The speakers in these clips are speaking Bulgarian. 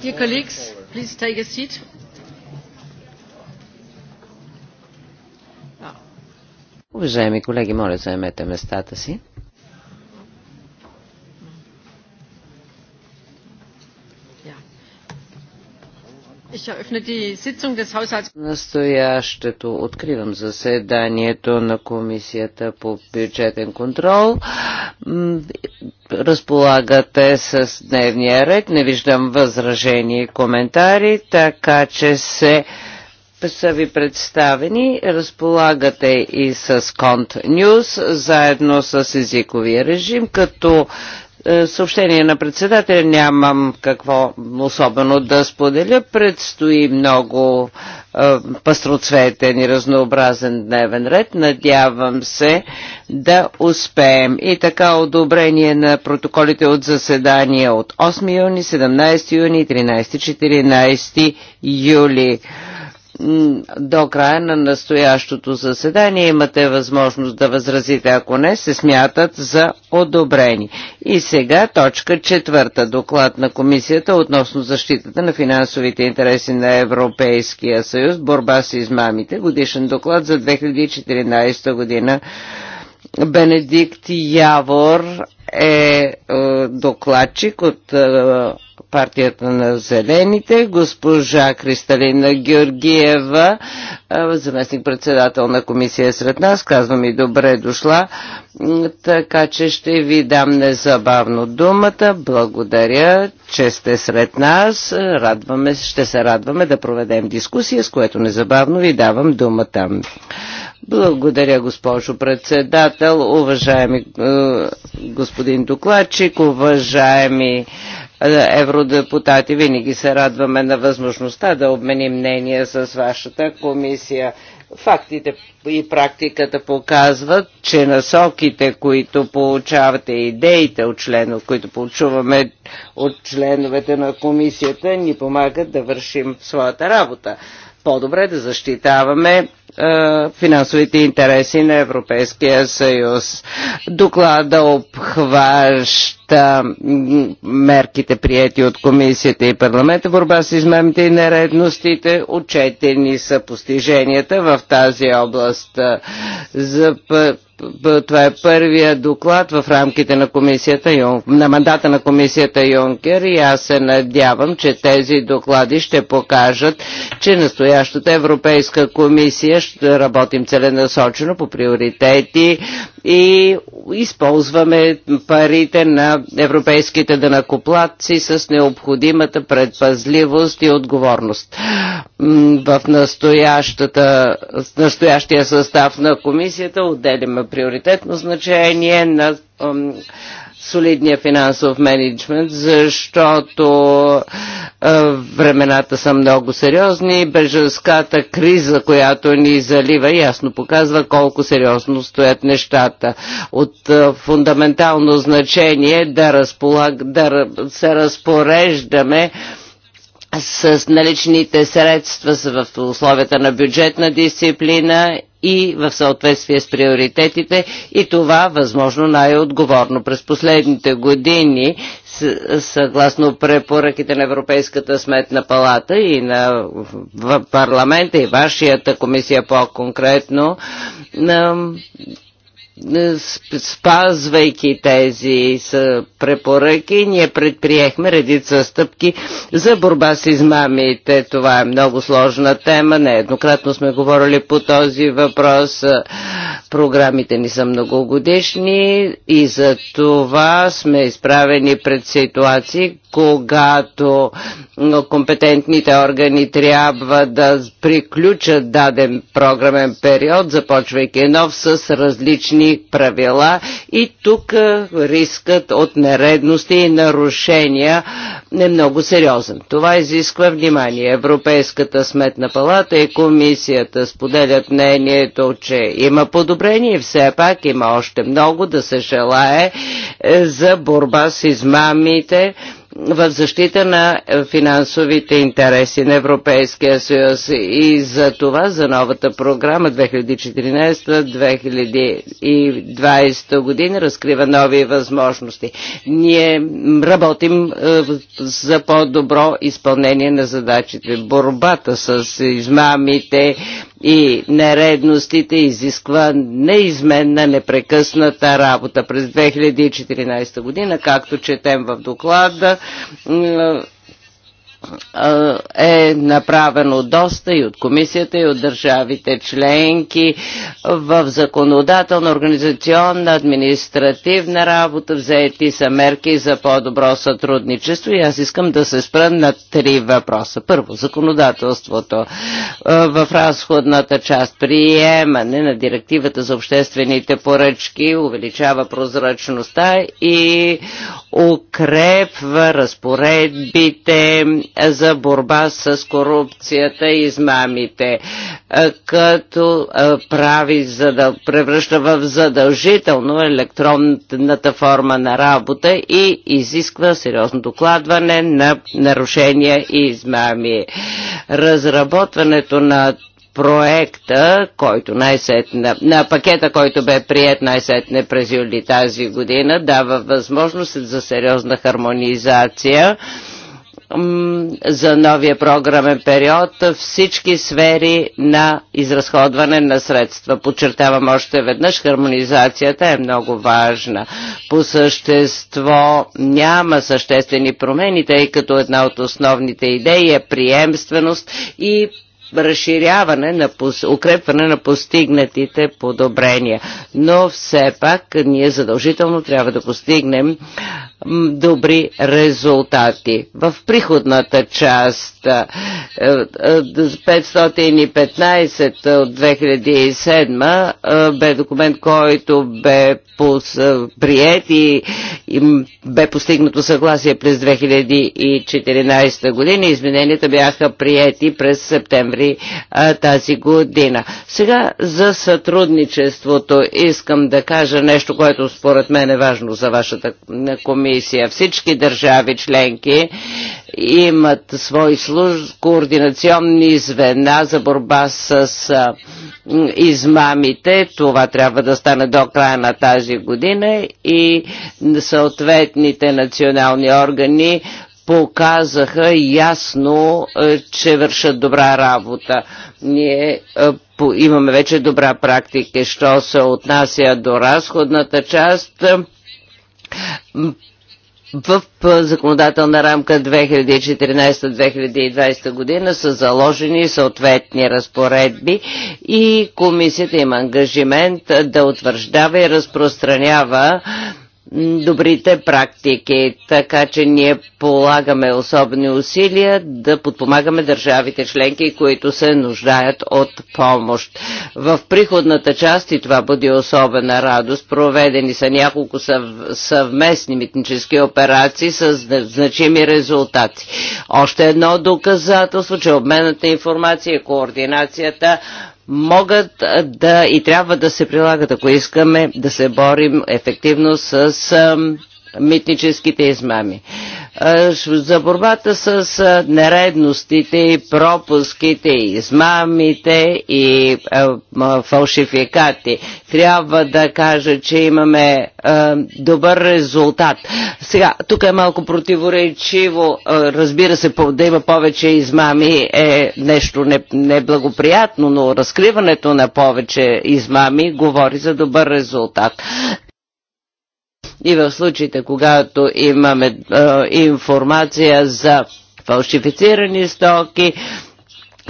Dear colleagues, please take a seat. Уважаеми колеги, моля, заемете местата си. Настоящето откривам заседанието на Комисията по бюджетен контрол. Разполагате с дневния ред. Не виждам възражения и коментари, така че се са ви представени. Разполагате и с Конт Нюс, заедно с езиковия режим, като е, съобщение на председателя нямам какво особено да споделя. Предстои много е, пастроцветен и разнообразен дневен ред. Надявам се да успеем. И така одобрение на протоколите от заседания от 8 юни, 17 юни, 13-14 юли до края на настоящото заседание имате възможност да възразите, ако не, се смятат за одобрени. И сега точка четвърта доклад на комисията относно защитата на финансовите интереси на Европейския съюз, борба с измамите, годишен доклад за 2014 година. Бенедикт Явор е, е докладчик от е, партията на Зелените, госпожа Кристалина Георгиева, заместник-председател на комисия сред нас, казвам и добре дошла, така че ще ви дам незабавно думата. Благодаря, че сте сред нас. Радваме, ще се радваме да проведем дискусия, с което незабавно ви давам думата. Благодаря, госпожо председател, уважаеми е, господин докладчик, уважаеми евродепутати. Винаги се радваме на възможността да обменим мнение с вашата комисия. Фактите и практиката показват, че насоките, които получавате, идеите от членов, които получуваме от членовете на комисията, ни помагат да вършим своята работа. По-добре да защитаваме е, финансовите интереси на Европейския съюз. Доклада обхваща мерките прияти от комисията и парламента, борба с измамите и нередностите, отчетени са постиженията в тази област. За това е първия доклад в рамките на, комисията на мандата на комисията Юнкер и аз се надявам, че тези доклади ще покажат, че настоящата Европейска комисия ще работим целенасочено по приоритети и използваме парите на европейските дънакоплатци с необходимата предпазливост и отговорност. В настоящия състав на комисията отделяме приоритетно значение на солидния финансов менеджмент, защото времената са много сериозни. и Бежанската криза, която ни залива, ясно показва колко сериозно стоят нещата. От фундаментално значение е да, разполаг, да се разпореждаме с наличните средства в условията на бюджетна дисциплина и в съответствие с приоритетите и това възможно най-отговорно. През последните години, съгласно препоръките на Европейската сметна палата и на парламента и вашията комисия по-конкретно, е, спазвайки тези препоръки, ние предприехме редица стъпки за борба с измамите. Това е много сложна тема. Нееднократно сме говорили по този въпрос. Е, програмите ни са многогодишни и за това сме изправени пред ситуации, когато компетентните органи трябва да приключат даден програмен период, започвайки нов с различни правила и тук рискът от нередности и нарушения е много сериозен. Това изисква внимание. Европейската сметна палата и комисията споделят мнението, че има подобрение и все пак има още много да се желае е, за борба с измамите в защита на финансовите интереси на Европейския съюз. И за това за новата програма 2014-2020 година разкрива нови възможности. Ние работим е, за по-добро изпълнение на задачите. Борбата с измамите, и нередностите изисква неизменна, непрекъсната работа. През 2014 година, както четем в доклада, е направено доста и от комисията, и от държавите членки в законодателна, организационна, административна работа. Взети са мерки за по-добро сътрудничество и аз искам да се спра на три въпроса. Първо, законодателството е, в разходната част, приемане на директивата за обществените поръчки, увеличава прозрачността и укрепва разпоредбите за борба с корупцията и измамите, е, като е, прави, за да превръща в задължително електронната форма на работа и изисква сериозно докладване на нарушения и измами. Разработването на проекта, който най-сетне, на пакета, който бе прият най-сетне през юли тази година, дава възможност за сериозна хармонизация за новия програмен период всички сфери на изразходване на средства. Подчертавам още веднъж, хармонизацията е много важна. По същество няма съществени промени, тъй като една от основните идеи е приемственост и разширяване, на укрепване на постигнатите подобрения. Но все пак ние задължително трябва да постигнем добри резултати. В приходната част 515 е, е, от 2007 бе документ, който бе прият и бе постигнато съгласие през 2014 година. Измененията бяха прияти през септември декември а, тази година. Сега за сътрудничеството искам да кажа нещо, което според мен е важно за вашата комисия. Всички държави членки имат свои служ... координационни звена за борба с а, измамите. Това трябва да стане до края на тази година и съответните национални органи показаха ясно, е, че вършат добра работа. Ние е, имаме вече добра практика, що се отнася до разходната част. Е, в законодателна рамка 2014-2020 година са заложени съответни разпоредби и комисията има ангажимент да утвърждава и разпространява добрите практики, така че ние полагаме особени усилия да подпомагаме държавите членки, които се нуждаят от помощ. В приходната част, и това бъде особена радост, проведени са няколко съв... съвместни митнически операции с значими резултати. Още едно доказателство, че обменът на информация и координацията могат да и трябва да се прилагат, ако искаме да се борим ефективно с митническите измами за борбата с нередностите и пропуските, измамите и фалшификати. Трябва да кажа, че имаме добър резултат. Сега, тук е малко противоречиво. Разбира се, да има повече измами е нещо неблагоприятно, но разкриването на повече измами говори за добър резултат. И в случаите, когато имаме а, информация за фалшифицирани стоки,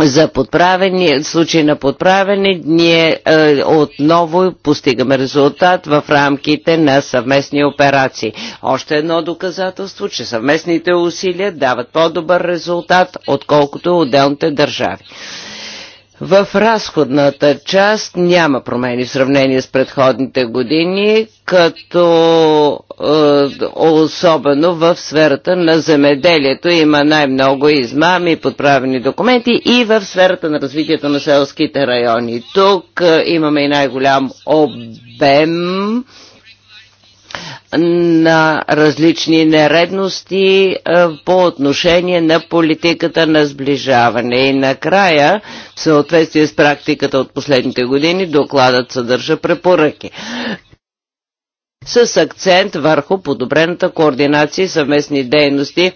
за подправени, случаи на подправени, ние е, отново постигаме резултат в рамките на съвместни операции. Още едно доказателство, че съвместните усилия дават по-добър резултат, отколкото отделните държави. В разходната част няма промени в сравнение с предходните години, като е, особено в сферата на земеделието има най-много измами, подправени документи и в сферата на развитието на селските райони. Тук е, имаме и най-голям обем на различни нередности е, по отношение на политиката на сближаване. И накрая, в съответствие с практиката от последните години, докладът съдържа препоръки с акцент върху подобрената координация и съвместни дейности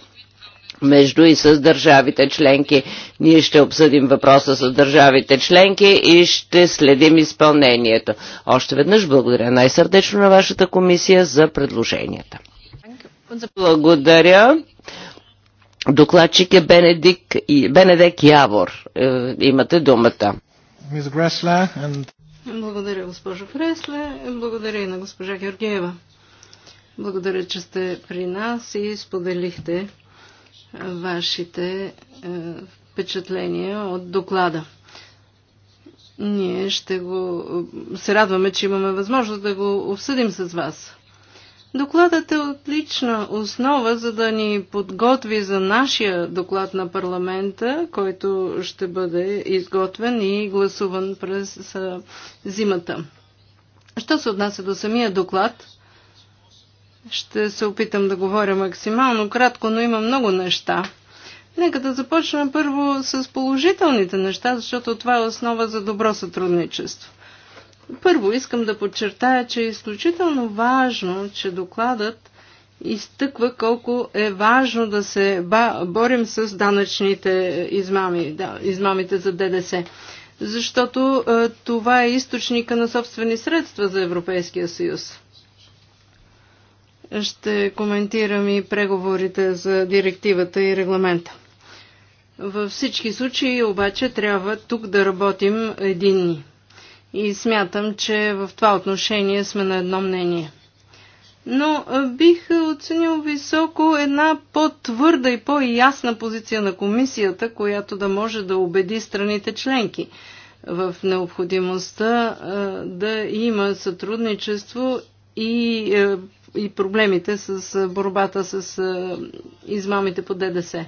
между и с държавите членки. Ние ще обсъдим въпроса с държавите членки и ще следим изпълнението. Още веднъж благодаря най-сърдечно на вашата комисия за предложенията. Благодаря. Докладчик е Бенедик, Бенедек Явор. Е, имате думата. Благодаря, госпожо Фресле. Благодаря и на госпожа Георгиева. Благодаря, че сте при нас и споделихте вашите е, впечатления от доклада. Ние ще го... се радваме, че имаме възможност да го обсъдим с вас. Докладът е отлична основа, за да ни подготви за нашия доклад на парламента, който ще бъде изготвен и гласуван през зимата. Що се отнася до самия доклад, ще се опитам да говоря максимално кратко, но има много неща. Нека да започнем първо с положителните неща, защото това е основа за добро сътрудничество. Първо искам да подчертая, че е изключително важно, че докладът изтъква колко е важно да се борим с данъчните измами, да, измамите за ДДС. Защото е, това е източника на собствени средства за Европейския съюз ще коментирам и преговорите за директивата и регламента. Във всички случаи обаче трябва тук да работим единни. И смятам, че в това отношение сме на едно мнение. Но бих оценил високо една по-твърда и по-ясна позиция на комисията, която да може да убеди страните членки в необходимостта да има сътрудничество и и проблемите с борбата с измамите по ДДС.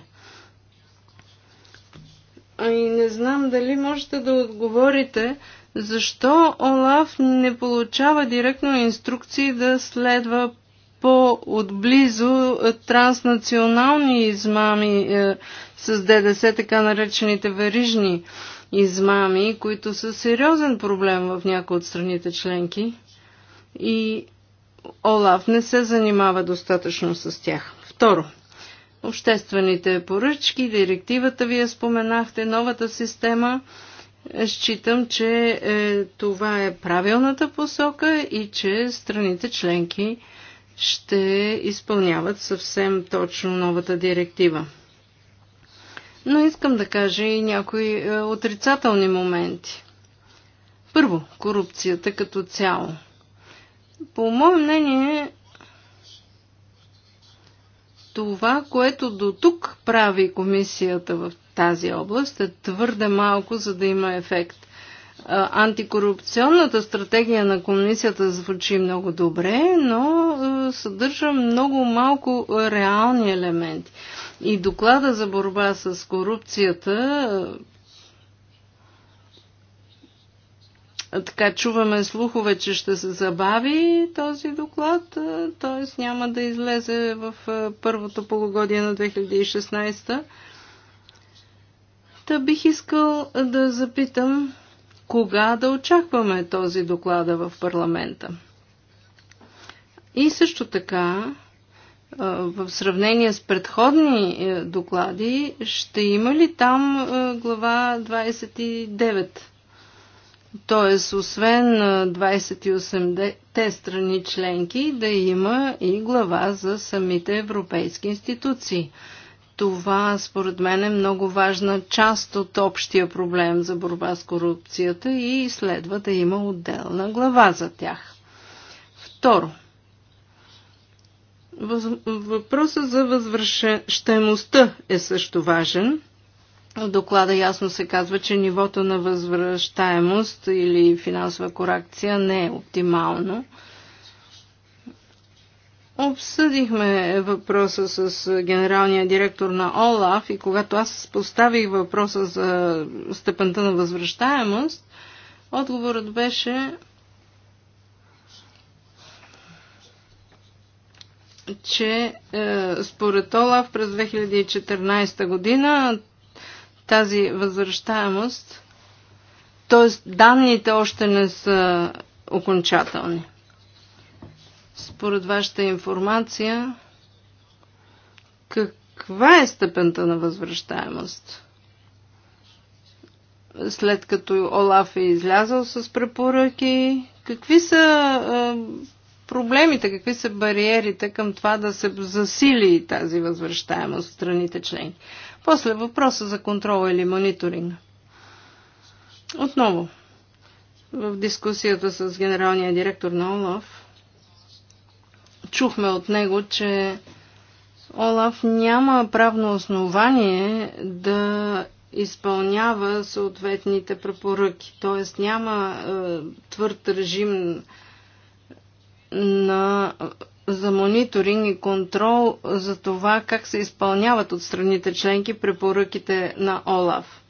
А и не знам дали можете да отговорите защо Олаф не получава директно инструкции да следва по-отблизо транснационални измами е, с ДДС, така наречените верижни измами, които са сериозен проблем в някои от страните членки. И Олаф не се занимава достатъчно с тях. Второ, обществените поръчки, директивата вие споменахте, новата система. Е, считам, че е, това е правилната посока и че страните членки ще изпълняват съвсем точно новата директива. Но искам да кажа и някои е, отрицателни моменти. Първо, корупцията като цяло – по мое мнение, това, което до тук прави комисията в тази област, е твърде малко, за да има ефект. Антикорупционната стратегия на комисията звучи много добре, но съдържа много малко реални елементи. И доклада за борба с корупцията така чуваме слухове, че ще се забави този доклад, т.е. няма да излезе в първото полугодие на 2016. Та бих искал да запитам кога да очакваме този доклад в парламента. И също така, в сравнение с предходни е, доклади, ще има ли там глава 29? т.е. освен 28-те страни членки, да има и глава за самите европейски институции. Това, според мен, е много важна част от общия проблем за борба с корупцията и следва да има отделна глава за тях. Второ. Въпросът за възвръщаемостта е също важен – доклада ясно се казва, че нивото на възвръщаемост или финансова корекция не е оптимално. Обсъдихме въпроса с генералния директор на ОЛАФ и когато аз поставих въпроса за степента на възвръщаемост, отговорът беше, че е, според ОЛАФ през 2014 година тази възвръщаемост, т.е. данните още не са окончателни. Според вашата информация, каква е степента на възвръщаемост? След като Олаф е излязъл с препоръки, какви са е, проблемите, какви са бариерите към това да се засили тази възвръщаемост в страните члени. После въпроса за контрола или мониторинга. Отново, в дискусията с генералния директор на ОЛАФ, чухме от него, че ОЛАФ няма правно основание да изпълнява съответните препоръки, т.е. няма е, твърд режим на, за мониторинг и контрол за това как се изпълняват от страните членки препоръките на ОЛАФ.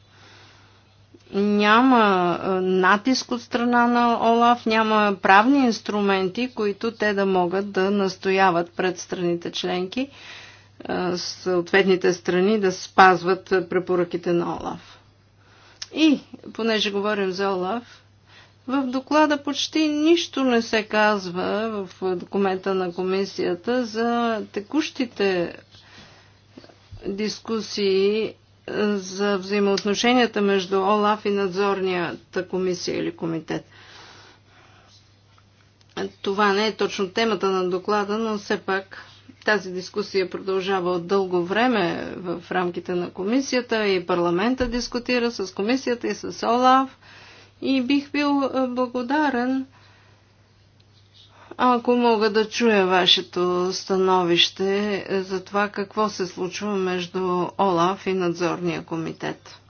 Няма натиск от страна на ОЛАФ, няма правни инструменти, които те да могат да настояват пред страните членки, съответните страни да спазват препоръките на ОЛАФ. И, понеже говорим за ОЛАФ, в доклада почти нищо не се казва в документа на комисията за текущите дискусии е, за взаимоотношенията между ОЛАФ и надзорнията комисия или комитет. Това не е точно темата на доклада, но все пак тази дискусия продължава от дълго време в рамките на комисията и парламента дискутира с комисията и с ОЛАФ и бих бил е, благодарен, ако мога да чуя вашето становище е, за това какво се случва между ОЛАФ и надзорния комитет.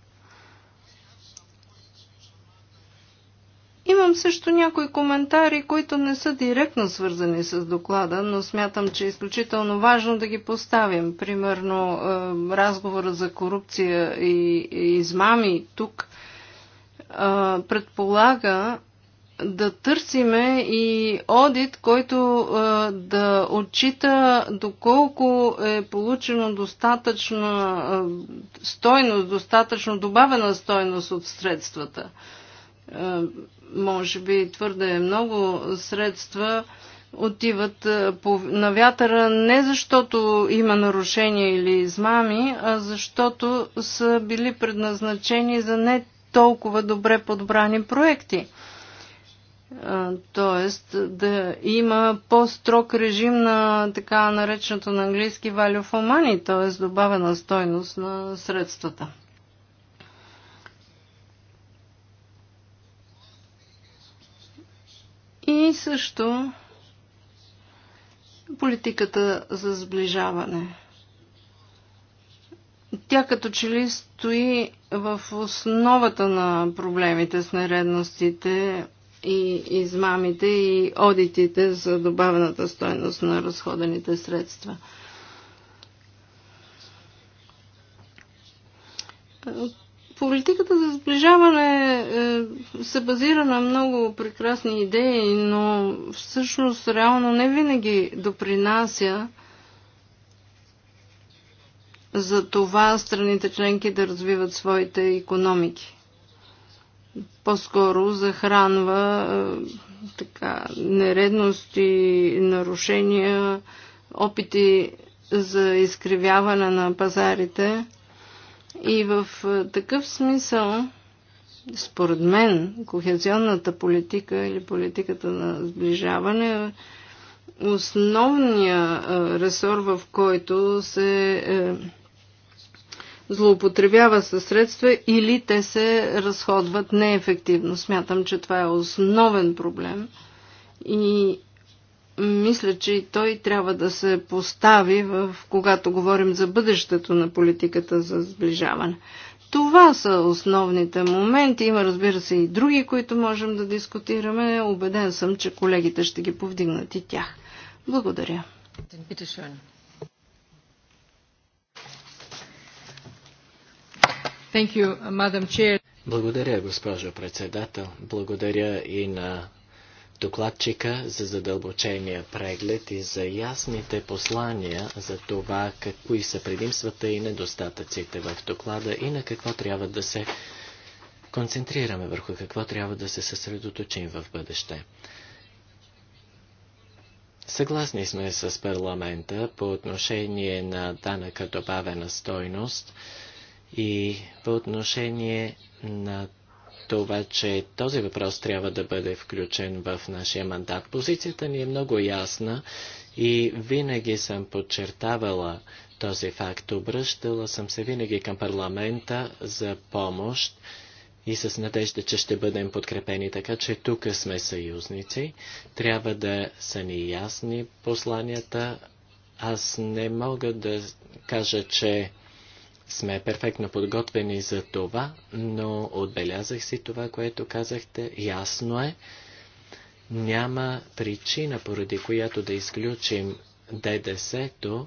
Имам също някои коментари, които не са директно свързани с доклада, но смятам, че е изключително важно да ги поставим. Примерно е, разговора за корупция и измами тук – предполага да търсиме и одит, който да отчита доколко е получено достатъчна стойност, достатъчно добавена стойност от средствата. Може би твърде много средства отиват на вятъра не защото има нарушения или измами, а защото са били предназначени за не толкова добре подбрани проекти. Тоест да има по-строг режим на така нареченото на английски value for money, т.е. добавена стойност на средствата. И също политиката за сближаване тя като че ли стои в основата на проблемите с нередностите и измамите и одитите за добавената стойност на разходените средства. Политиката за сближаване е, се базира на много прекрасни идеи, но всъщност реално не винаги допринася за това страните членки да развиват своите економики. По-скоро захранва е, така, нередности, нарушения, опити за изкривяване на пазарите. И в е, такъв смисъл, според мен, кохезионната политика или политиката на сближаване е основния ресор, в който се е, злоупотребява със средства или те се разходват неефективно. Смятам, че това е основен проблем и мисля, че и той трябва да се постави, в, когато говорим за бъдещето на политиката за сближаване. Това са основните моменти. Има, разбира се, и други, които можем да дискутираме. Обеден съм, че колегите ще ги повдигнат и тях. Благодаря. Thank you, Madam Chair. Благодаря, госпожо председател. Благодаря и на докладчика за задълбочения преглед и за ясните послания за това, какви са предимствата и недостатъците в доклада и на какво трябва да се концентрираме, върху какво трябва да се съсредоточим в бъдеще. Съгласни сме с парламента по отношение на данъка добавена стойност – и по отношение на това, че този въпрос трябва да бъде включен в нашия мандат. Позицията ни е много ясна и винаги съм подчертавала този факт. Обръщала съм се винаги към парламента за помощ и с надежда, че ще бъдем подкрепени. Така че тук сме съюзници. Трябва да са ни ясни посланията. Аз не мога да кажа, че сме перфектно подготвени за това, но отбелязах си това, което казахте. Ясно е, няма причина, поради която да изключим ДДС-то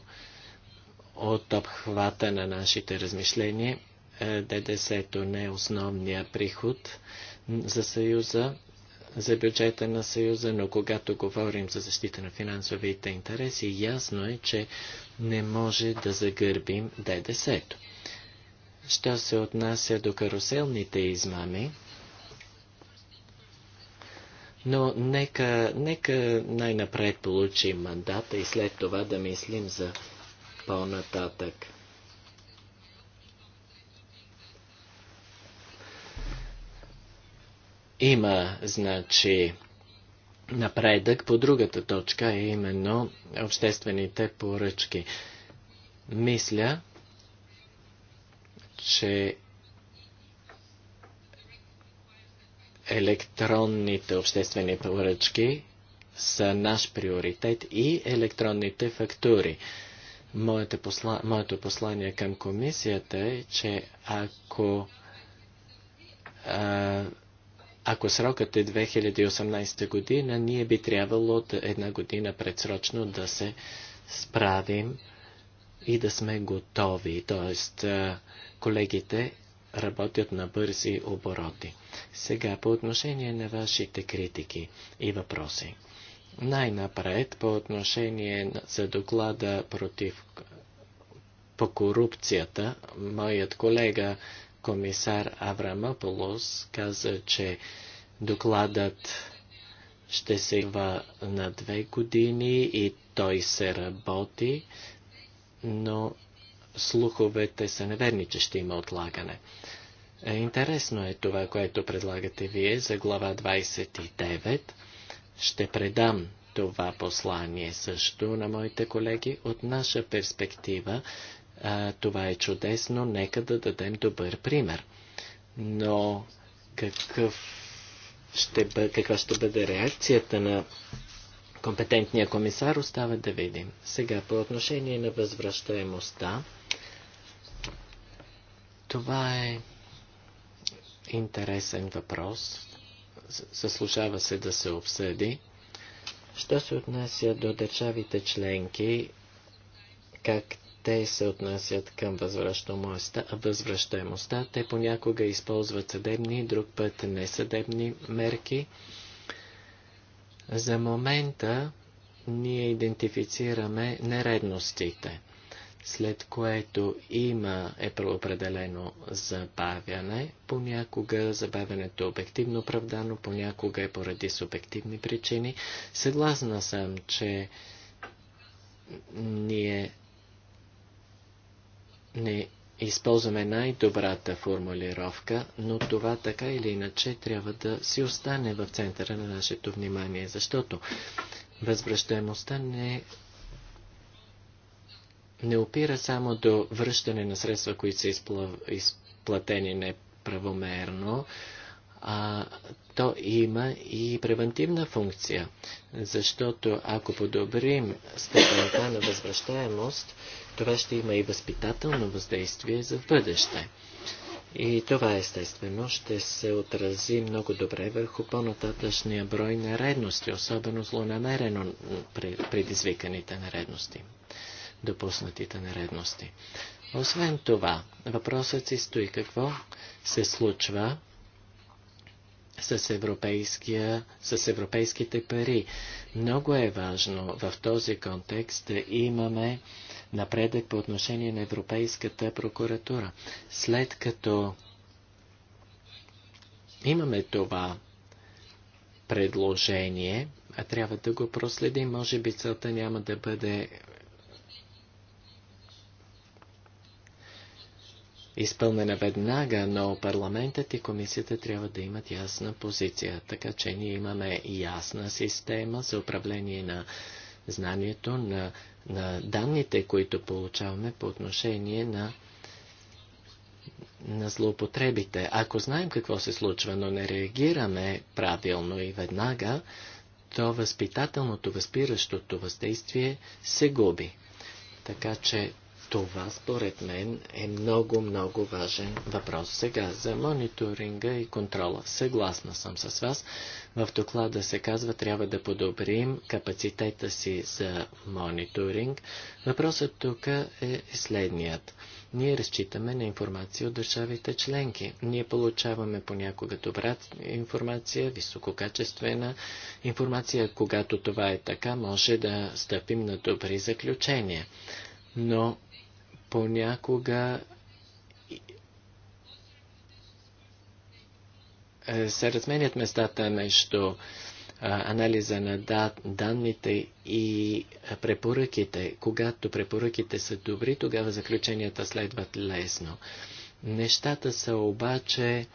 от обхвата на нашите размишления. Е, ДДС-то не е основния приход за Съюза, за бюджета на Съюза, но когато говорим за защита на финансовите интереси, ясно е, че не може да загърбим ДДС-то. Що се отнася до каруселните измами, но нека, нека най-напред получим мандата и след това да мислим за по-нататък. Има, значи, напредък по другата точка, е именно обществените поръчки. Мисля, че електронните обществени поръчки са наш приоритет и електронните фактури. Моето, посла... Моето послание към комисията е, че ако, ако срокът е 2018 година, ние би трябвало една година предсрочно да се справим и да сме готови. Тоест, колегите работят на бързи обороти. Сега по отношение на вашите критики и въпроси. Най-напред по отношение за доклада против по корупцията, моят колега комисар Аврамополос каза, че докладът ще се на две години и той се работи но слуховете са неверни, че ще има отлагане. Е, интересно е това, което предлагате вие за глава 29. Ще предам това послание също на моите колеги. От наша перспектива това е чудесно, нека да дадем добър пример. Но какъв ще бъ... каква ще бъде реакцията на компетентния комисар остава да видим. Сега, по отношение на възвръщаемостта, това е интересен въпрос. Съслушава се да се обсъди. Що се отнася до държавите членки, как те се отнасят към възвръщаемостта, те понякога използват съдебни, друг път несъдебни мерки. За момента ние идентифицираме нередностите, след което има е определено забавяне. Понякога забавянето е обективно оправдано, понякога е поради субективни причини. Съгласна съм, че ние не използваме най-добрата формулировка, но това така или иначе трябва да си остане в центъра на нашето внимание, защото възвръщаемостта не не опира само до връщане на средства, които са изплатени неправомерно, а, то има и превентивна функция, защото ако подобрим степента на възвръщаемост, това ще има и възпитателно въздействие за бъдеще. И това естествено ще се отрази много добре върху по-нататъчния брой редности, особено злонамерено предизвиканите редности, допуснатите редности. Освен това, въпросът си стои какво се случва, с, европейския, с европейските пари. Много е важно в този контекст да имаме напредък по отношение на Европейската прокуратура. След като имаме това предложение, а трябва да го проследим, може би целта няма да бъде изпълнена веднага, но парламентът и комисията трябва да имат ясна позиция, така че ние имаме ясна система за управление на знанието, на, на данните, които получаваме по отношение на на злоупотребите. Ако знаем какво се случва, но не реагираме правилно и веднага, то възпитателното, възпиращото въздействие се губи. Така че това според мен е много, много важен въпрос. Сега за мониторинга и контрола. Съгласна съм с вас. В доклада се казва, трябва да подобрим капацитета си за мониторинг. Въпросът тук е следният. Ние разчитаме на информация от държавите членки. Ние получаваме понякога добра информация, висококачествена информация. Когато това е така, може да стъпим на добри заключения. Но понякога е, се разменят местата между анализа на данните и препоръките. Когато препоръките са добри, тогава заключенията следват лесно. Нещата са обаче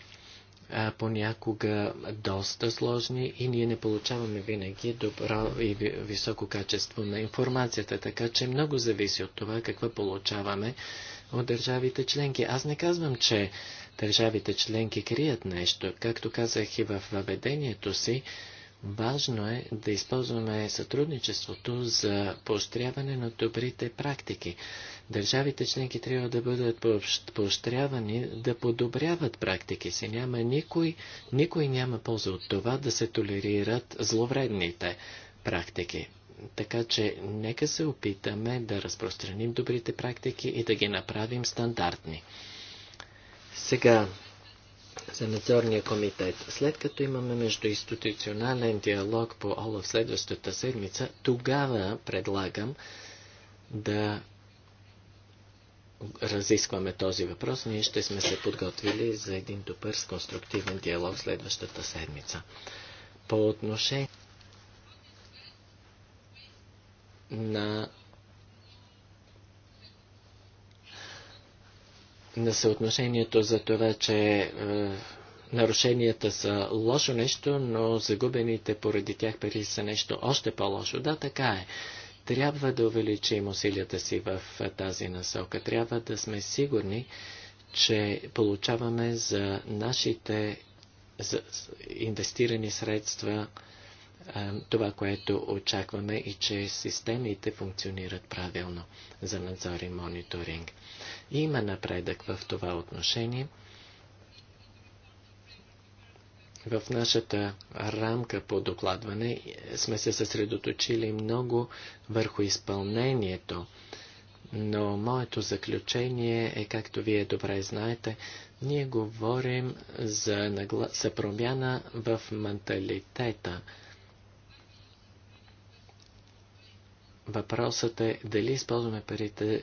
а, понякога доста сложни и ние не получаваме винаги добро и високо качество на информацията, така че много зависи от това какво получаваме от държавите членки. Аз не казвам, че държавите членки крият нещо. Както казах и в въведението си, важно е да използваме сътрудничеството за поощряване на добрите практики. Държавите членки трябва да бъдат поощрявани да подобряват практики си. Няма никой, никой няма полза от това да се толерират зловредните практики. Така че нека се опитаме да разпространим добрите практики и да ги направим стандартни. Сега, за надзорния комитет. След като имаме междуинституционален диалог по ОЛАФ следващата седмица, тогава предлагам да разискваме този въпрос, ние ще сме се подготвили за един добър с конструктивен диалог следващата седмица. По отношение на на съотношението за това, че е, нарушенията са лошо нещо, но загубените поради тях пари са нещо още по-лошо. Да, така е. Трябва да увеличим усилията си в тази насока. Трябва да сме сигурни, че получаваме за нашите за инвестирани средства това, което очакваме и че системите функционират правилно за надзор и мониторинг. Има напредък в това отношение. В нашата рамка по докладване сме се съсредоточили много върху изпълнението, но моето заключение е, както вие добре знаете, ние говорим за, нагла... за промяна в менталитета. Въпросът е дали използваме парите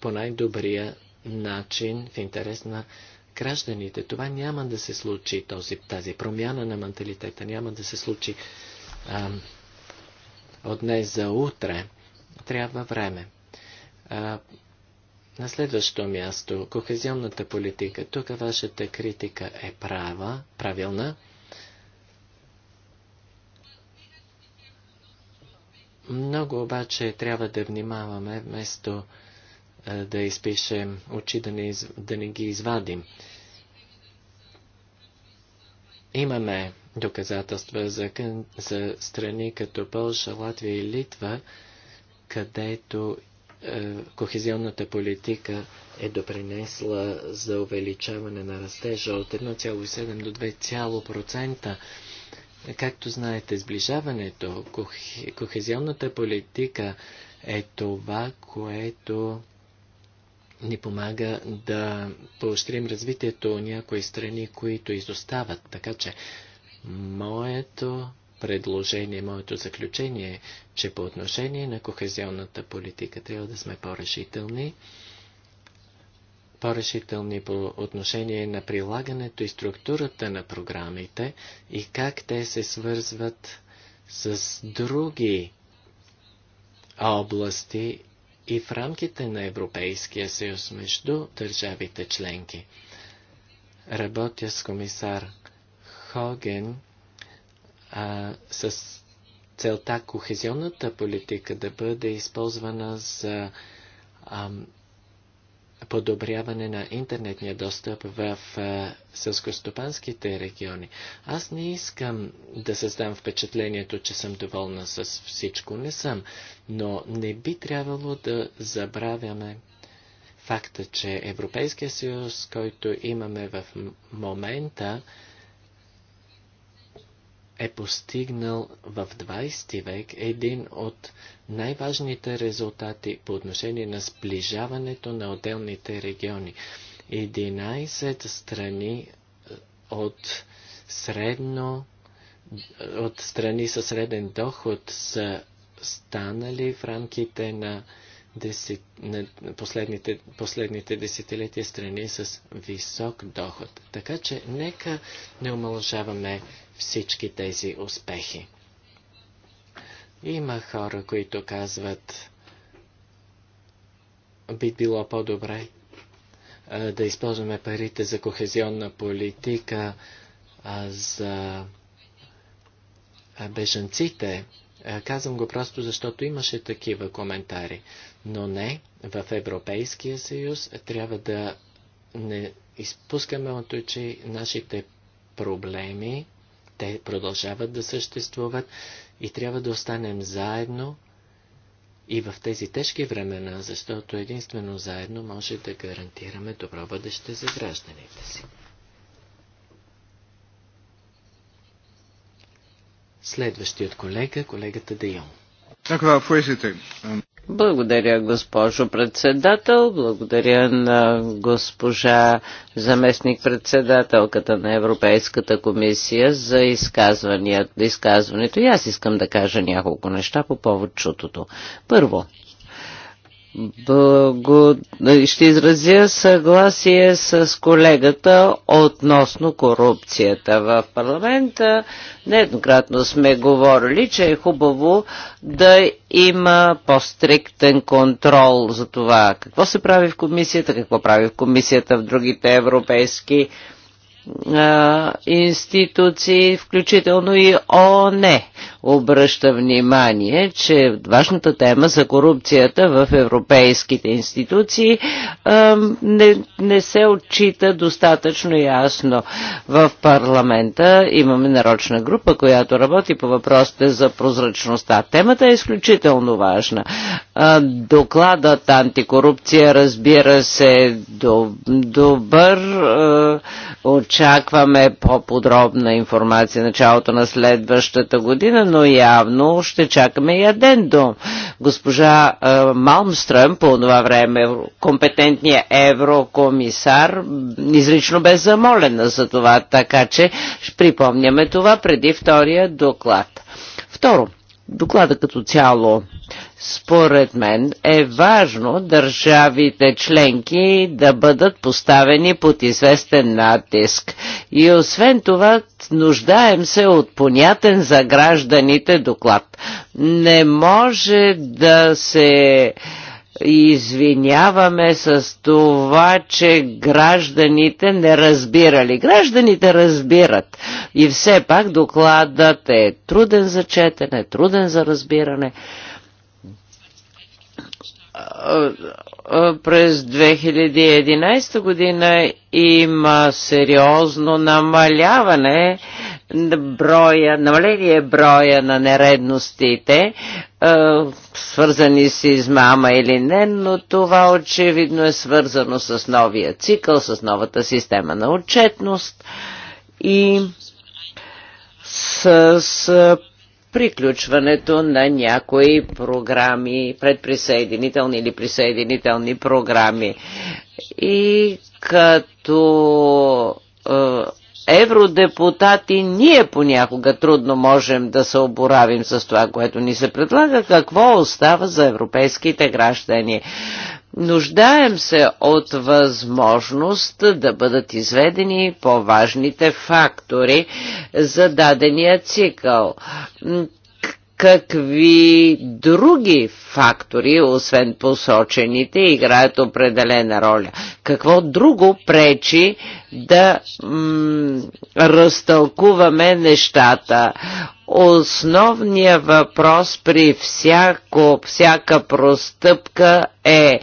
по най-добрия начин в интерес на гражданите. Това няма да се случи, този, тази промяна на менталитета няма да се случи а, от днес за утре. Трябва време. А, на следващо място, кохезионната политика. Тук вашата критика е права, правилна. Много обаче трябва да внимаваме вместо е, да изпишем очи, да не, из, да не ги извадим. Имаме доказателства за, за страни като Пълша, Латвия и Литва, където е, кохезионната политика е допринесла за увеличаване на растежа от 1,7 до процента. Както знаете, сближаването, кохезионната политика е това, което ни помага да поощрим развитието някои страни, които изостават. Така че моето предложение, моето заключение е, че по отношение на кохезионната политика трябва да сме по-решителни, по-решителни по отношение на прилагането и структурата на програмите и как те се свързват с други области и в рамките на Европейския съюз между държавите членки. Работя с комисар Хоген а, с целта кохезионната политика да бъде използвана за ам, подобряване на интернетния достъп в е, селскостопанските региони. Аз не искам да създам впечатлението, че съм доволна с всичко. Не съм, но не би трябвало да забравяме факта, че Европейския съюз, който имаме в момента, е постигнал в 20 век един от най-важните резултати по отношение на сближаването на отделните региони. 11 страни е, от средно е, от страни със среден доход са станали в рамките на последните, последните десетилетия страни с висок доход. Така че нека не омалжаваме всички тези успехи. Има хора, които казват, би било по-добре да използваме парите за кохезионна политика, а за бежанците. Казвам го просто, защото имаше такива коментари. Но не, в Европейския съюз трябва да не изпускаме от очи нашите проблеми, те продължават да съществуват и трябва да останем заедно и в тези тежки времена, защото единствено заедно може да гарантираме добро бъдеще за гражданите си. Следващият колега, колегата Така, Йон. Благодаря, госпожо председател. Благодаря на госпожа заместник-председателката на Европейската комисия за изказването. И аз искам да кажа няколко неща по повод чутото. Първо, ще изразя съгласие с колегата относно корупцията в парламента. Нееднократно сме говорили, че е хубаво да има по-стриктен контрол за това какво се прави в комисията, какво прави в комисията в другите европейски а, институции, включително и ООН обръща внимание, че важната тема за корупцията в европейските институции не, не се отчита достатъчно ясно. В парламента имаме нарочна група, която работи по въпросите за прозрачността. Темата е изключително важна. Докладът антикорупция, разбира се, добър. Очакваме по-подробна информация началото на следващата година, но но явно ще чакаме и адендум. Госпожа е, Малмстръм, по това време компетентният еврокомисар, изрично бе замолена за това, така че припомняме това преди втория доклад. Второ, доклада като цяло. Според мен е важно държавите членки да бъдат поставени под известен натиск. И освен това, нуждаем се от понятен за гражданите доклад. Не може да се извиняваме с това, че гражданите не разбирали. Гражданите разбират. И все пак докладът е труден за четене, труден за разбиране през 2011 година има сериозно намаляване броя, намаление броя на нередностите, е, свързани с измама или не, но това очевидно е свързано с новия цикъл, с новата система на отчетност и с, приключването на някои програми, предприсъединителни или присъединителни програми. И като е, евродепутати, ние понякога трудно можем да се оборавим с това, което ни се предлага, какво остава за европейските граждани. Нуждаем се от възможност да бъдат изведени по-важните фактори за дадения цикъл какви други фактори, освен посочените, играят определена роля? Какво друго пречи да разтълкуваме нещата? Основният въпрос при всяко, всяка простъпка е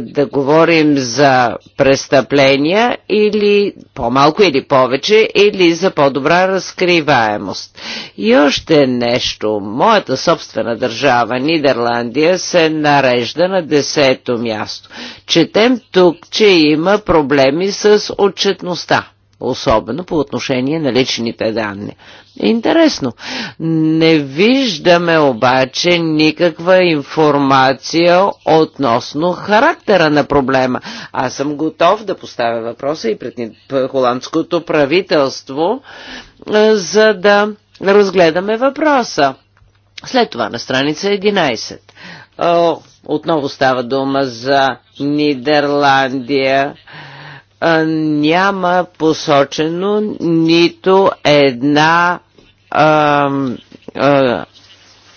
да говорим за престъпления или по-малко или повече, или за по-добра разкриваемост. И още нещо. Моята собствена държава, Нидерландия, се нарежда на десето място. Четем тук, че има проблеми с отчетността особено по отношение на личните данни. Интересно. Не виждаме обаче никаква информация относно характера на проблема. Аз съм готов да поставя въпроса и пред холандското правителство, е, за да разгледаме въпроса. След това на страница 11. Отново става дума за Нидерландия няма посочено нито една а, а,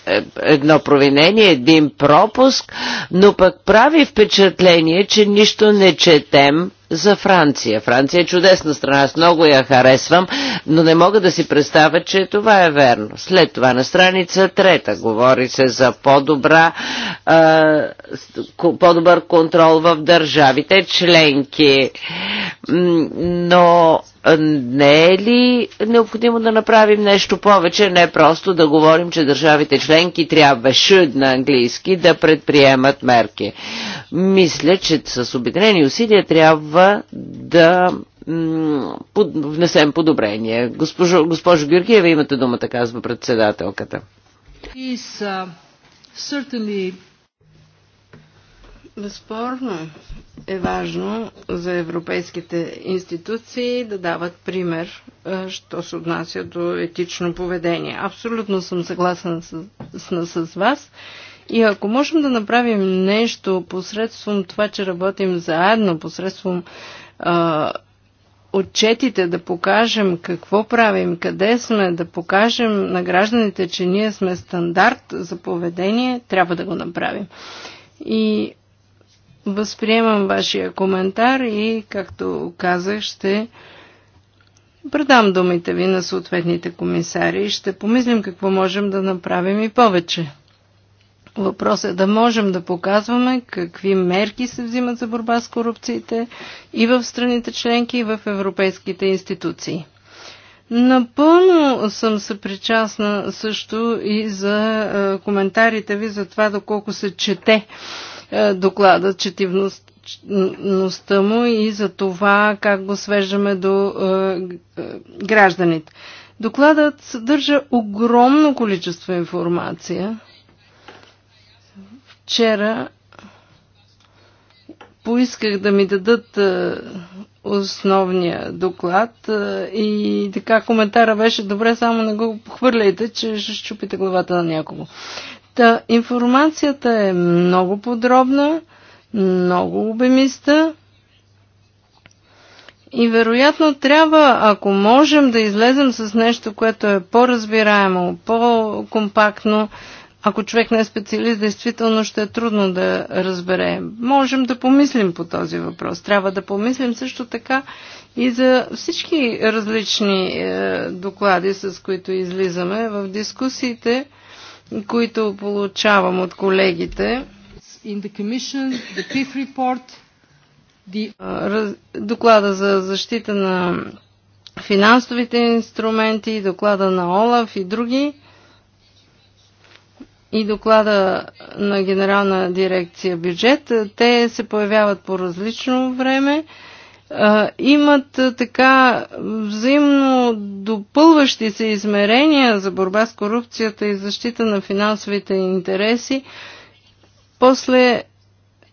е, едно провинение, един пропуск, но пък прави впечатление, че нищо не четем за Франция. Франция е чудесна страна, аз много я харесвам, но не мога да си представя, че това е верно. След това на страница трета говори се за по-добра, по-добър контрол в държавите членки. Но не е ли необходимо да направим нещо повече, не просто да говорим, че държавите членки трябва should на английски да предприемат мерки. Мисля, че с обединени усилия трябва да под, внесем подобрение. Госпожо, госпожо Георгиева, имате думата, казва председателката. Безспорно е важно за европейските институции да дават пример, що се отнася до етично поведение. Абсолютно съм съгласна с, с, с вас и ако можем да направим нещо посредством това, че работим заедно, посредством а, отчетите, да покажем какво правим, къде сме, да покажем на гражданите, че ние сме стандарт за поведение, трябва да го направим. И възприемам вашия коментар и, както казах, ще предам думите ви на съответните комисари и ще помислим какво можем да направим и повече. Въпрос е да можем да показваме какви мерки се взимат за борба с корупциите и в страните членки, и в европейските институции. Напълно съм съпричастна също и за е, коментарите ви за това доколко се чете е, доклада, четивността му и за това как го свеждаме до е, гражданите. Докладът съдържа огромно количество информация Вчера поисках да ми дадат е, основния доклад е, и така коментара беше добре, само не го похвърляйте, че ще щупите главата на някого. Та, информацията е много подробна, много обемиста и вероятно трябва, ако можем да излезем с нещо, което е по-разбираемо, по-компактно, ако човек не е специалист, действително ще е трудно да разбере. Можем да помислим по този въпрос. Трябва да помислим също така и за всички различни е, доклади, с които излизаме в дискусиите, които получавам от колегите. Е, доклада за защита на финансовите инструменти, доклада на ОЛАФ и други и доклада на Генерална дирекция бюджет. Те се появяват по различно време. Имат така взаимно допълващи се измерения за борба с корупцията и защита на финансовите интереси. После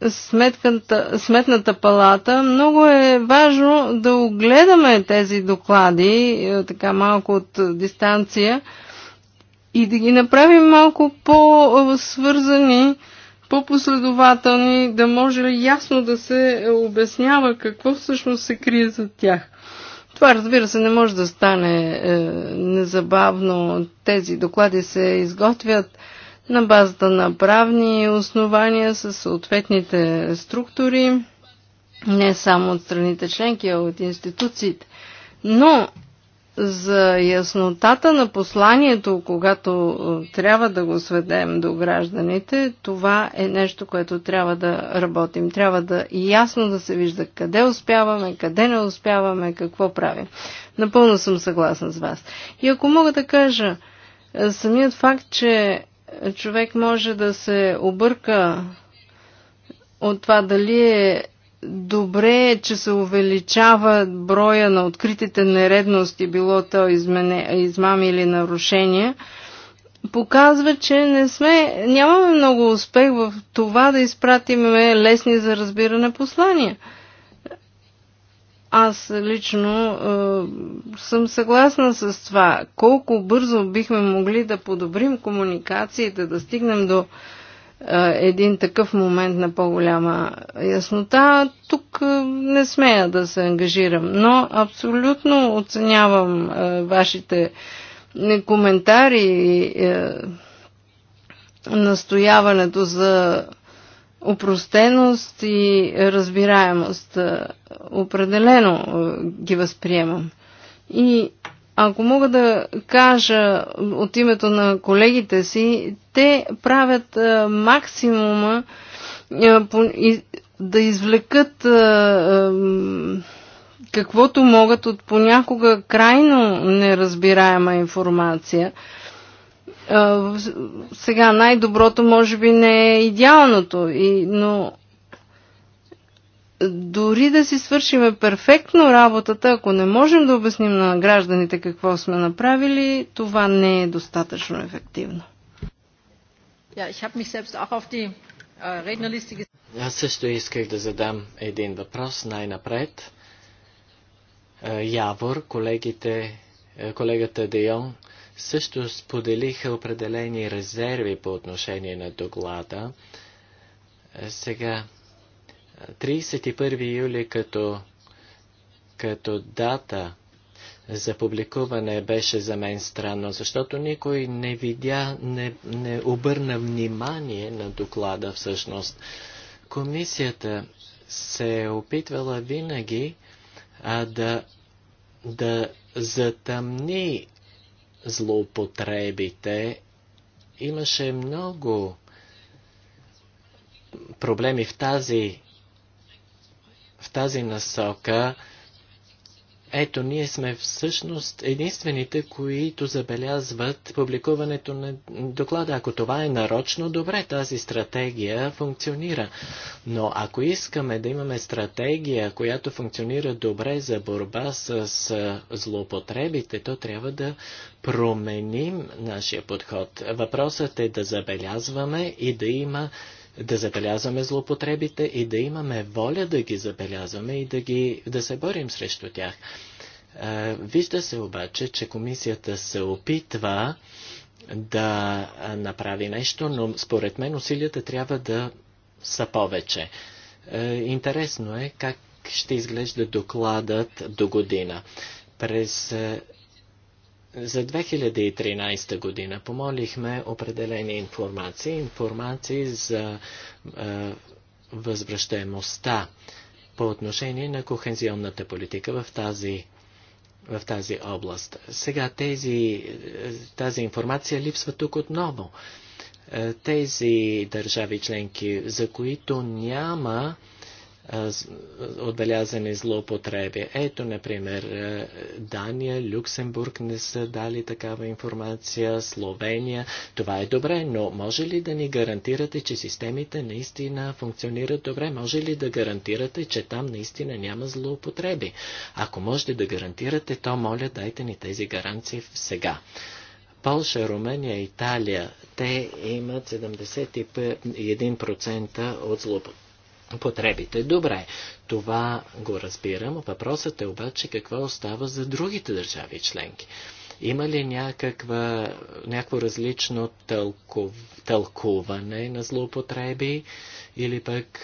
сметната, сметната палата, много е важно да огледаме тези доклади, така малко от дистанция, и да ги направим малко по-свързани, по-последователни, да може ясно да се обяснява какво всъщност се крие за тях. Това, разбира се, не може да стане е, незабавно. Тези доклади се изготвят на базата на правни основания с съответните структури, не само от страните членки, а от институциите. Но за яснотата на посланието, когато е, трябва да го сведем до гражданите, това е нещо, което трябва да работим. Трябва да ясно да се вижда къде успяваме, къде не успяваме, какво правим. Напълно съм съгласна с вас. И ако мога да кажа, е, самият факт, че човек може да се обърка от това дали е добре е, че се увеличава броя на откритите нередности, било то измене, измами или нарушения, показва, че не сме, нямаме много успех в това да изпратиме лесни за разбиране послания. Аз лично е, съм съгласна с това. Колко бързо бихме могли да подобрим комуникациите, да стигнем до е, един такъв момент на по-голяма яснота. Тук не смея да се ангажирам, но абсолютно оценявам вашите коментари и настояването за опростеност и разбираемост. Определено ги възприемам. И ако мога да кажа от името на колегите си, те правят максимума да извлекат каквото могат от понякога крайно неразбираема информация. Сега най-доброто може би не е идеалното, но дори да си свършиме перфектно работата, ако не можем да обясним на гражданите какво сме направили, това не е достатъчно ефективно. Äh, Аз също исках да задам един въпрос най-напред. Е, Явор, колегите, е, колегата Дейон също споделиха определени резерви по отношение на доклада. Е, сега 31 юли като, като дата за публикуване беше за мен странно, защото никой не видя, не, не обърна внимание на доклада всъщност. Комисията се е опитвала винаги а, да, да затъмни злоупотребите. Имаше много проблеми в тази тази насока, ето, ние сме всъщност единствените, които забелязват публикуването на доклада. Ако това е нарочно, добре, тази стратегия функционира. Но ако искаме да имаме стратегия, която функционира добре за борба с злоупотребите, то трябва да променим нашия подход. Въпросът е да забелязваме и да има да забелязваме злоупотребите и да имаме воля да ги забелязваме и да, ги, да се борим срещу тях. Вижда се обаче, че комисията се опитва да направи нещо, но според мен усилията трябва да са повече. Интересно е как ще изглежда докладът до година. През за 2013 година помолихме определени информации, информации за е, възвръщаемостта по отношение на кохензионната политика в тази, в тази област. Сега тези, тази информация липсва тук отново. Тези държави членки, за които няма е, отбелязани злоупотреби. Ето, например, е, Дания, Люксембург не са дали такава информация, Словения. Това е добре, но може ли да ни гарантирате, че системите наистина функционират добре? Може ли да гарантирате, че там наистина няма злоупотреби? Ако можете да гарантирате, то моля, дайте ни тези гаранции сега. Полша, Румъния, Италия, те имат 71% от злоупотреби потребите. Добре, това го разбирам. Въпросът е обаче какво остава за другите държави членки. Има ли някаква, някакво различно тълку, тълкуване на злоупотреби или пък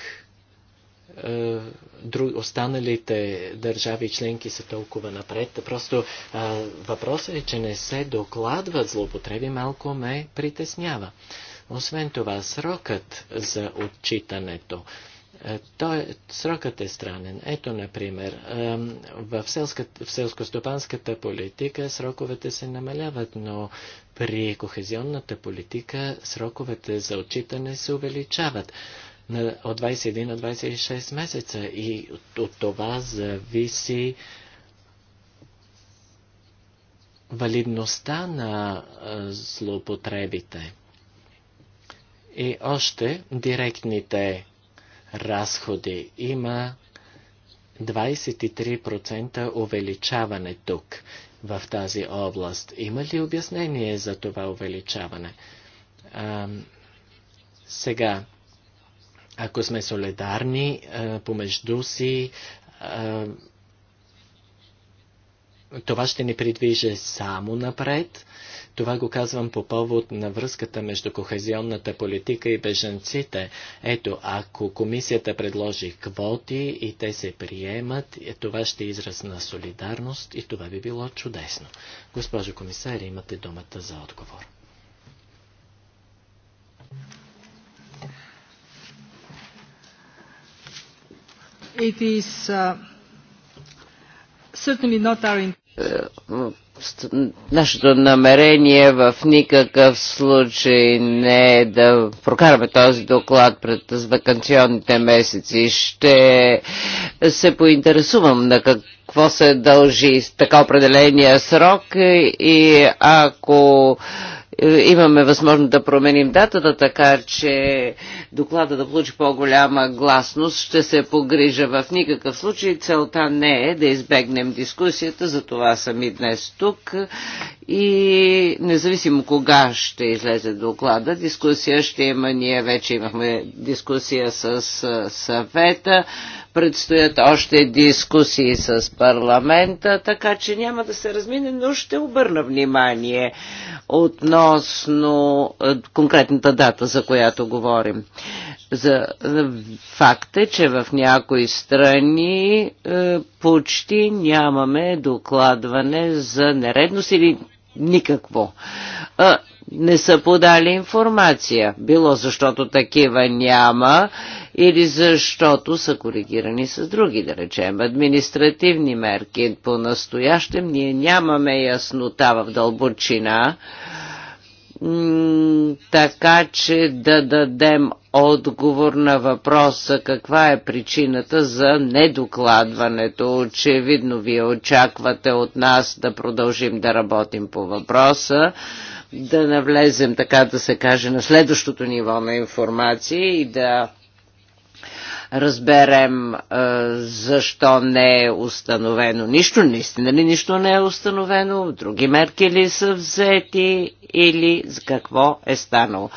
е, друг, останалите държави членки са толкова напред? Просто е, въпросът е, че не се докладват злоупотреби, малко ме притеснява. Освен това, срокът за отчитането. Е, е, той, срокът е странен. Ето, например, в, селска, в селскостопанската политика сроковете се намаляват, но при кохезионната политика сроковете за отчитане се увеличават от 21 на 26 месеца и от това зависи валидността на злоупотребите. И още директните разходи. Има 23% увеличаване тук, в тази област. Има ли обяснение за това увеличаване? А, сега, ако сме солидарни а, помежду си, а, това ще ни придвиже само напред това го казвам по повод на връзката между кохезионната политика и бежанците. Ето, ако комисията предложи квоти и те се приемат, е, това ще е израз на солидарност и това би било чудесно. Госпожо комисар, имате думата за отговор. It is uh, certainly not our е, Нашето намерение в никакъв случай не е да прокараме този доклад пред вакансионните месеци. Ще се поинтересувам на как какво се дължи с така определения срок и ако е, имаме възможност да променим датата, така че доклада да получи по-голяма гласност. Ще се погрижа в никакъв случай. Целта не е да избегнем дискусията, за това съм и днес тук. И независимо кога ще излезе доклада, дискусия ще има. Ние вече имахме дискусия с съвета, предстоят още дискусии с парламента, така че няма да се размине, но ще обърна внимание отново относно е, конкретната дата, за която говорим. За е, факт е, че в някои страни е, почти нямаме докладване за нередност или никакво. Не са подали информация, било защото такива няма или защото са коригирани с други, да речем, административни мерки. По настоящем ние нямаме яснота в дълбочина така че да дадем отговор на въпроса каква е причината за недокладването. Очевидно вие очаквате от нас да продължим да работим по въпроса, да навлезем, така да се каже, на следващото ниво на информация и да разберем е, защо не е установено нищо, наистина ли нищо не е установено, други мерки ли са взети или за какво е станало.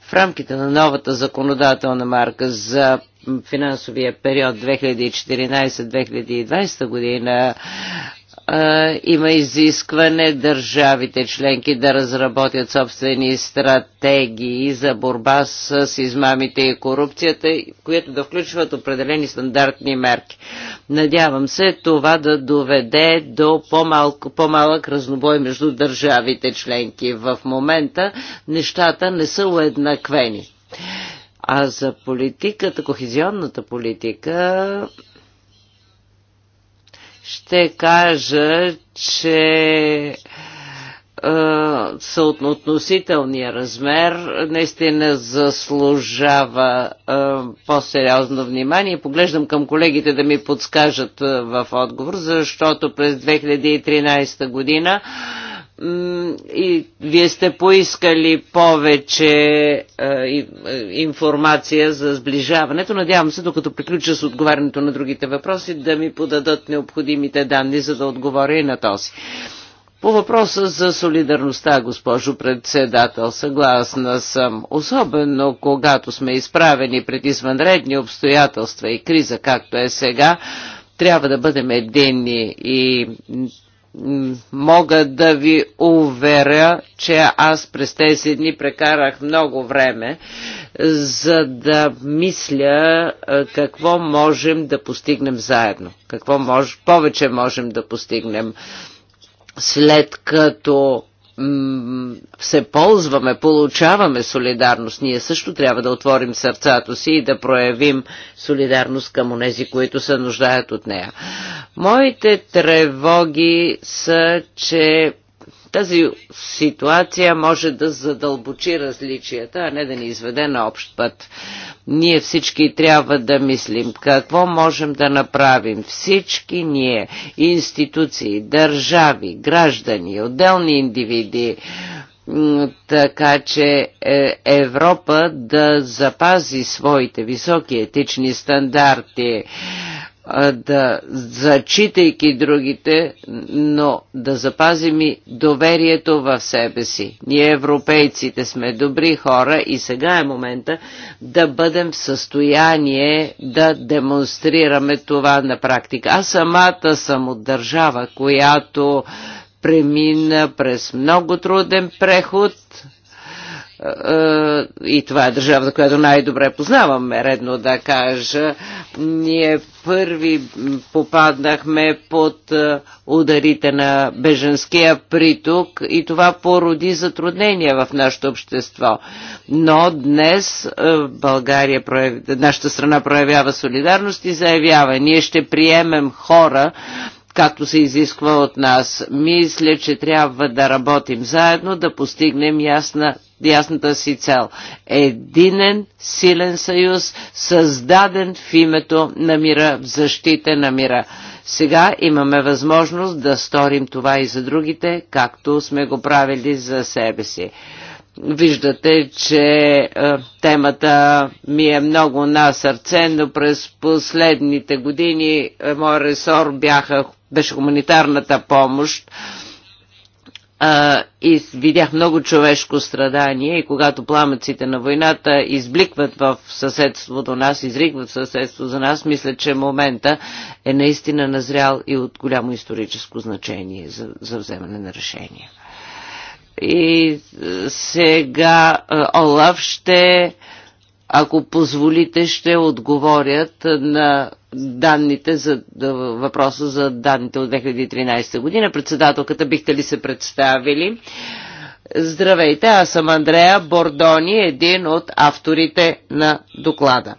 В рамките на новата законодателна марка за финансовия период 2014-2020 година а, има изискване държавите членки да разработят собствени стратегии за борба с измамите и корупцията, които да включват определени стандартни мерки. Надявам се това да доведе до по-малък, по-малък разнобой между държавите членки. В момента нещата не са уеднаквени. А за политиката, кохезионната политика, ще кажа, че съотносителният размер наистина заслужава по-сериозно внимание. Поглеждам към колегите да ми подскажат в отговор, защото през 2013 година и вие сте поискали повече а, информация за сближаването. Надявам се, докато приключа с отговарянето на другите въпроси, да ми подадат необходимите данни, за да отговоря и на този. По въпроса за солидарността, госпожо председател, съгласна съм, особено когато сме изправени пред извънредни обстоятелства и криза, както е сега, трябва да бъдем единни и мога да ви уверя, че аз през тези дни прекарах много време, за да мисля какво можем да постигнем заедно, какво мож, повече можем да постигнем. След като се ползваме, получаваме солидарност, ние също трябва да отворим сърцато си и да проявим солидарност към онези, които се нуждаят от нея. Моите тревоги са, че тази ситуация може да задълбочи различията, а не да ни изведе на общ път. Ние всички трябва да мислим какво можем да направим. Всички ние, институции, държави, граждани, отделни индивиди, така че е, Европа да запази своите високи етични стандарти да зачитайки другите, но да запазим и доверието в себе си. Ние европейците сме добри хора и сега е момента да бъдем в състояние да демонстрираме това на практика. Аз самата съм от държава, която премина през много труден преход е, и това е държавата, която най-добре познавам, редно да кажа, ние първи попаднахме под е, ударите на беженския приток и това породи затруднения в нашето общество. Но днес е, България, нашата страна проявява солидарност и заявява, ние ще приемем хора, както се изисква от нас. Мисля, че трябва да работим заедно, да постигнем ясна ясната си цел. Единен силен съюз, създаден в името на мира, в защита на мира. Сега имаме възможност да сторим това и за другите, както сме го правили за себе си. Виждате, че е, темата ми е много на сърце, но през последните години е, мой ресор бяха, беше хуманитарната помощ а, и видях много човешко страдание и когато пламъците на войната избликват в съседство до нас, изригват в съседство за нас, мисля, че момента е наистина назрял и от голямо историческо значение за, за вземане на решение. И сега Олаф ще ако позволите, ще отговорят на данните за въпроса за данните от 2013 година. Председателката бихте ли се представили? Здравейте, аз съм Андрея Бордони, един от авторите на доклада.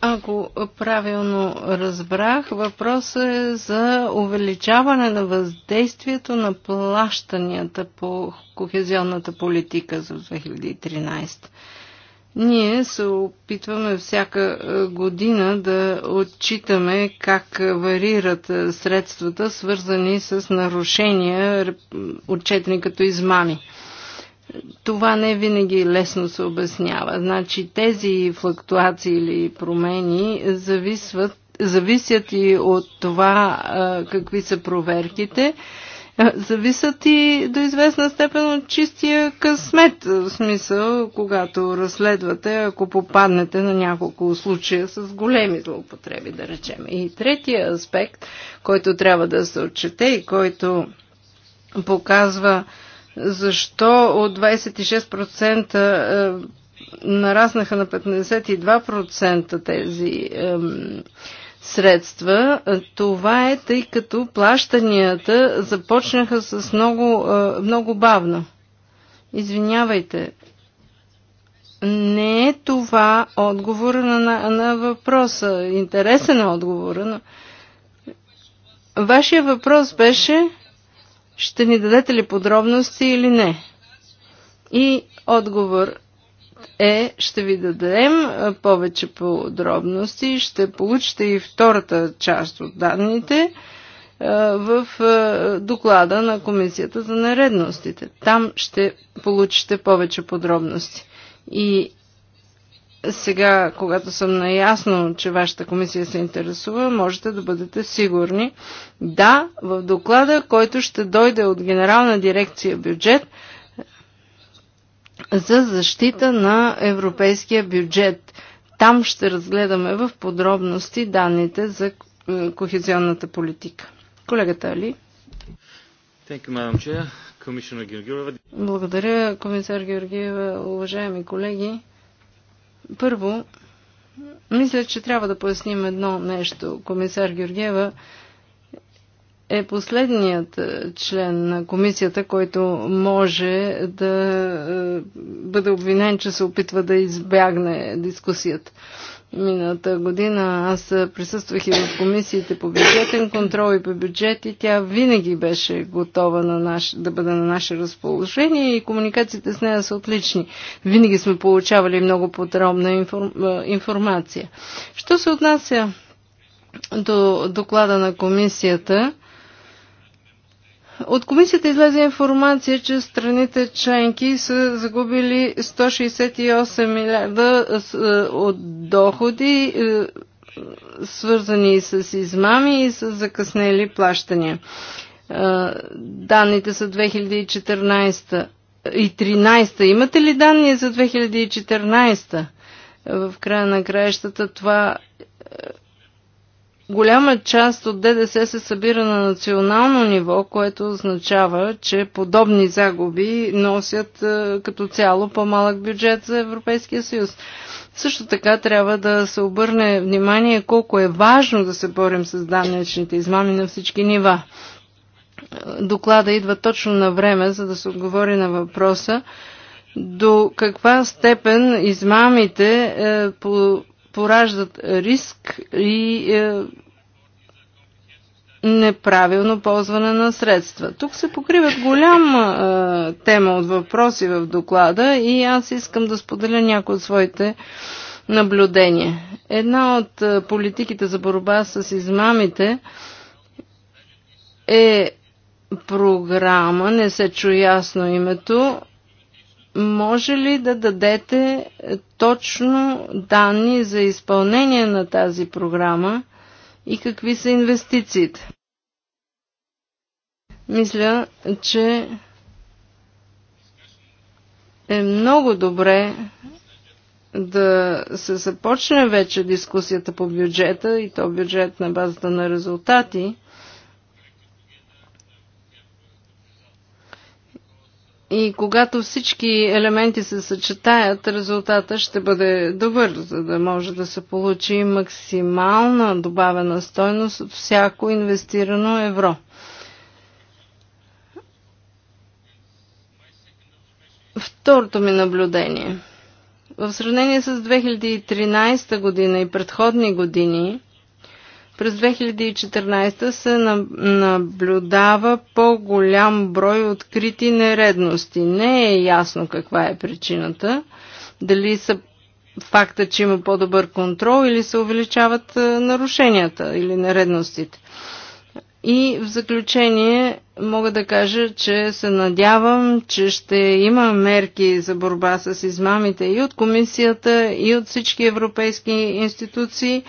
Ако правилно разбрах, въпросът е за увеличаване на въздействието на плащанията по кохезионната политика за 2013. Ние се опитваме всяка е, година да отчитаме как варират е, средствата, свързани с нарушения, отчетни като измами. Това не винаги лесно се обяснява. Значи тези флактуации или промени зависват, зависят и от това какви са проверките зависят и до известна степен от чистия късмет. В смисъл, когато разследвате, ако попаднете на няколко случая с големи злоупотреби, да речем. И третия аспект, който трябва да се отчете и който показва защо от 26% е, нараснаха на 52% тези е, средства. Това е тъй като плащанията започнаха с много, е, много бавно. Извинявайте. Не е това отговора на, на, на въпроса. Интересен е отговора. Но... Вашия въпрос беше ще ни дадете ли подробности или не? И отговор е, ще ви дадем повече подробности, ще получите и втората част от данните в доклада на Комисията за наредностите. Там ще получите повече подробности. И сега, когато съм наясно, че вашата комисия се интересува, можете да бъдете сигурни. Да, в доклада, който ще дойде от Генерална дирекция бюджет за защита на европейския бюджет. Там ще разгледаме в подробности данните за е, кохезионната политика. Колегата Али. Благодаря, комисар Георгиева. Уважаеми колеги, първо, мисля, че трябва да поясним едно нещо. Комисар Георгиева е последният е, член на комисията, който може да е, бъде обвинен, че се опитва да избягне дискусията. Миналата година аз присъствах и в комисиите по бюджетен контрол и по бюджет и тя винаги беше готова на наш, да бъде на наше разположение и комуникациите с нея са отлични. Винаги сме получавали много подробна информация. Що се отнася до доклада на комисията, от комисията излезе информация, че страните членки са загубили 168 милиарда е, е, от доходи, е, свързани с измами и с закъснели плащания. Данните са 2014 и 13. Имате ли данни за 2014? В края на краищата това голяма част от ДДС се събира на национално ниво, което означава, че подобни загуби носят е, като цяло по-малък бюджет за Европейския съюз. Също така трябва да се обърне внимание колко е важно да се борим с данечните измами на всички нива. Доклада идва точно на време, за да се отговори на въпроса до каква степен измамите е, по пораждат риск и е, неправилно ползване на средства. Тук се покриват голяма е, тема от въпроси в доклада и аз искам да споделя някои от своите наблюдения. Една от е, политиките за борба с измамите е програма, не се чу ясно името, може ли да дадете е, точно данни за изпълнение на тази програма и какви са инвестициите? Мисля, че е много добре да се започне вече дискусията по бюджета и то бюджет на базата на резултати – И когато всички елементи се съчетаят, резултата ще бъде добър, за да може да се получи максимална добавена стойност от всяко инвестирано евро. Второто ми наблюдение. В сравнение с 2013 година и предходни години, през 2014 се наблюдава по-голям брой открити нередности. Не е ясно каква е причината. Дали са факта, че има по-добър контрол или се увеличават е, нарушенията или нередностите. И в заключение мога да кажа, че се надявам, че ще има мерки за борба с измамите и от комисията, и от всички европейски институции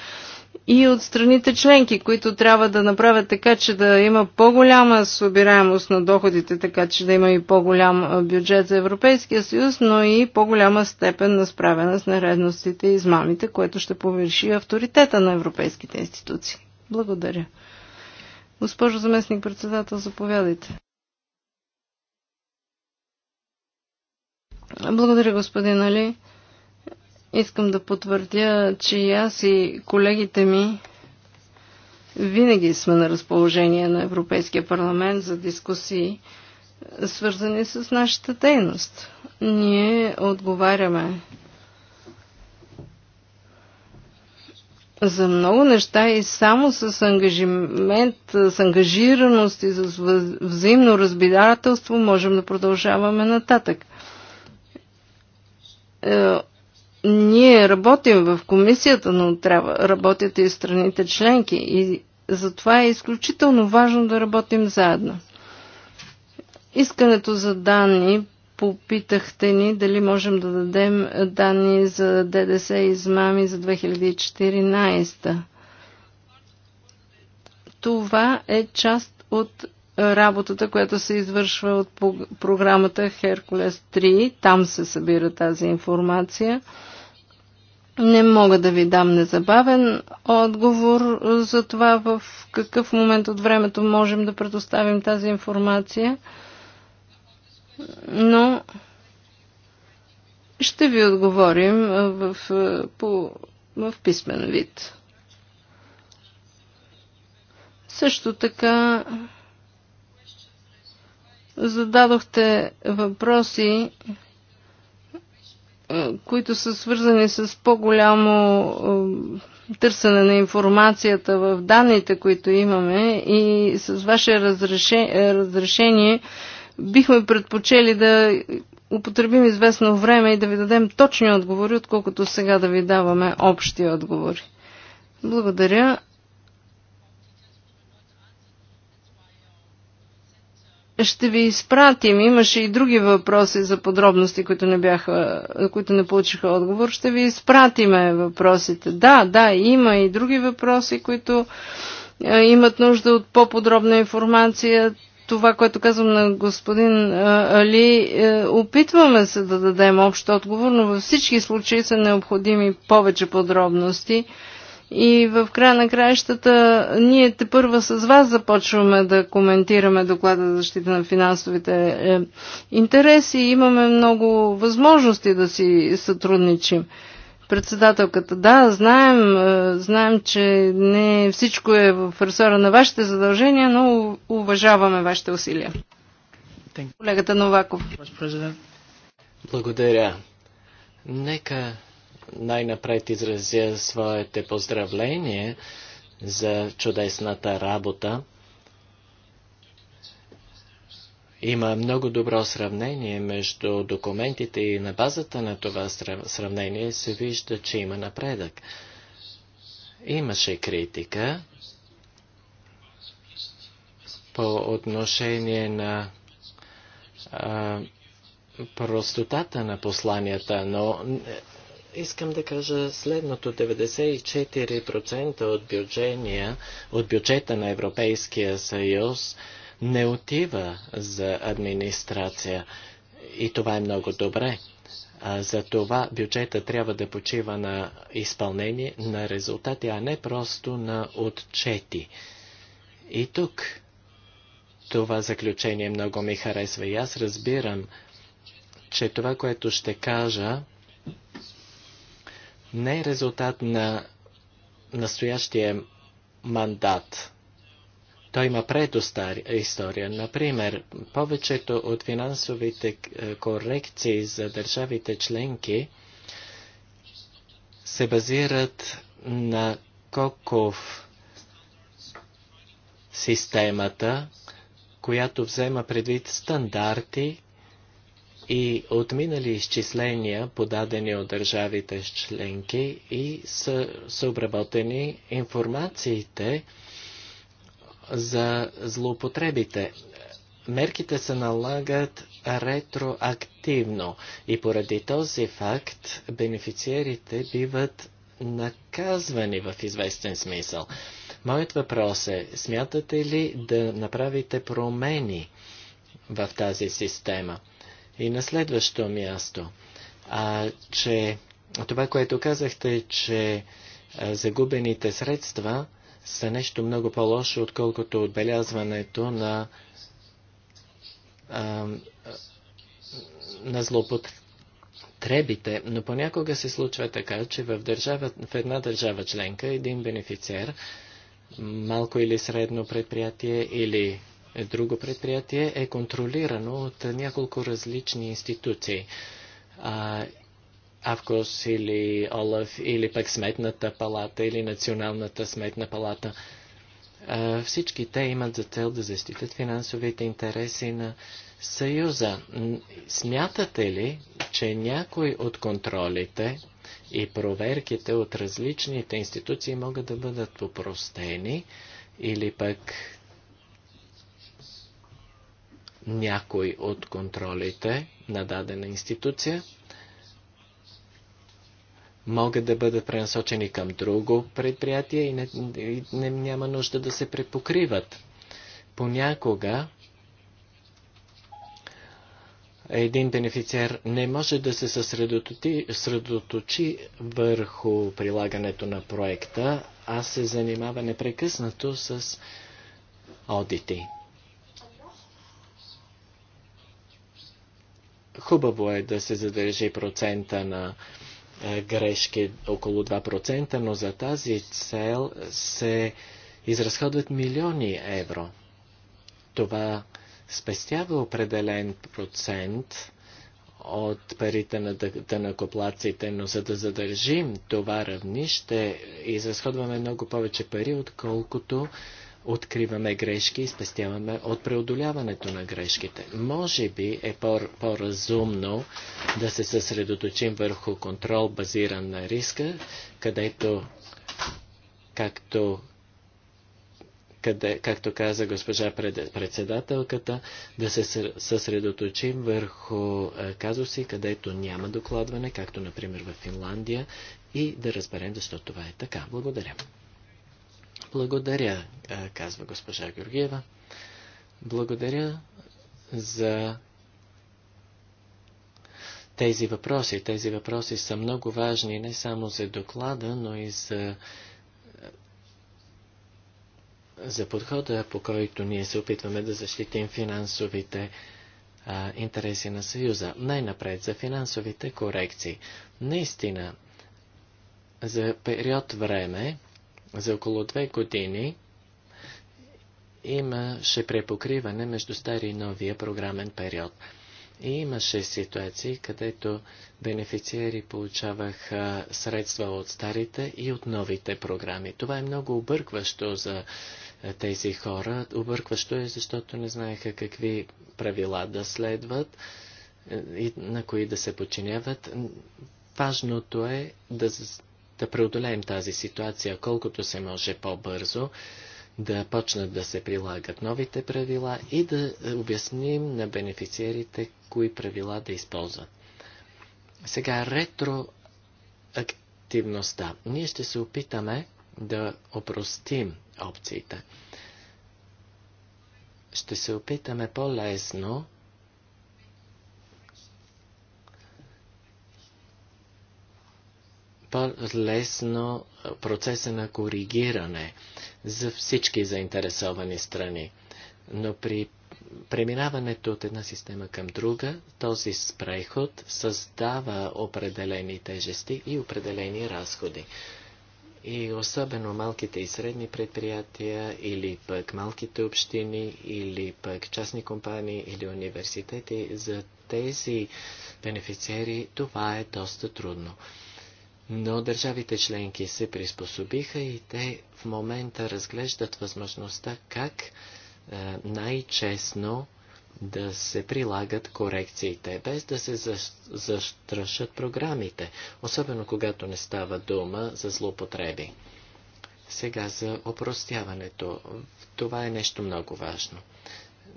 и от страните членки, които трябва да направят така, че да има по-голяма събираемост на доходите, така че да има и по-голям бюджет за Европейския съюз, но и по-голяма степен на справяне с нередностите и измамите, което ще повиши авторитета на европейските институции. Благодаря. Госпожо заместник председател, заповядайте. Благодаря, господин Али. Искам да потвърдя, че и аз и колегите ми винаги сме на разположение на Европейския парламент за дискусии, свързани с нашата дейност. Ние отговаряме за много неща и само с ангажимент, с ангажираност и с взаимно разбирателство можем да продължаваме нататък. Е, ние работим в комисията, но трябва работят и страните членки и затова е изключително важно да работим заедно. Искането за данни попитахте ни дали можем да дадем данни за ДДС и измами за 2014. Това е част от работата, която се извършва от програмата Херкулес 3. Там се събира тази информация. Не мога да ви дам незабавен отговор за това в какъв момент от времето можем да предоставим тази информация, но ще ви отговорим в, по, в писмен вид. Също така зададохте въпроси които са свързани с по-голямо търсене на информацията в данните, които имаме и с ваше разрешение, разрешение бихме предпочели да употребим известно време и да ви дадем точни отговори, отколкото сега да ви даваме общи отговори. Благодаря. Ще ви изпратим. Имаше и други въпроси за подробности, които не, бяха, които не получиха отговор. Ще ви изпратиме въпросите. Да, да, има и други въпроси, които е, имат нужда от по-подробна информация. Това, което казвам на господин е, Али, е, опитваме се да дадем общ отговор, но във всички случаи са необходими повече подробности. И в края на краищата ние те първа с вас започваме да коментираме доклада за защита на финансовите е, интереси. Имаме много възможности да си сътрудничим. Председателката, да, знаем, е, знаем, че не всичко е в ресора на вашите задължения, но уважаваме вашите усилия. Колегата Новаков. Благодаря. Нека най-напред изразя своите поздравления за чудесната работа. Има много добро сравнение между документите и на базата на това сравнение се вижда, че има напредък. Имаше критика по отношение на а, простотата на посланията, но Искам да кажа следното. 94% от, бюджения, от бюджета на Европейския съюз не отива за администрация. И това е много добре. за това бюджета трябва да почива на изпълнение, на резултати, а не просто на отчети. И тук това заключение много ми харесва. И аз разбирам, че това, което ще кажа, не е резултат на настоящия мандат. Той има предоста история. Например, повечето от финансовите е, корекции за държавите членки се базират на Коков системата, която взема предвид стандарти, и отминали изчисления, подадени от държавите членки и са, са обработени информациите за злоупотребите. Мерките се налагат ретроактивно и поради този факт бенефициерите биват наказвани в известен смисъл. Моят въпрос е, смятате ли да направите промени в тази система? И на следващо място, а, че това, което казахте, че а, загубените средства са нещо много по-лошо, отколкото отбелязването на, а, на злопотребите. Но понякога се случва така, че в, държава, в една държава членка един бенефициер, малко или средно предприятие или е, друго предприятие е контролирано от няколко различни институции. Авкос или Олаф или пък Сметната палата или Националната сметна палата. А, всички те имат за цел да защитят финансовите интереси на Съюза. Смятате ли, че някой от контролите и проверките от различните институции могат да бъдат упростени или пък някой от контролите на дадена институция могат да бъдат пренасочени към друго предприятие и, не, и не, няма нужда да се препокриват. Понякога един бенефициер не може да се съсредоточи, върху прилагането на проекта, а се занимава непрекъснато с одити. Хубаво е да се задържи процента на е, грешки около 2%, но за тази цел се изразходват милиони евро. Това спестява определен процент от парите на дънакоплаците, но за да задържим това равнище, изразходваме много повече пари, отколкото откриваме грешки и спестяваме от преодоляването на грешките. Може би е по-разумно да се съсредоточим върху контрол базиран на риска, където, както, къде, както каза госпожа пред, председателката, да се съсредоточим върху е, казуси, където няма докладване, както например в Финландия, и да разберем защо това е така. Благодаря. Благодаря, казва госпожа Георгиева. Благодаря за тези въпроси. Тези въпроси са много важни не само за доклада, но и за, за подхода, по който ние се опитваме да защитим финансовите а, интереси на Съюза. Най-напред за финансовите корекции. Наистина, за период време за около две години имаше препокриване между стари и новия програмен период. И имаше ситуации, където бенефициери получаваха средства от старите и от новите програми. Това е много объркващо за тези хора. Объркващо е, защото не знаеха какви правила да следват и на кои да се подчиняват. Важното е да да преодолеем тази ситуация колкото се може по-бързо, да почнат да се прилагат новите правила и да обясним на бенефициерите кои правила да използват. Сега ретроактивността. Ние ще се опитаме да опростим опциите. Ще се опитаме по-лесно по-лесно процеса на коригиране за всички заинтересовани страни. Но при преминаването от една система към друга, този преход създава определени тежести и определени разходи. И особено малките и средни предприятия, или пък малките общини, или пък частни компании, или университети, за тези бенефициери това е доста трудно. Но държавите членки се приспособиха и те в момента разглеждат възможността как е, най-честно да се прилагат корекциите, без да се за, застрашат програмите, особено когато не става дума за злоупотреби. Сега за опростяването. Това е нещо много важно.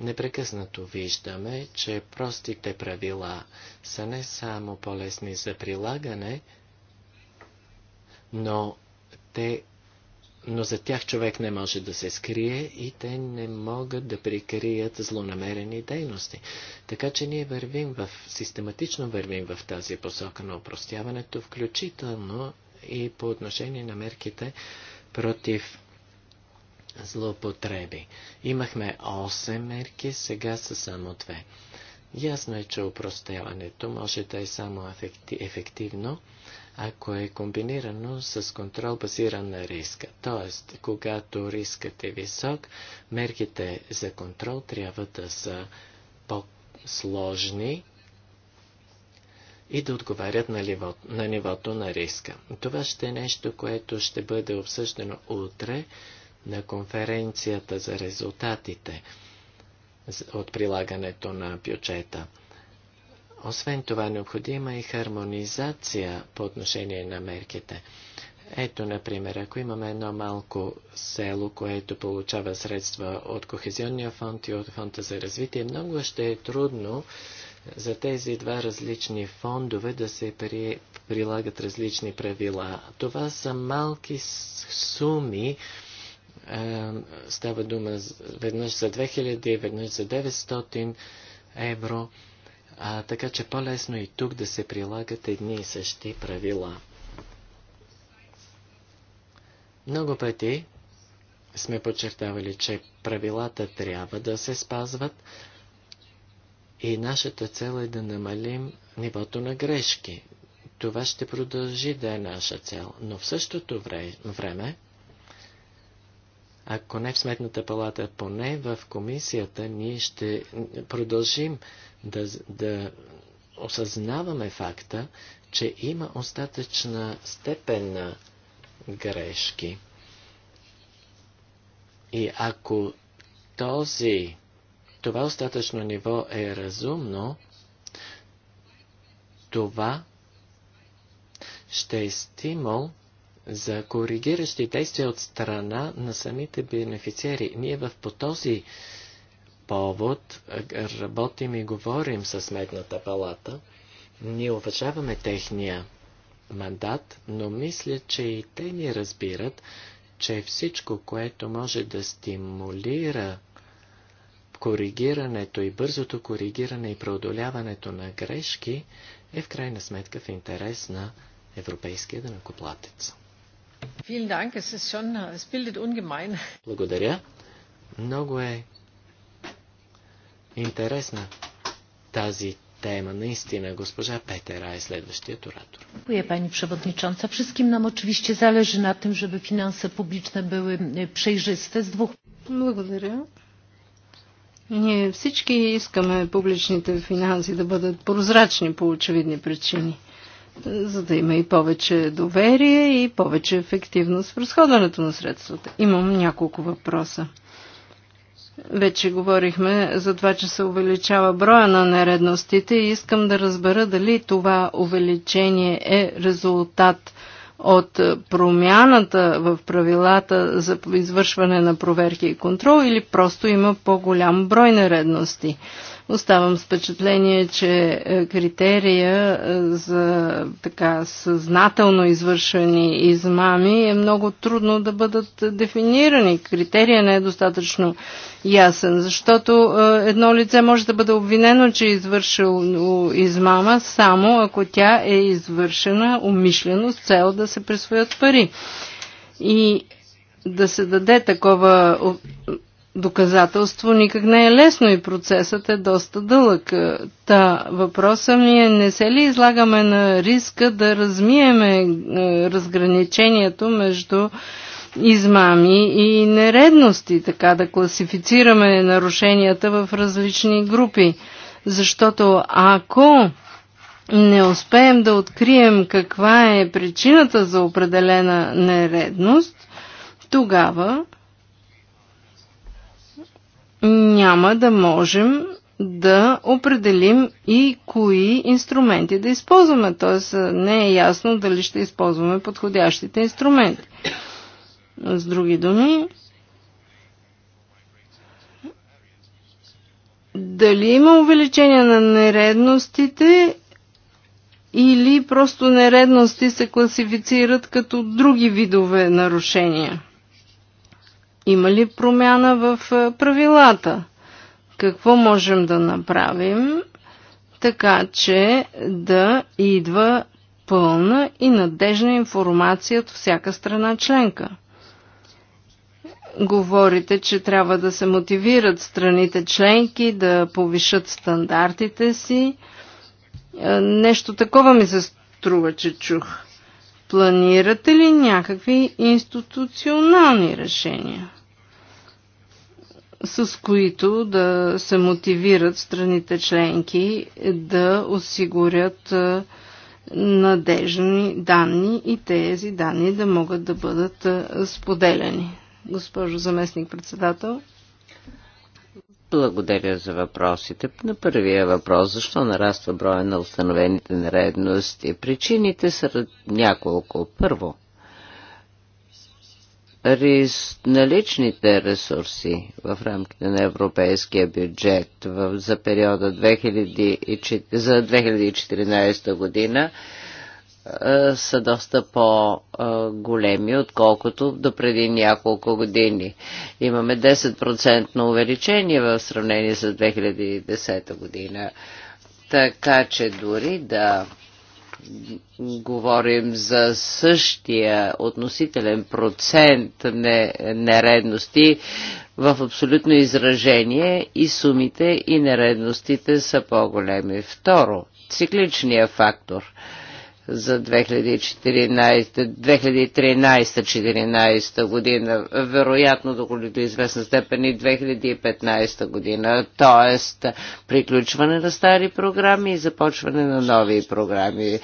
Непрекъснато виждаме, че простите правила са не само по-лесни за прилагане, но те но за тях човек не може да се скрие и те не могат да прикрият злонамерени дейности. Така че ние вървим в, систематично вървим в тази посока на опростяването, включително и по отношение на мерките против злоупотреби. Имахме 8 мерки, сега са само 2. Ясно е, че опростяването може да е само ефективно, ако е комбинирано с контрол базиран на риска. Тоест, когато рискът е висок, мерките за контрол трябва да са по-сложни и да отговарят на, ливо, на нивото на риска. Това ще е нещо, което ще бъде обсъждано утре на конференцията за резултатите от прилагането на бюджета. Освен това, необходима е хармонизация по отношение на мерките. Ето, например, ако имаме едно малко село, което получава средства от Кохезионния фонд и от Фонда за развитие, много ще е трудно за тези два различни фондове да се при... прилагат различни правила. Това са малки суми. Е, става дума веднъж за 2000, веднъж за 900 евро а, така че по-лесно и тук да се прилагат едни и същи правила. Много пъти сме подчертавали, че правилата трябва да се спазват и нашата цел е да намалим нивото на грешки. Това ще продължи да е наша цел, но в същото време ако не в Сметната палата, поне в комисията, ние ще продължим да, да осъзнаваме факта, че има остатъчна степен на грешки. И ако този, това остатъчно ниво е разумно, това ще е стимул за коригиращи действия от страна на самите бенефициери. Ние в по този повод работим и говорим с Медната палата. Ние уважаваме техния мандат, но мисля, че и те ни разбират, че всичко, което може да стимулира коригирането и бързото коригиране и преодоляването на грешки, е в крайна сметка в интерес на европейския дънакоплатец. Благодаря. Много е интересна тази тема. Наистина, госпожа Петера е следващият оратор. Dziękuję пани Przewodnicząca. Всичким нам, очевидно, залежи на тем, чтобы финансы publiczne были e, przejrzyste с двух... Благодаря. Ние всички искаме публичните финанси да бъдат прозрачни по очевидни причини за да има и повече доверие и повече ефективност в разходването на средствата. Имам няколко въпроса. Вече говорихме за това, че се увеличава броя на нередностите и искам да разбера дали това увеличение е резултат от промяната в правилата за извършване на проверки и контрол или просто има по-голям брой нередности. Оставам с впечатление, че е, критерия е, за така съзнателно извършени измами е много трудно да бъдат дефинирани. Критерия не е достатъчно ясен, защото е, едно лице може да бъде обвинено, че е извършило измама само ако тя е извършена умишлено с цел да се присвоят пари. И да се даде такова доказателство никак не е лесно и процесът е доста дълъг. Та въпросът ми е, не се ли излагаме на риска да размиеме е, разграничението между измами и нередности, така да класифицираме нарушенията в различни групи. Защото ако не успеем да открием каква е причината за определена нередност, тогава няма да можем да определим и кои инструменти да използваме. Т.е. не е ясно дали ще използваме подходящите инструменти. С други думи, дали има увеличение на нередностите или просто нередности се класифицират като други видове нарушения? Има ли промяна в е, правилата? Какво можем да направим, така че да идва пълна и надежна информация от всяка страна членка? Говорите, че трябва да се мотивират страните членки да повишат стандартите си. Е, нещо такова ми се струва, че чух. Планирате ли някакви институционални решения? с които да се мотивират страните членки да осигурят надежни данни и тези данни да могат да бъдат споделяни. Госпожо заместник председател. Благодаря за въпросите. На първия въпрос, защо нараства броя на установените нередности? Причините са няколко. Първо, рис, наличните ресурси в рамките на европейския бюджет в, за периода 2000, за 2014 година са доста по-големи, отколкото до преди няколко години. Имаме 10% увеличение в сравнение с 2010 година. Така че дори да говорим за същия относителен процент нередности в абсолютно изражение и сумите и нередностите са по-големи. Второ, цикличният фактор – за 2013-2014 година, вероятно до до известна степен и 2015 година, т.е. приключване на стари програми и започване на нови програми.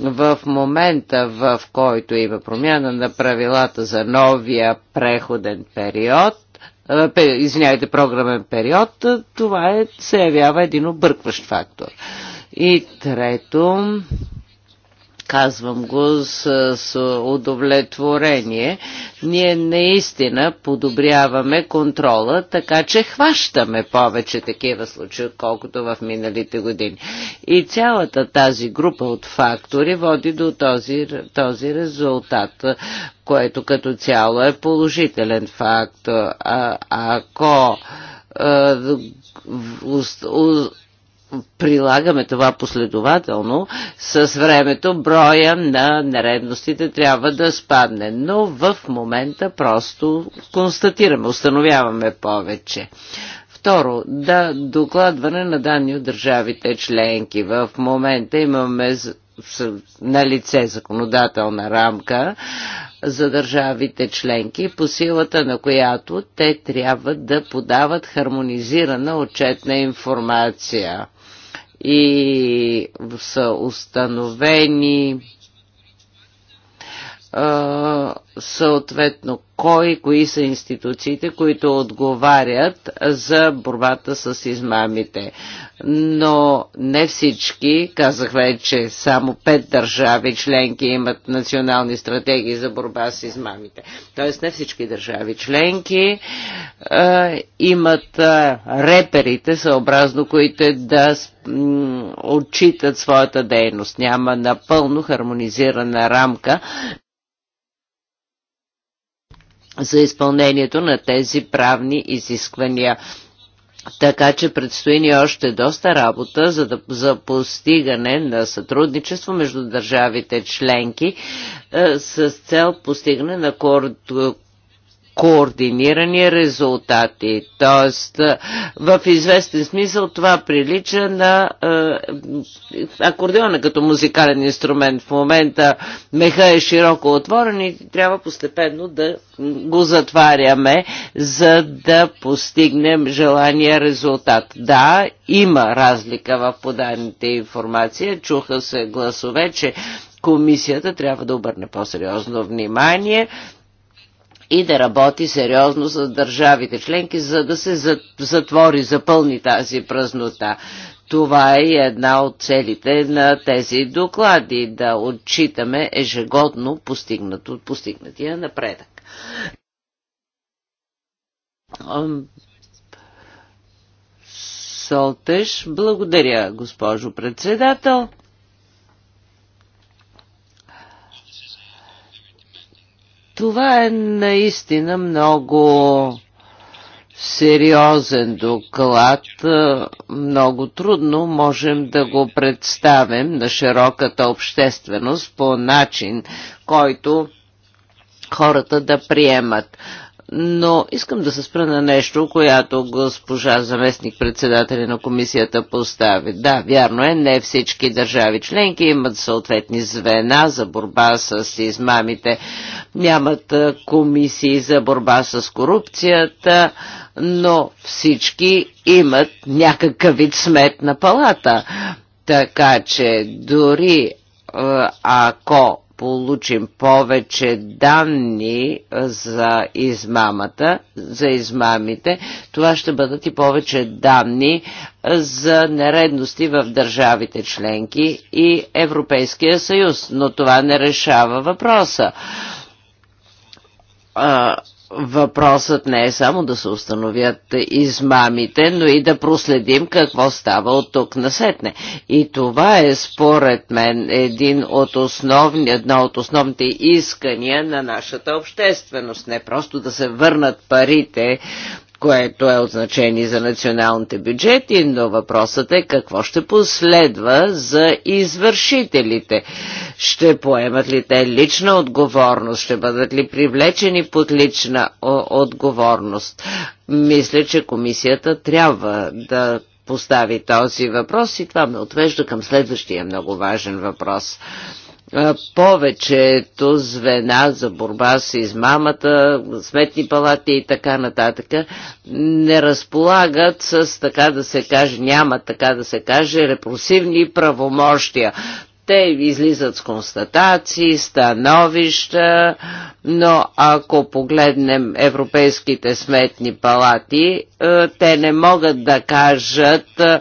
В момента, в който има промяна на правилата за новия преходен период, извинявайте, програмен период, това е, се явява един объркващ фактор. И трето, Казвам го с, с удовлетворение. Ние наистина подобряваме контрола, така че хващаме повече такива случаи, колкото в миналите години. И цялата тази група от фактори води до този, този резултат което като цяло е положителен факт. А, ако прилагаме това последователно, с времето броя на нередностите трябва да спадне. Но в момента просто констатираме, установяваме повече. Второ, да, докладване на данни от държавите членки. В момента имаме на лице законодателна рамка за държавите членки, по силата на която те трябва да подават хармонизирана отчетна информация и са установени съответно кой, кои са институциите, които отговарят за борбата с измамите. Но не всички, казах вече, само пет държави членки имат национални стратегии за борба с измамите. Тоест не всички държави членки а, имат а, реперите, съобразно които да отчитат своята дейност. Няма напълно хармонизирана рамка за изпълнението на тези правни изисквания. Така че предстои ни още доста работа за, да, за постигане на сътрудничество между държавите членки е, с цел постигане на координирани резултати. Тоест, в известен смисъл това прилича на е, акордеона като музикален инструмент. В момента меха е широко отворен и трябва постепенно да го затваряме, за да постигнем желания резултат. Да, има разлика в поданите информация. Чуха се гласове, че комисията трябва да обърне по-сериозно внимание и да работи сериозно с държавите членки, за да се затвори, запълни тази празнота. Това е една от целите на тези доклади да отчитаме ежегодно постигнато, постигнатия напредък. Солтеж, благодаря, госпожо председател. Това е наистина много сериозен доклад. Много трудно можем да го представим на широката общественост по начин, който хората да приемат но искам да се спра на нещо, която госпожа заместник председателя на комисията постави. Да, вярно е, не всички държави членки имат съответни звена за борба с измамите, нямат комисии за борба с корупцията, но всички имат някакъв вид сметна палата. Така че дори ако получим повече данни за измамата, за измамите, това ще бъдат и повече данни за нередности в държавите членки и Европейския съюз, но това не решава въпроса Въпросът не е само да се установят измамите, но и да проследим какво става от тук насетне. И това е според мен един от основни, една от основните искания на нашата общественост. Не просто да се върнат парите което е от значение за националните бюджети, но въпросът е какво ще последва за извършителите. Ще поемат ли те лична отговорност? Ще бъдат ли привлечени под лична отговорност? Мисля, че комисията трябва да постави този въпрос и това ме отвежда към следващия много важен въпрос – повечето звена за борба с измамата, сметни палати и така нататък, не разполагат с, така да се каже, няма така да се каже, репресивни правомощия. Те излизат с констатации, становища, но ако погледнем европейските сметни палати, е, те не могат да кажат е,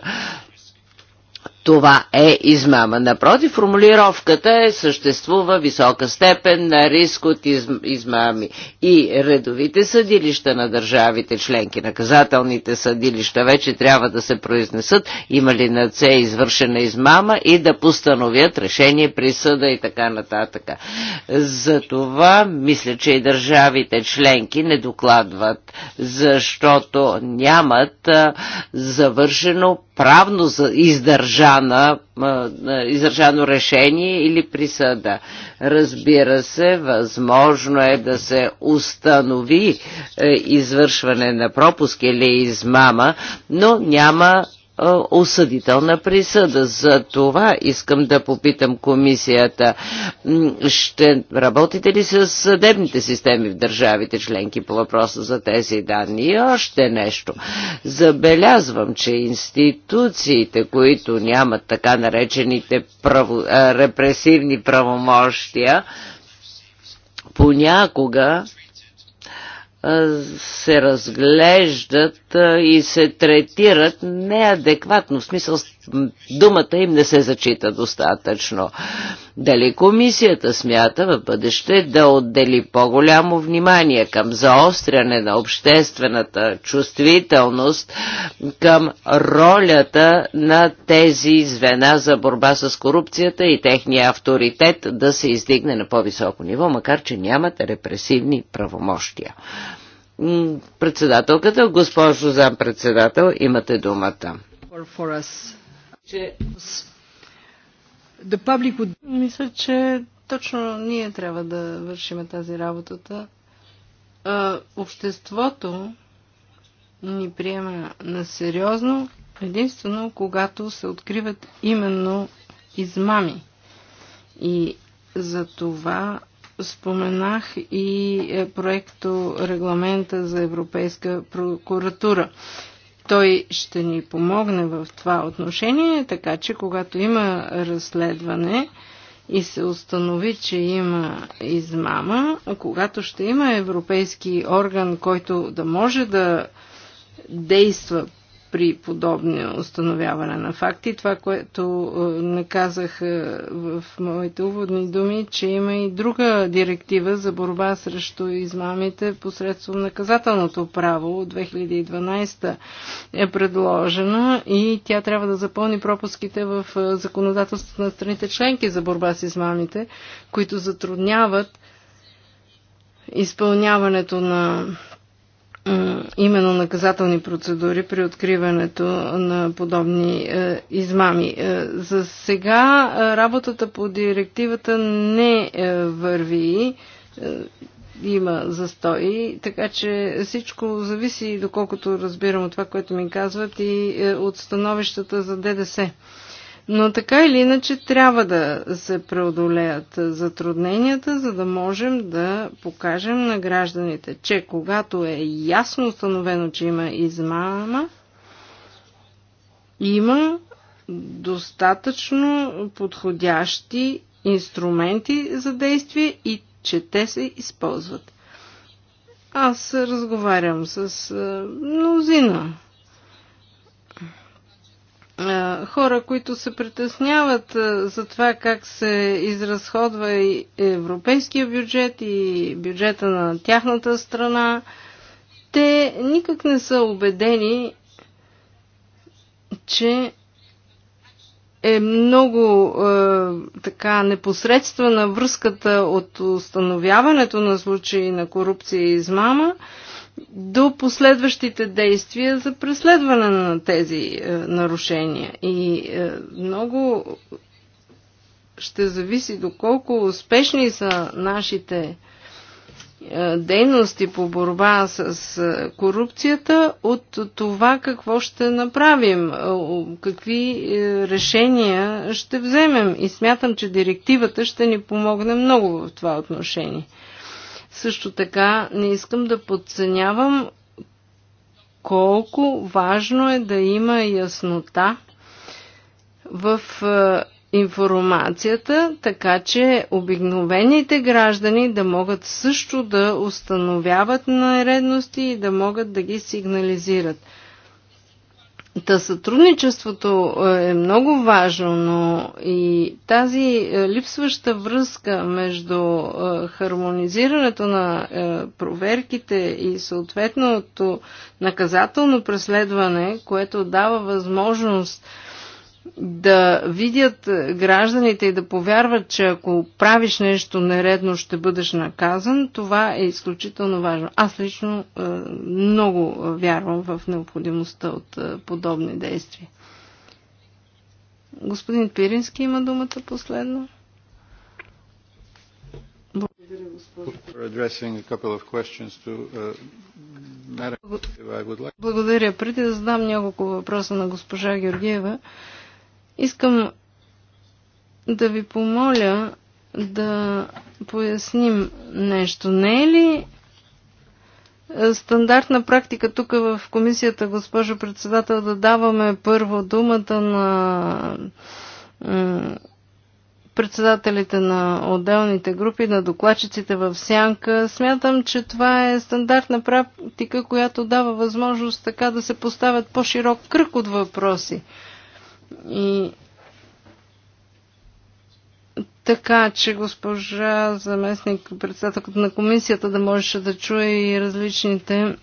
това е измама. Напротив, формулировката е съществува висока степен на риск от измами. И редовите съдилища на държавите членки, наказателните съдилища вече трябва да се произнесат има ли на це извършена измама и да постановят решение, присъда и така нататък. Затова мисля, че и държавите членки не докладват, защото нямат завършено правно издържание изречана, изражено решение или присъда. Разбира се, възможно е да се установи е, извършване на пропуск или измама, но няма осъдителна присъда. За това искам да попитам комисията. Ще работите ли с съдебните системи в държавите членки по въпроса за тези данни? И още нещо. Забелязвам, че институциите, които нямат така наречените право, репресивни правомощия, понякога се разглеждат и се третират неадекватно. В смисъл думата им не се зачита достатъчно. Дали комисията смята в бъдеще да отдели по-голямо внимание към заостряне на обществената чувствителност към ролята на тези звена за борба с корупцията и техния авторитет да се издигне на по-високо ниво, макар че нямат репресивни правомощия? Председателката, госпожо зампредседател, имате думата. Мисля, че точно ние трябва да вършим тази работата. обществото ни приема на сериозно, единствено когато се откриват именно измами. И за това Споменах и е, проекто регламента за Европейска прокуратура. Той ще ни помогне в това отношение, така че когато има разследване, и се установи, че има измама, когато ще има европейски орган, който да може да действа при подобно установяване на факти. Това, което е, не казах е, в моите уводни думи, че има и друга директива за борба срещу измамите посредством наказателното право от 2012 е предложена и тя трябва да запълни пропуските в е, законодателството на страните членки за борба с измамите, които затрудняват изпълняването на именно наказателни процедури при откриването на подобни е, измами. Е, за сега е, работата по директивата не е, върви, има застои, така че всичко зависи, доколкото разбирам от това, което ми казват и от становищата за ДДС. Но така или иначе трябва да се преодолеят затрудненията, за да можем да покажем на гражданите, че когато е ясно установено, че има измама, има достатъчно подходящи инструменти за действие и че те се използват. Аз разговарям с мнозина е, хора, които се притесняват е, за това как се изразходва и европейския бюджет и бюджета на тяхната страна, те никак не са убедени, че е много е, така непосредствена връзката от установяването на случаи на корупция и измама до последващите действия за преследване на тези е, нарушения. И е, много ще зависи доколко успешни са нашите е, дейности по борба с е, корупцията от това какво ще направим, е, какви е, решения ще вземем. И смятам, че директивата ще ни помогне много в това отношение. Също така не искам да подценявам колко важно е да има яснота в е, информацията, така че обикновените граждани да могат също да установяват наредности и да могат да ги сигнализират. Та сътрудничеството е, е много важно, но и тази е, липсваща връзка между е, хармонизирането на проверките и съответното наказателно преследване, което дава възможност да видят гражданите и да повярват, че ако правиш нещо нередно, ще бъдеш наказан, това е изключително важно. Аз лично е, много вярвам в необходимостта от е, подобни действия. Господин Пирински има думата последно. Благодаря, госпожо. Uh, Благодаря. Преди да задам няколко въпроса на госпожа Георгиева, Искам да ви помоля да поясним нещо. Не е ли е, стандартна практика тук в комисията, госпожо председател, да даваме първо думата на председателите на отделните групи, на докладчиците в сянка. Смятам, че това е стандартна практика, която дава възможност така да се поставят по-широк кръг от въпроси. И така, че госпожа заместник председателката на комисията да можеше да чуе и различните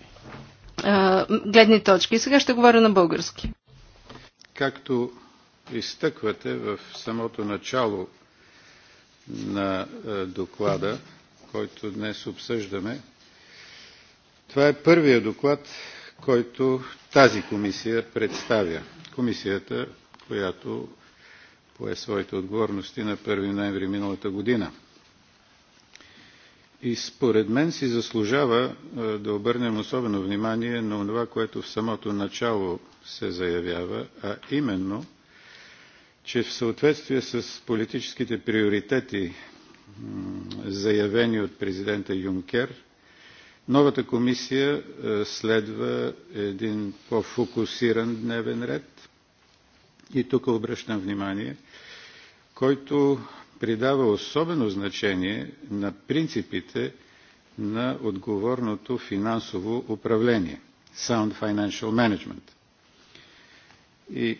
а, гледни точки. И сега ще говоря на български. Както изтъквате в самото начало на доклада, който днес обсъждаме, това е първият доклад, който тази комисия представя. Комисията която пое своите отговорности на 1 ноември миналата година. И според мен си заслужава е, да обърнем особено внимание на това, което в самото начало се заявява, а именно, че в съответствие с политическите приоритети, заявени от президента Юнкер, новата комисия е, следва един по-фокусиран дневен ред, и тук обръщам внимание, който придава особено значение на принципите на отговорното финансово управление sound financial management. И е,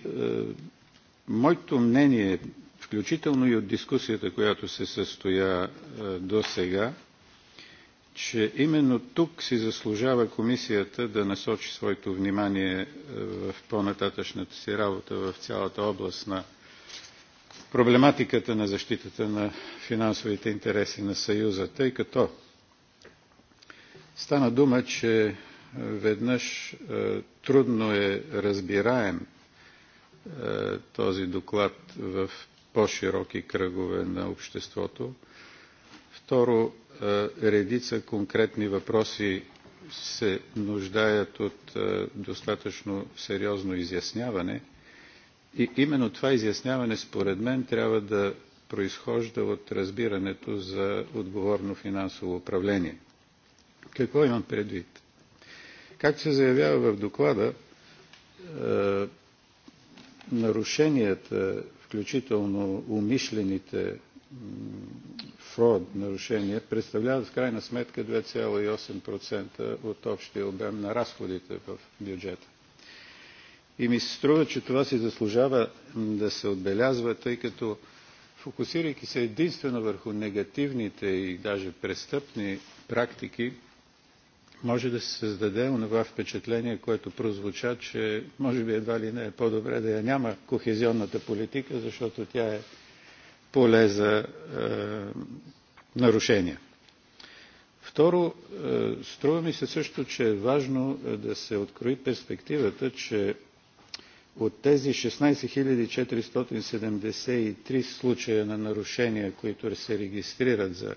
моето мнение, включително и от дискусията, която се състоя е, до сега, че именно тук си заслужава комисията да насочи своето внимание е, в по-нататъчната си работа в цялата област на проблематиката на защитата на финансовите интереси на Съюза, тъй като стана дума, че е, веднъж е, трудно е разбираем този доклад в по-широки кръгове на обществото. Второ, е, редица конкретни въпроси се нуждаят от е, достатъчно сериозно изясняване. И именно това изясняване, според мен, трябва да произхожда от разбирането за отговорно финансово управление. Какво имам предвид? Както се заявява в доклада, е, нарушенията, включително умишлените fraud нарушения представляват в крайна сметка 2,8% от общия обем на разходите в бюджета. И ми се струва, че това си заслужава да се отбелязва, тъй като фокусирайки се единствено върху негативните и даже престъпни практики, може да се създаде онова впечатление, което прозвуча, че може би едва ли не е по-добре да я няма кохезионната политика, защото тя е поле за е, нарушения. Второ, е, струва ми се също, че е важно е, да се открои перспективата, че от тези 16 473 случая на нарушения, които се регистрират за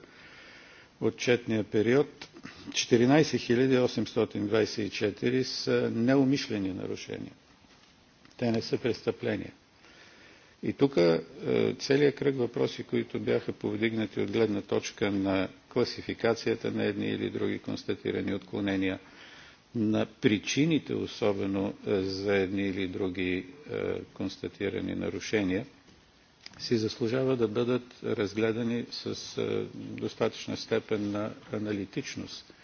отчетния период, 14 824 са неумишлени нарушения. Те не са престъпления. И тук е, целият кръг въпроси, които бяха повдигнати от гледна точка на класификацията на едни или други констатирани отклонения, на причините особено е, за едни или други е, констатирани нарушения, си заслужава да бъдат разгледани с достатъчна степен на аналитичност.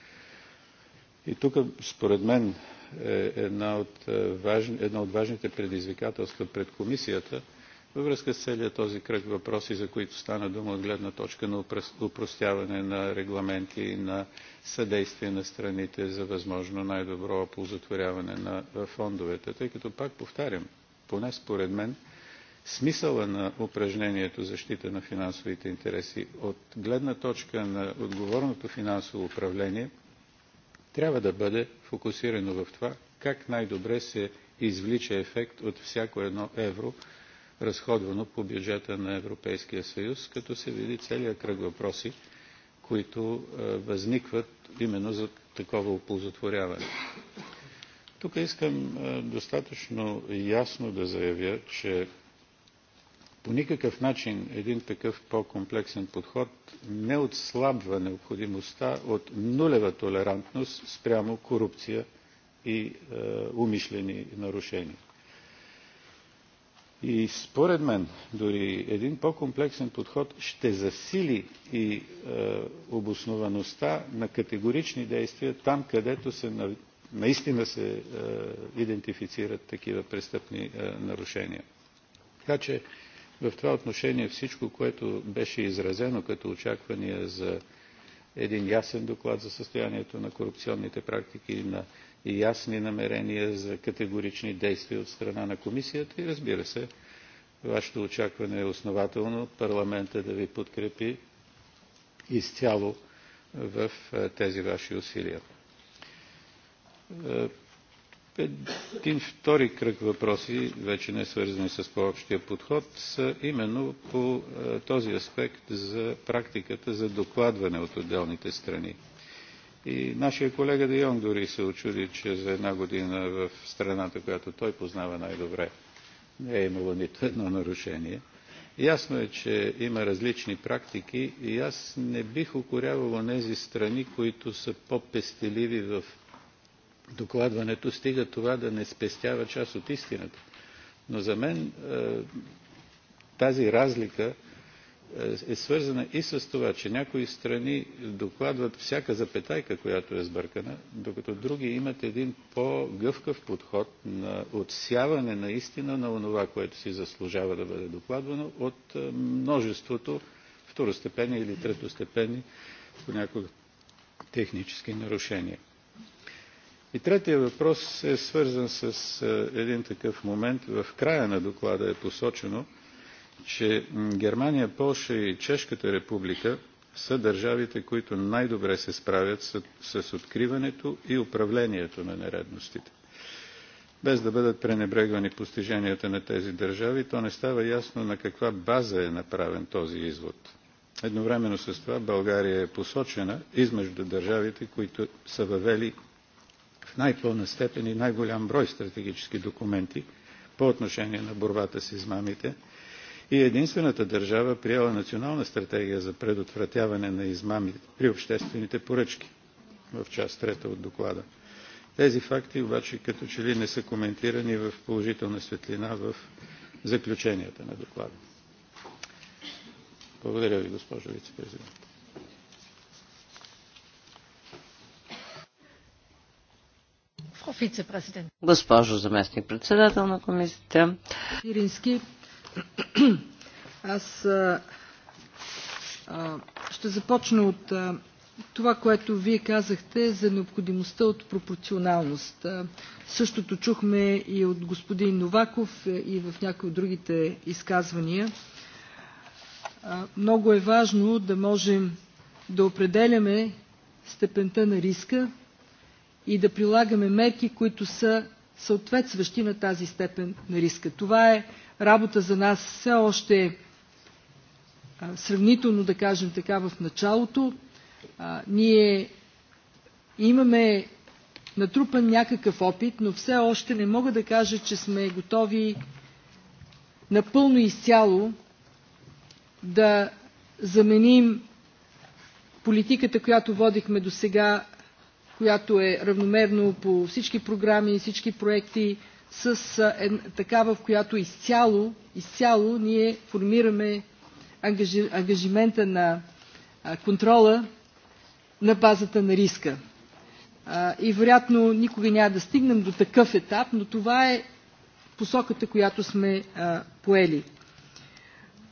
И тук, според мен, е една от, важни, едно от важните предизвикателства пред комисията – във връзка с целият този кръг въпроси, за които стана дума от гледна точка на упростяване на регламенти и на съдействие на страните за възможно най-добро оползотворяване на фондовете, тъй като пак повтарям, поне според мен, смисъла на упражнението защита на финансовите интереси от гледна точка на отговорното финансово управление трябва да бъде фокусирано в това как най-добре се извлича ефект от всяко едно евро, разходвано по бюджета на Европейския съюз, като се види целият кръг въпроси, които е, възникват именно за такова оползотворяване. Тук искам е, достатъчно ясно да заявя, че по никакъв начин един такъв по-комплексен подход не отслабва необходимостта от нулева толерантност спрямо корупция и е, умишлени нарушения. И според мен дори един по-комплексен подход ще засили и е, обосноваността на категорични действия там, където се, наистина се е, идентифицират такива престъпни е, нарушения. Така че в това отношение всичко, което беше изразено като очаквания за един ясен доклад за състоянието на корупционните практики и на и ясни намерения за категорични действия от страна на комисията и разбира се, вашето очакване е основателно парламента да ви подкрепи изцяло в е, тези ваши усилия. Е, един втори кръг въпроси, вече не свързани с по-общия подход, са именно по е, този аспект за практиката за докладване от отделните страни. И нашия колега Де Йонг дори се очуди, че за една година в страната, която той познава най-добре, не е имало нито едно нарушение. Ясно е, че има различни практики и аз не бих укорявал тези страни, които са по-пестеливи в докладването, стига това да не спестява част от истината. Но за мен е, тази разлика е, е свързана и с това, че някои страни докладват всяка запетайка, която е сбъркана, докато други имат един по-гъвкав подход на отсяване наистина на онова, което си заслужава да бъде докладвано от е, множеството второстепени или третостепени понякога технически нарушения. И третия въпрос е свързан с е, един такъв момент. В края на доклада е посочено – че Германия, Полша и Чешката република са държавите, които най-добре се справят с, с откриването и управлението на нередностите. Без да бъдат пренебрегвани постиженията на тези държави, то не става ясно на каква база е направен този извод. Едновременно с това България е посочена измежду държавите, които са въвели в най-пълна степен и най-голям брой стратегически документи по отношение на борбата с измамите – и е единствената държава приела национална стратегия за предотвратяване на измами при обществените поръчки в част трета от доклада. Тези факти обаче като че ли не са коментирани в положителна светлина в заключенията на доклада. Благодаря ви, госпожо вице-президент. Госпожо заместник председател на комисията. Аз а, а, ще започна от а, това, което вие казахте за необходимостта от пропорционалност. Същото чухме и от господин Новаков е, и в някои от другите изказвания. Много е важно да можем да определяме степента на риска и да прилагаме мерки, които са съответстващи на тази степен на риска. Това е работа за нас все още е сравнително, да кажем така, в началото. А, ние имаме натрупан някакъв опит, но все още не мога да кажа, че сме готови напълно изцяло да заменим политиката, която водихме до сега, която е равномерно по всички програми, всички проекти, с такава, в която изцяло, изцяло ние формираме ангажимента на контрола на базата на риска. И вероятно никога няма да стигнем до такъв етап, но това е посоката, която сме поели.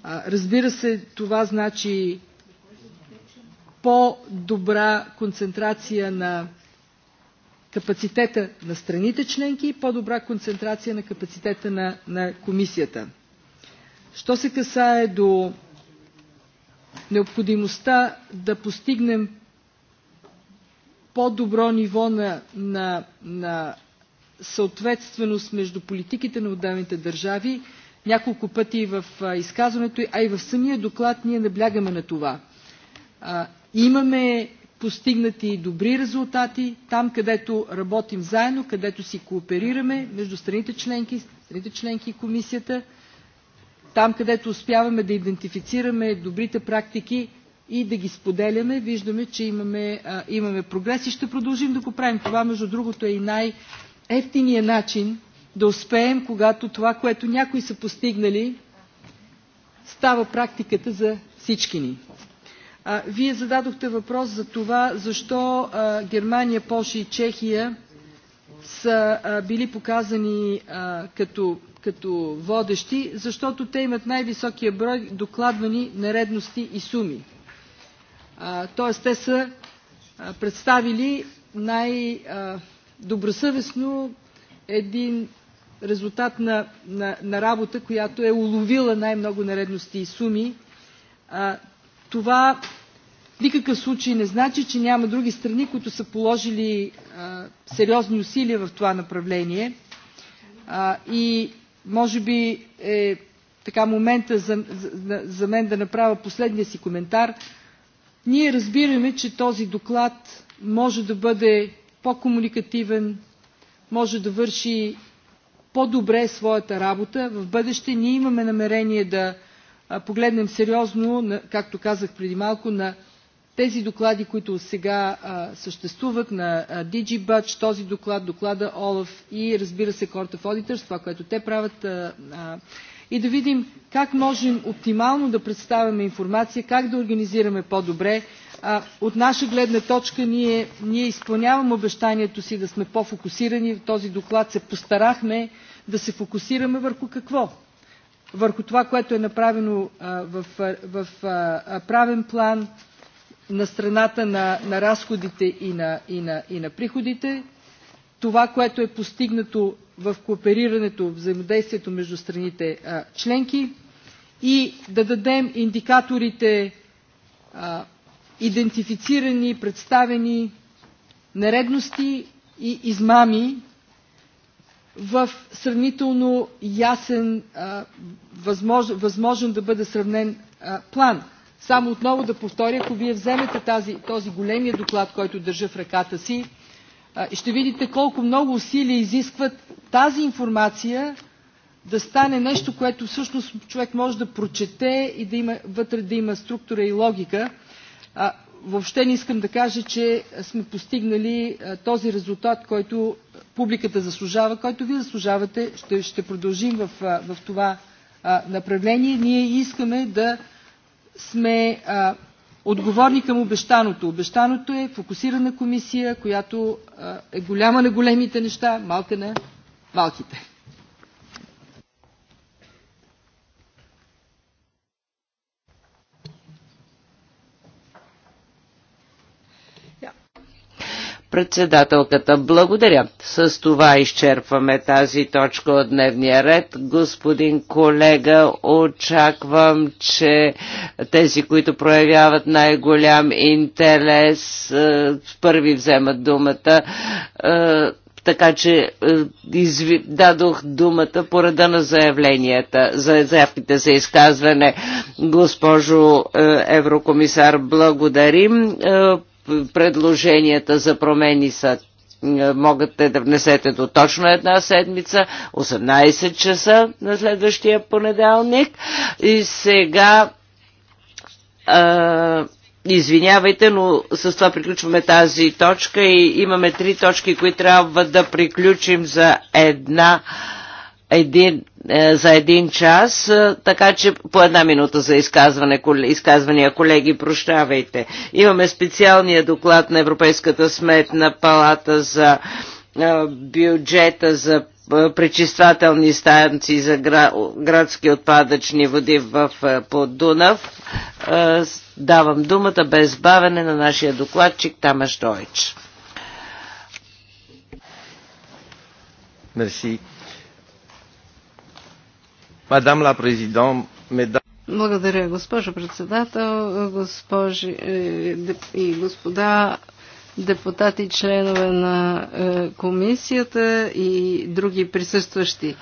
Разбира се, това значи по-добра концентрация на капацитета на страните членки и по-добра концентрация на капацитета на, на комисията. Що се касае до необходимостта да постигнем по-добро ниво на, на, на съответственост между политиките на отделните държави, няколко пъти в изказването, а и в самия доклад ние наблягаме на това. Имаме постигнати добри резултати там, където работим заедно, където си кооперираме между страните членки, страните членки и комисията, там, където успяваме да идентифицираме добрите практики и да ги споделяме, виждаме, че имаме, а, имаме прогрес и ще продължим да го правим. Това, между другото, е и най-ефтиният начин да успеем, когато това, което някои са постигнали, става практиката за всички ни. Вие зададохте въпрос за това защо Германия, Польша и Чехия са били показани като, като водещи, защото те имат най-високия брой докладвани нередности и суми. Тоест те са представили най-добросъвестно един резултат на, на, на работа, която е уловила най-много наредности и суми. Това в никакъв случай не значи, че няма други страни, които са положили а, сериозни усилия в това направление. А, и може би е така момента за, за, за мен да направя последния си коментар. Ние разбираме, че този доклад може да бъде по-комуникативен, може да върши по-добре своята работа. В бъдеще ние имаме намерение да погледнем сериозно, както казах преди малко, на тези доклади, които сега съществуват, на DigiBudge, този доклад, доклада ОЛАФ и разбира се Court of Auditors, това, което те правят, и да видим как можем оптимално да представяме информация, как да организираме по-добре. От наша гледна точка ние, ние изпълняваме обещанието си да сме по-фокусирани. В този доклад се постарахме да се фокусираме върху какво? върху това, което е направено в, в правен план на страната на, на разходите и на, и, на, и на приходите, това, което е постигнато в кооперирането, взаимодействието между страните а, членки и да дадем индикаторите а, идентифицирани, представени нередности и измами, в сравнително ясен, възможен, да бъде сравнен план. Само отново да повторя, ако вие вземете тази, този големия доклад, който държа в ръката си, ще видите колко много усилия изискват тази информация да стане нещо, което всъщност човек може да прочете и да има, вътре да има структура и логика въобще не искам да кажа, че сме постигнали е, този резултат, който публиката заслужава, който вие заслужавате. Ще, ще продължим в, е, в това е, направление. Ние искаме да сме а, отговорни към обещаното. Обещаното е фокусирана комисия, която а, е голяма на големите неща, малка на малките. Председателката, благодаря. С това изчерпваме тази точка от дневния ред. Господин колега, очаквам, че тези, които проявяват най-голям интерес, е, първи вземат думата е, така че е, дадох думата по реда на заявленията, за заявките за изказване. Госпожо еврокомисар, благодарим предложенията за промени са е, могат те да внесете до точно една седмица, 18 часа на следващия понеделник. И сега а, е, Извинявайте, но с това приключваме тази точка и имаме три точки, които трябва да приключим за една, един е, за един час, е, така че по една минута за изказване, изказвания, колеги, прощавайте. Имаме специалния доклад на Европейската сметна палата за е, бюджета за пречиствателни станции за градски отпадъчни води в Дунав. Давам думата без бавене на нашия докладчик Тамаш Дойч. Мерси. Мадам ла президент, меда... Благодаря, госпожо председател, госпожи е, и господа депутати, членове на е, комисията и други присъстващи.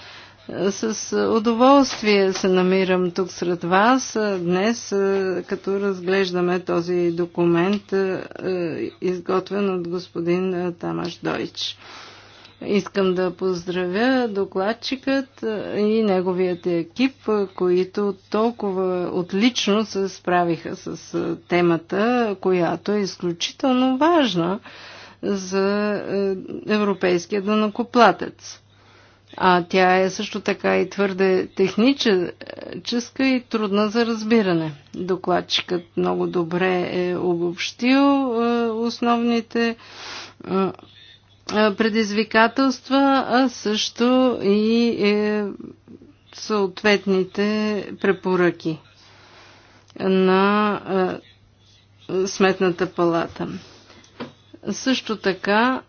С удоволствие се намирам тук сред вас днес, е, като разглеждаме този документ, изготвен от господин Тамаш Дойч. Искам да поздравя докладчикът и неговият екип, които толкова отлично се справиха с темата, която е изключително важна за европейския данокоплатец. А тя е също така и твърде техническа и трудна за разбиране. Докладчикът много добре е обобщил основните предизвикателства, а също и е, съответните препоръки на е, Сметната палата. Също така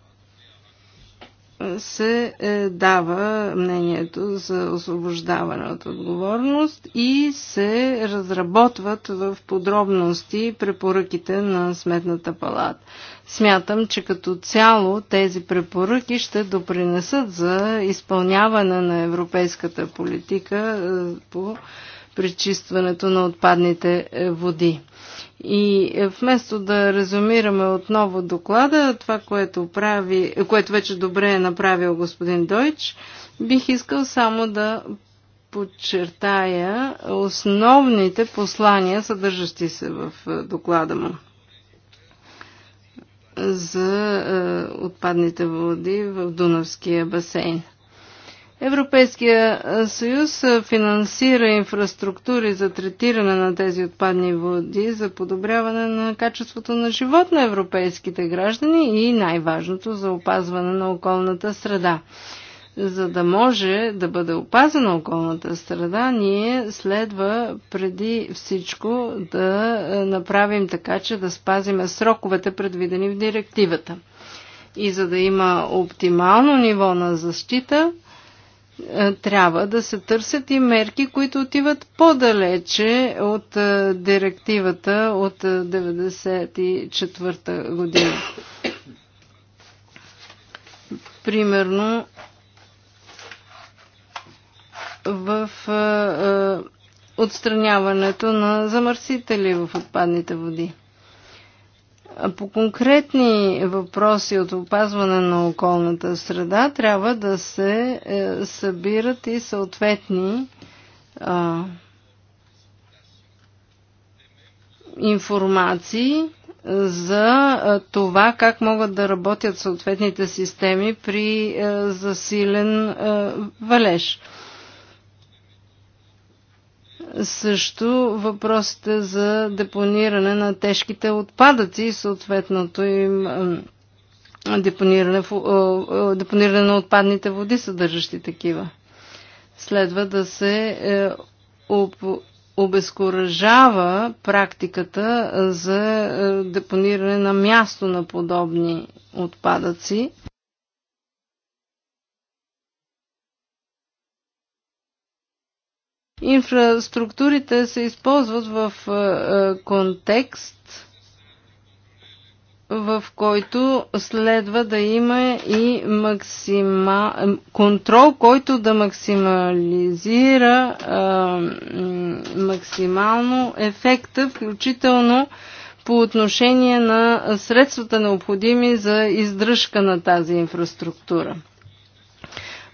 се е, дава мнението за освобождаване от отговорност и се разработват в подробности препоръките на Сметната палата. Смятам, че като цяло тези препоръки ще допринесат за изпълняване на европейската политика е, по пречистването на отпадните е, води. И е, вместо да резюмираме отново доклада, това, което, прави, което вече добре е направил господин Дойч, бих искал само да подчертая основните послания, съдържащи се в доклада му за е, отпадните води в Дунавския басейн. Европейския е, съюз е, финансира инфраструктури за третиране на тези отпадни води, за подобряване на качеството на живот на европейските граждани и най-важното за опазване на околната среда за да може да бъде опазена околната среда, ние следва преди всичко да е, направим така, че да спазиме сроковете, предвидени в директивата. И за да има оптимално ниво на защита, е, трябва да се търсят и мерки, които отиват по-далече от е, директивата от 1994 година. Примерно, в отстраняването на замърсители в отпадните води. По конкретни въпроси от опазване на околната среда трябва да се е, събират и съответни а, информации за това как могат да работят съответните системи при е, засилен е, валеж също въпросите за депониране на тежките отпадъци и съответното им депониране, депониране на отпадните води, съдържащи такива. Следва да се е, обезкуражава практиката е, за е, депониране на място на подобни отпадъци. Инфраструктурите се използват в е, е, контекст, в който следва да има и максима... контрол, който да максимализира е, максимално ефекта, включително по отношение на средствата необходими за издръжка на тази инфраструктура.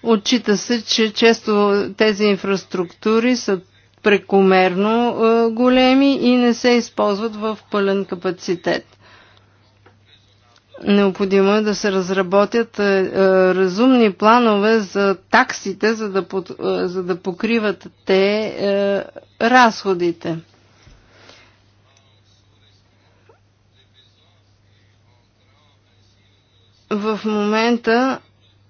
Отчита се, че често тези инфраструктури са прекомерно е, големи и не се използват в пълен капацитет. Необходимо е да се разработят е, е, разумни планове за таксите, за да, под, за да покриват те разходите. В момента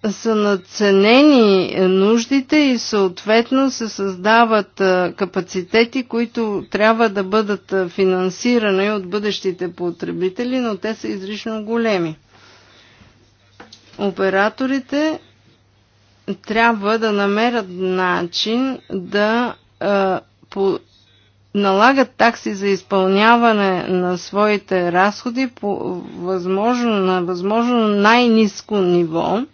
са надценени нуждите и съответно се създават капацитети, които трябва да бъдат финансирани от бъдещите потребители, но те са изрично големи. Операторите трябва да намерят начин да по, налагат такси за изпълняване на своите разходи по възможно, на възможно най-низко ниво –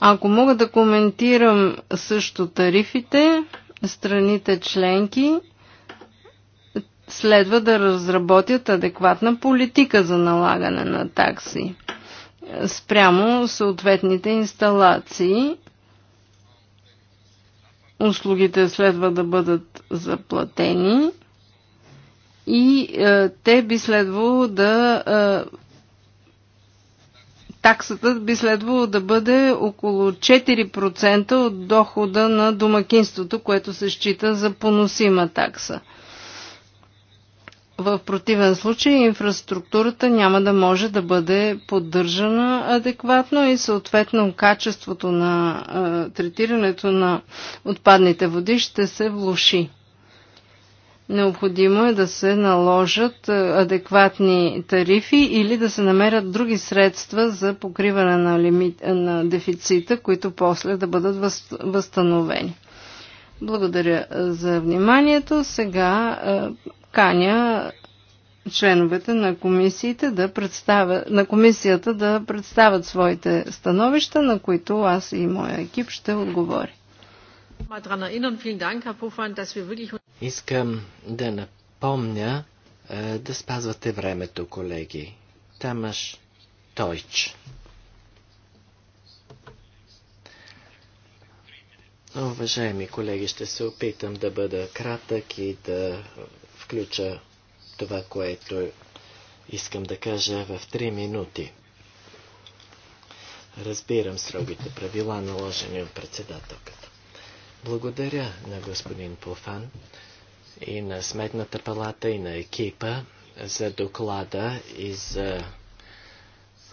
ако мога да коментирам също тарифите, страните членки следва да разработят адекватна политика за налагане на такси спрямо съответните инсталации. Услугите следва да бъдат заплатени и е, те би следвало да е, таксата би следвало да бъде около 4% от дохода на домакинството, което се счита за поносима такса. В противен случай инфраструктурата няма да може да бъде поддържана адекватно и съответно качеството на третирането на отпадните води ще се влуши. Необходимо е да се наложат е, адекватни тарифи или да се намерят други средства за покриване на, лимит, на дефицита, които после да бъдат възстановени. Благодаря е, за вниманието. Сега е, каня членовете на, комисиите да представя, на комисията да представят своите становища, на които аз и моя екип ще отговоря. Искам да напомня е, да спазвате времето, колеги. Тамаш Тойч. Уважаеми колеги, ще се опитам да бъда кратък и да включа това, което искам да кажа в 3 минути. Разбирам строгите правила, наложени от председателката. Благодаря на господин Пофан и на Сметната палата и на екипа за доклада и за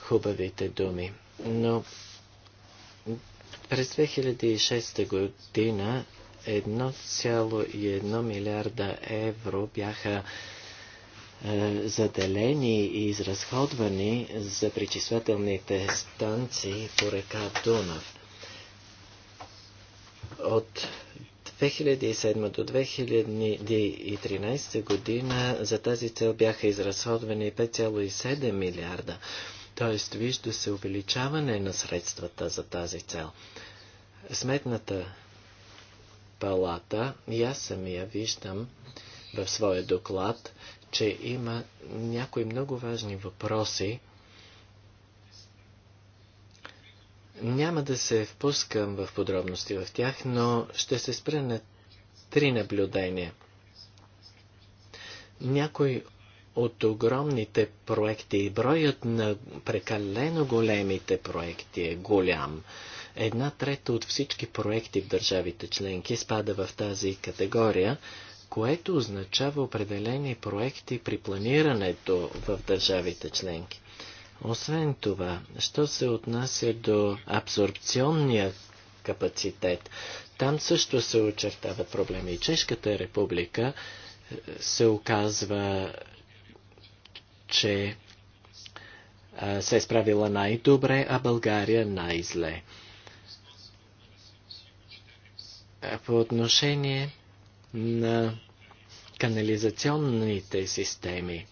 хубавите думи. Но през 2006 година 1,1 милиарда евро бяха е, заделени и изразходвани за причислителните станции по река Дунав. От 2007 до 2013 година за тази цел бяха изразходвани 5,7 милиарда. Тоест, вижда се увеличаване на средствата за тази цел. Сметната палата, и аз самия виждам в своя доклад, че има някои много важни въпроси, Няма да се впускам в подробности в тях, но ще се спра на три наблюдения. Някой от огромните проекти и броят на прекалено големите проекти е голям. Една трета от всички проекти в държавите членки спада в тази категория, което означава определени проекти при планирането в държавите членки. Освен това, що се отнася до абсорбционния капацитет, там също се очертават проблеми. И Чешката република е, се оказва, че се е справила най-добре, а България най-зле. По отношение на канализационните системи.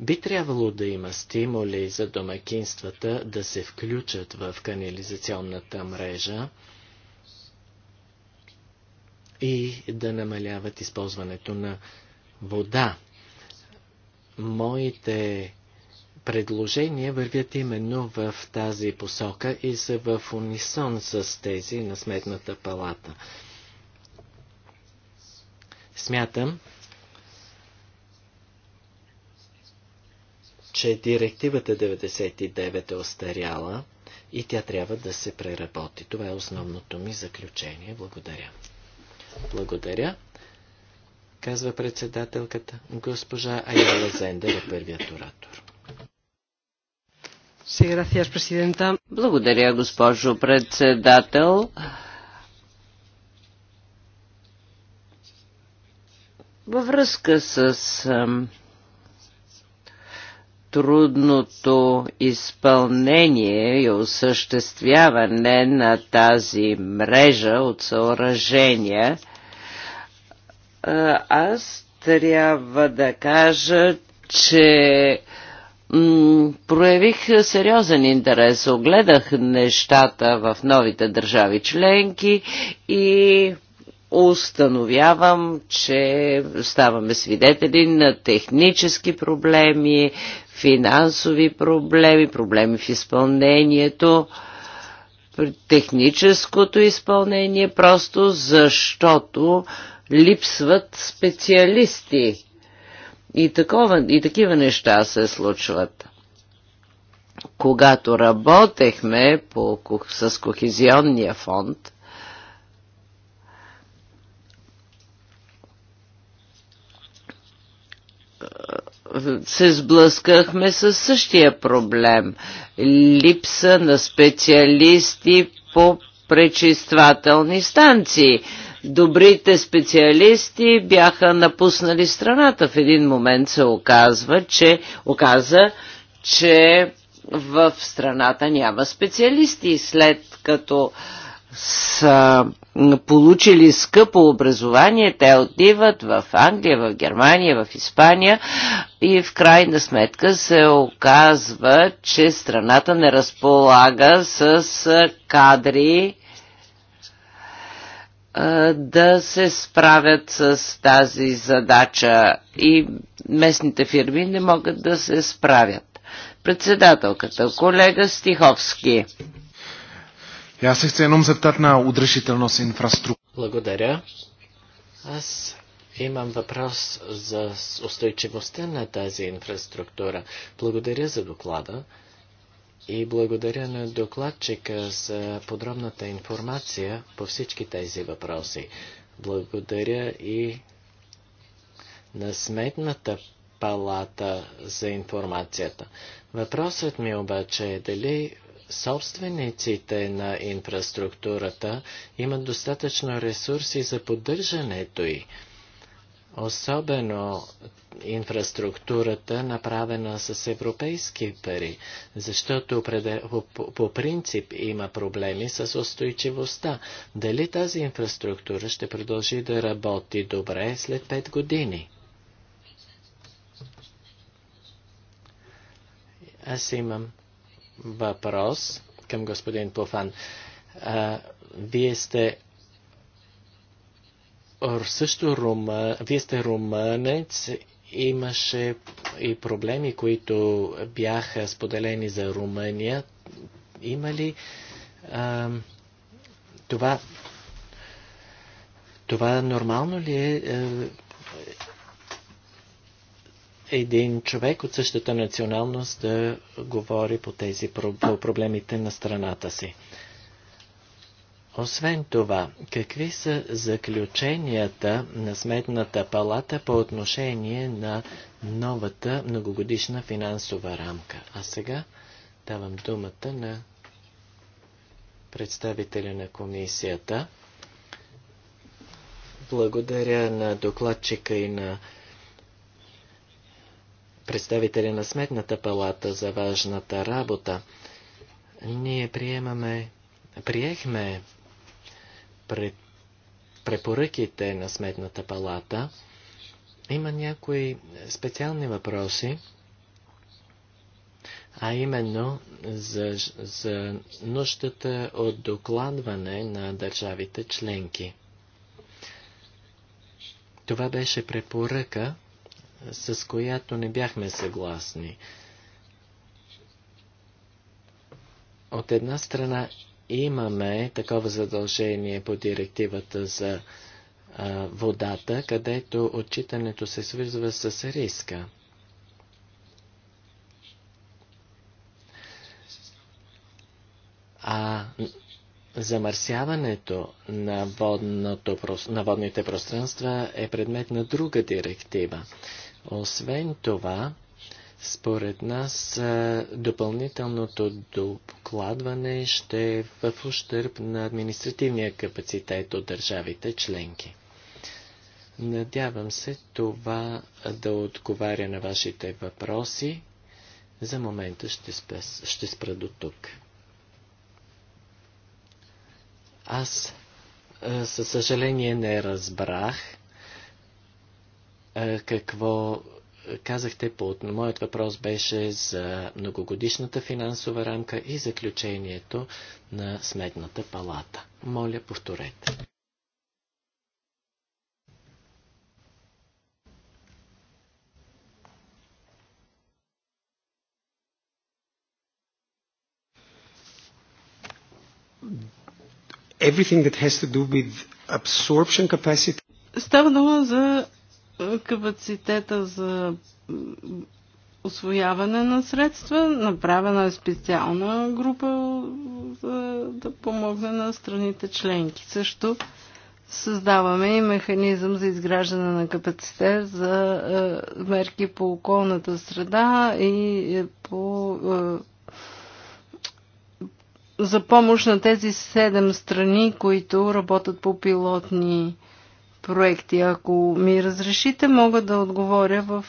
Би трябвало да има стимули за домакинствата да се включат в канализационната мрежа и да намаляват използването на вода. Моите предложения вървят именно в тази посока и са в унисон с тези на Сметната палата. Смятам, че директивата 99 е остаряла и тя трябва да се преработи. Това е основното ми заключение. Благодаря. Благодаря. Казва председателката. Госпожа Айала Зендер е първият оратор. Благодаря, госпожо председател. Във връзка с трудното изпълнение и осъществяване на тази мрежа от съоръжения, аз трябва да кажа, че проявих сериозен интерес. Огледах нещата в новите държави членки и установявам, че ставаме свидетели на технически проблеми, финансови проблеми, проблеми в изпълнението, техническото изпълнение, просто защото липсват специалисти. И, такова, и такива неща се случват. Когато работехме по, с Кохезионния фонд, се сблъскахме с същия проблем. Липса на специалисти по пречиствателни станции. Добрите специалисти бяха напуснали страната. В един момент се оказва, че, оказа, че в страната няма специалисти. След като а, са получили скъпо образование, те отиват в Англия, в Германия, в Испания и в крайна сметка се оказва, че страната не разполага с кадри да се справят с тази задача и местните фирми не могат да се справят. Председателката, колега Стиховски. Já се хочу едном зептат на удръжителност инфраструктура. Благодаря. Аз имам въпрос за устойчивостта на тази инфраструктура. Благодаря за доклада и благодаря на докладчика за подробната информация по всички тези въпроси. Благодаря и на Сметната палата за информацията. Въпросът ми обаче е дали собствениците на инфраструктурата имат достатъчно ресурси за поддържането й. Особено инфраструктурата, направена с европейски пари, защото по принцип има проблеми с устойчивостта. Дали тази инфраструктура ще продължи да работи добре след 5 години? Аз имам въпрос към господин Пофан. А, вие сте също рума, вие сте румънец, имаше и проблеми, които бяха споделени за Румъния. Има ли а, това, това нормално ли е, е един човек от същата националност да говори по тези по проблемите на страната си. Освен това, какви са заключенията на Сметната палата по отношение на новата многогодишна финансова рамка? А сега давам думата на представителя на комисията. Благодаря на докладчика и на Представители на Сметната палата за важната работа. Ние приемаме, приехме пред препоръките на Сметната палата. Има някои специални въпроси, а именно за, за нуждата от докладване на държавите членки. Това беше препоръка, с която не бяхме съгласни. От една страна имаме такова задължение по директивата за а, водата, където отчитането се свързва с риска. А замърсяването на, водното, на водните пространства е предмет на друга директива. Освен това, според нас допълнителното докладване ще е в ущърп на административния капацитет от държавите членки. Надявам се това да отговаря на вашите въпроси. За момента ще, спес, ще спра до тук. Аз със съжаление не разбрах какво казахте по моят въпрос беше за многогодишната финансова рамка и заключението на Сметната палата. Моля, повторете. Everything that has to do with absorption capacity. Става дума за капацитета за освояване на средства. Направена е специална група за да помогне на страните членки. Също създаваме и механизъм за изграждане на капацитет за е, мерки по околната среда и е, по е, за помощ на тези седем страни, които работят по пилотни е, проекти. Ако ми разрешите, мога да отговоря в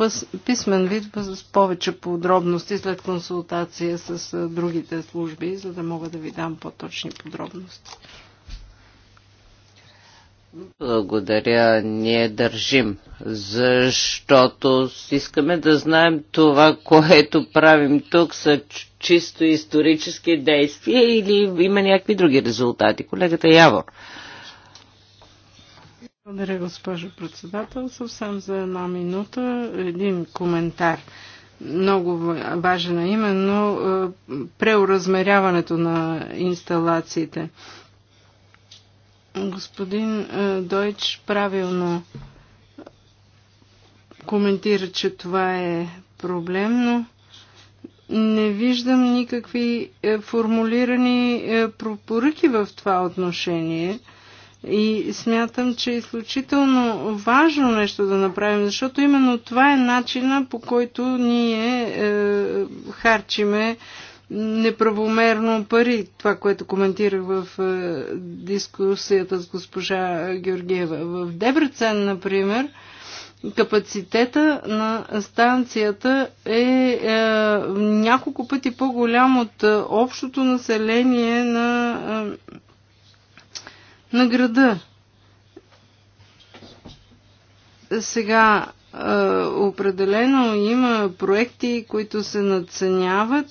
е, писмен вид с повече подробности след консултация с е, другите служби, за да мога да ви дам по-точни подробности. Благодаря, ние държим, защото искаме да знаем това, което правим тук са чисто исторически действия или има някакви други резултати. Колегата Явор. Благодаря, госпожо председател. Съвсем за една минута един коментар. Много важен е именно е, преоразмеряването на инсталациите. Господин е, Дойч правилно коментира, че това е проблемно не виждам никакви е, формулирани пропоръки в това отношение. И смятам, че е изключително важно нещо да направим, защото именно това е начина по който ние е, харчиме неправомерно пари, това, което коментирах в е, дискусията с госпожа Георгиева. В Дебрецен, например, капацитета на станцията е, е няколко пъти по-голям от е, общото население на е, на града. Сега определено има проекти, които се надценяват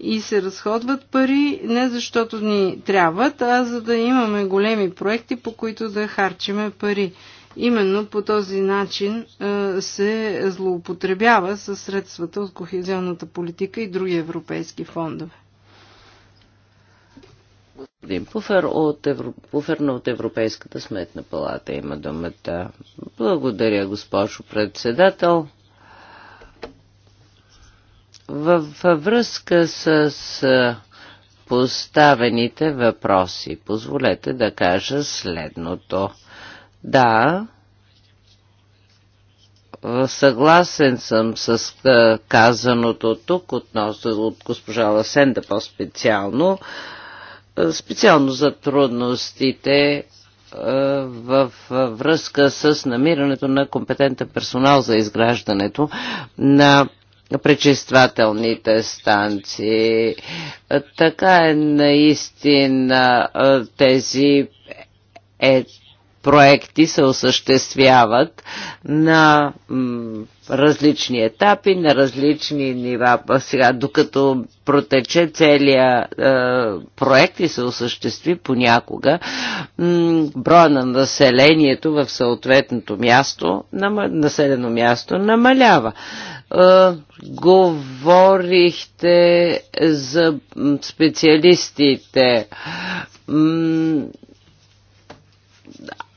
и се разходват пари не защото ни трябват, а за да имаме големи проекти, по които да харчиме пари. Именно по този начин се злоупотребява със средствата от кохезионната политика и други европейски фондове. Господин Пуфер от, Евро... Пуфер от Европейската сметна палата има думата. Благодаря, госпожо председател. Във, във връзка с поставените въпроси, позволете да кажа следното. Да, съгласен съм с казаното тук относно от госпожа Ласенда по-специално специално за трудностите е, в връзка с намирането на компетентен персонал за изграждането на пречиствателните станции. Е, така е наистина е, тези е, проекти се осъществяват на различни етапи, на различни нива. Сега, докато протече целият е, проект и се осъществи понякога, броя на населението в съответното място, нам- населено място намалява. Е, говорихте за специалистите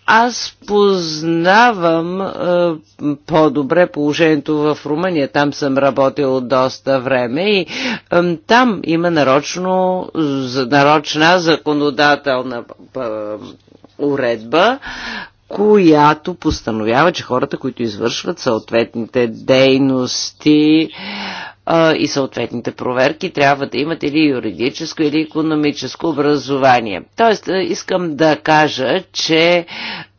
аз познавам е, по-добре положението в Румъния. Там съм работил доста време и е, там има нарочно, нарочна законодателна е, уредба, която постановява, че хората, които извършват съответните дейности, а, и съответните проверки трябва да имат или юридическо, или економическо образование. Тоест, искам да кажа, че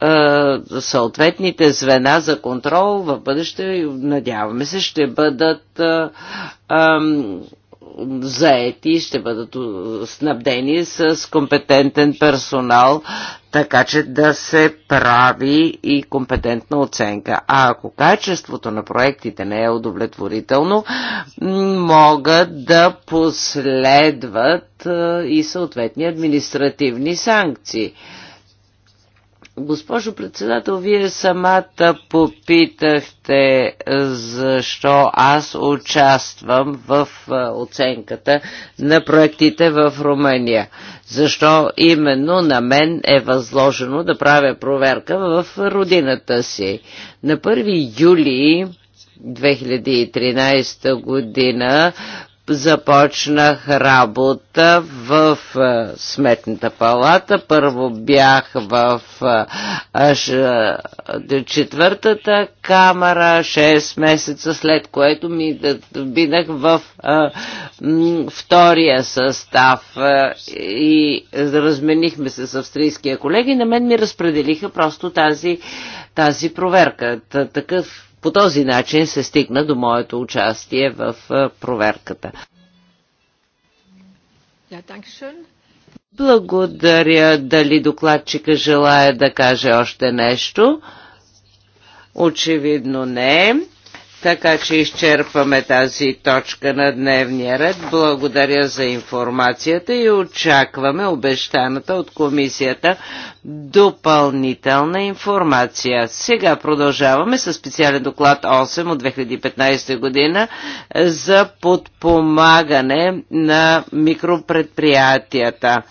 а, съответните звена за контрол в бъдеще, надяваме се, ще бъдат а, заети, ще бъдат е, снабдени с компетентен персонал, така че да се прави и компетентна оценка. А ако качеството на проектите не е удовлетворително, могат да последват е, и съответни административни санкции. Госпожо председател, вие самата попитахте е, защо аз участвам в е, оценката на проектите в Румъния. Защо именно на мен е възложено да правя проверка в родината си. На 1 юли 2013 година започнах работа в е, Сметната палата. Първо бях в е, е, четвъртата камера, 6 месеца след което ми бинах в втория състав и разменихме се с австрийския колеги. На мен ми разпределиха просто тази, тази проверка. Такъв по този начин се стигна до моето участие в проверката. Благодаря. Дали докладчика желая да каже още нещо? Очевидно не. Така че изчерпваме тази точка на дневния ред. Благодаря за информацията и очакваме обещаната от комисията допълнителна информация. Сега продължаваме с специален доклад 8 от 2015 година за подпомагане на микропредприятията.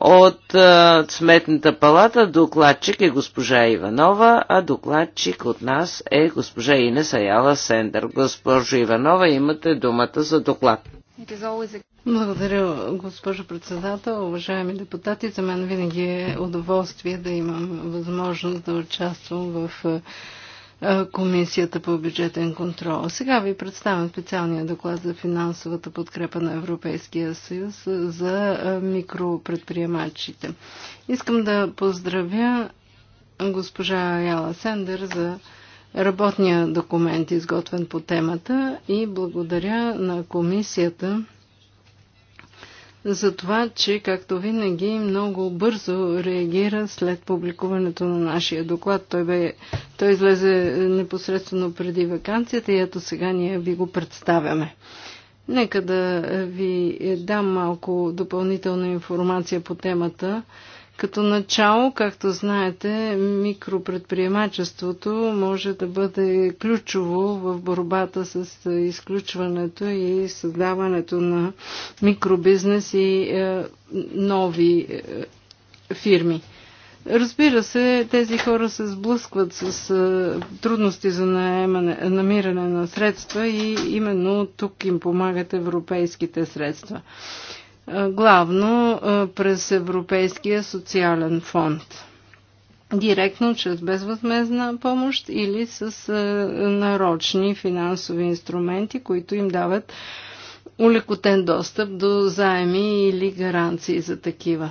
От а, Сметната палата докладчик е госпожа Иванова, а докладчик от нас е госпожа Инес Аяла Сендър. Госпожо Иванова, имате думата за доклад. Благодаря, госпожо председател. Уважаеми депутати, за мен винаги е удоволствие да имам възможност да участвам в Комисията по бюджетен контрол. Сега ви представям специалния доклад за финансовата подкрепа на Европейския съюз за микропредприемачите. Искам да поздравя госпожа Яла Сендер за работния документ, изготвен по темата и благодаря на комисията за това, че както винаги много бързо реагира след публикуването на нашия доклад. Той, бе, той излезе непосредствено преди вакансията и ето сега ние ви го представяме. Нека да ви дам малко допълнителна информация по темата. Като начало, както знаете, микропредприемачеството може да бъде ключово в борбата с изключването и създаването на микробизнес и е, нови е, фирми. Разбира се, тези хора се сблъскват с е, трудности за наемане, намиране на средства и именно тук им помагат европейските средства главно през Европейския социален фонд. Директно чрез безвъзмезна помощ или с нарочни финансови инструменти, които им дават улекотен достъп до заеми или гаранции за такива.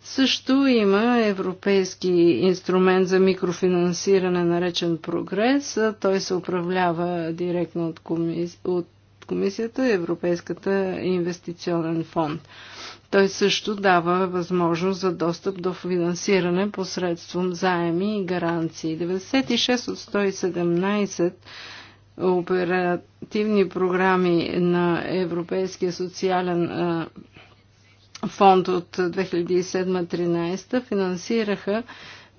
Също има европейски инструмент за микрофинансиране, наречен прогрес. Той се управлява директно от, комис... от комисията е Европейската инвестиционен фонд. Той също дава възможност за достъп до финансиране посредством заеми и гаранции. 96 от 117 оперативни програми на Европейския социален фонд от 2007-2013 финансираха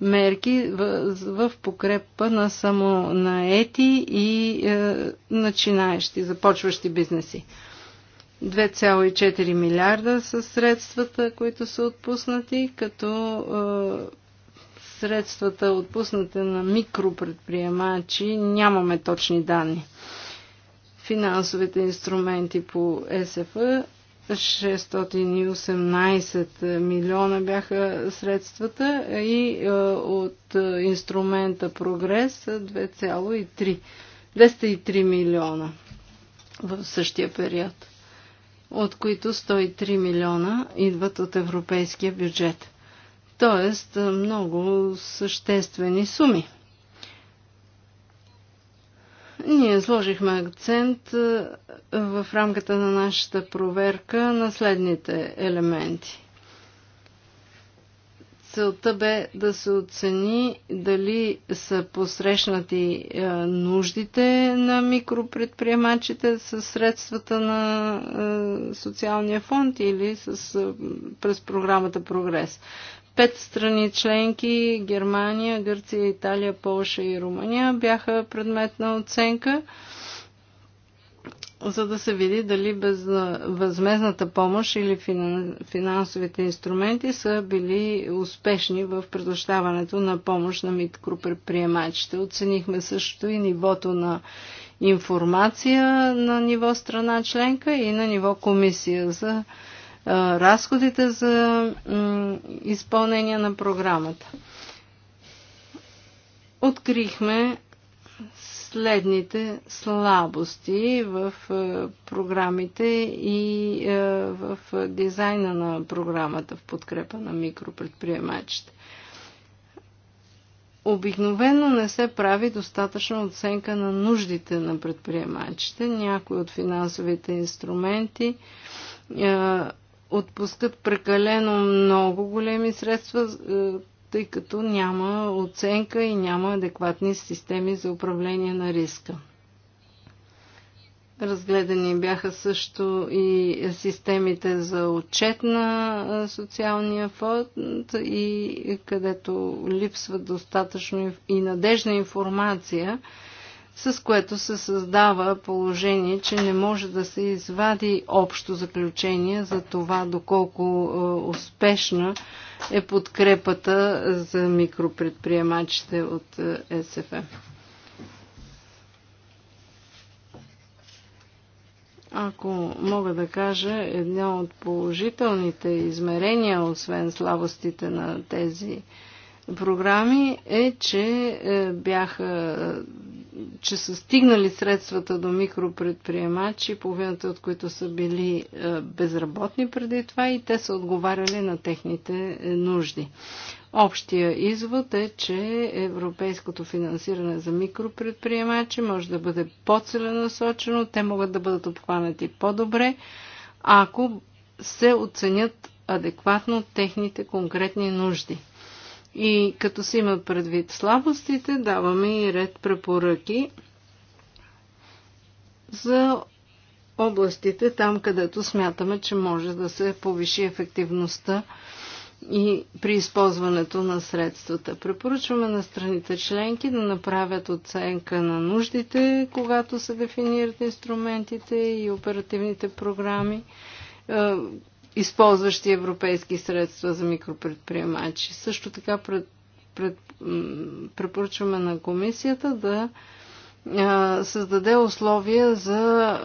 мерки в, в покрепа на само наети и е, начинаещи, започващи бизнеси. 2,4 милиарда са средствата, които са отпуснати, като е, средствата отпуснати на микропредприемачи нямаме точни данни. Финансовите инструменти по СФ 618 милиона бяха средствата и е, от е, инструмента прогрес 2,3 203 милиона в същия период, от които 103 милиона идват от европейския бюджет. Тоест е, много съществени суми. Ние сложихме акцент е, в рамката на нашата проверка на следните елементи. Целта бе да се оцени дали са посрещнати е, нуждите на микропредприемачите с средствата на е, социалния фонд или с, през програмата Прогрес. Пет страни членки Германия, Гърция, Италия, Полша и Румъния бяха предмет на оценка, за да се види дали безвъзмезната помощ или финансовите инструменти са били успешни в предоставянето на помощ на микропредприемачите. Оценихме също и нивото на информация на ниво страна членка и на ниво комисия за разходите за изпълнение на програмата. Открихме следните слабости в програмите и в дизайна на програмата в подкрепа на микропредприемачите. Обикновено не се прави достатъчна оценка на нуждите на предприемачите. Някои от финансовите инструменти отпускат прекалено много големи средства, е, тъй като няма оценка и няма адекватни системи за управление на риска. Разгледани бяха също и системите за отчет на е, социалния фонд и където липсва достатъчно и надежна информация с което се създава положение, че не може да се извади общо заключение за това доколко е, успешна е подкрепата за микропредприемачите от е, СФМ. Ако мога да кажа, едно от положителните измерения, освен слабостите на тези програми, е, че е, бяха че са стигнали средствата до микропредприемачи, половината от които са били е, безработни преди това и те са отговаряли на техните е, нужди. Общия извод е, че европейското финансиране за микропредприемачи може да бъде по-целенасочено, те могат да бъдат обхванати по-добре, ако се оценят адекватно техните конкретни нужди. И като си има предвид слабостите, даваме и ред препоръки за областите, там където смятаме, че може да се повиши ефективността и при използването на средствата. Препоръчваме на страните членки да направят оценка на нуждите, когато се дефинират инструментите и оперативните програми, е, използващи европейски средства за микропредприемачи. Също така пред, пред, препоръчваме на комисията да създаде условия за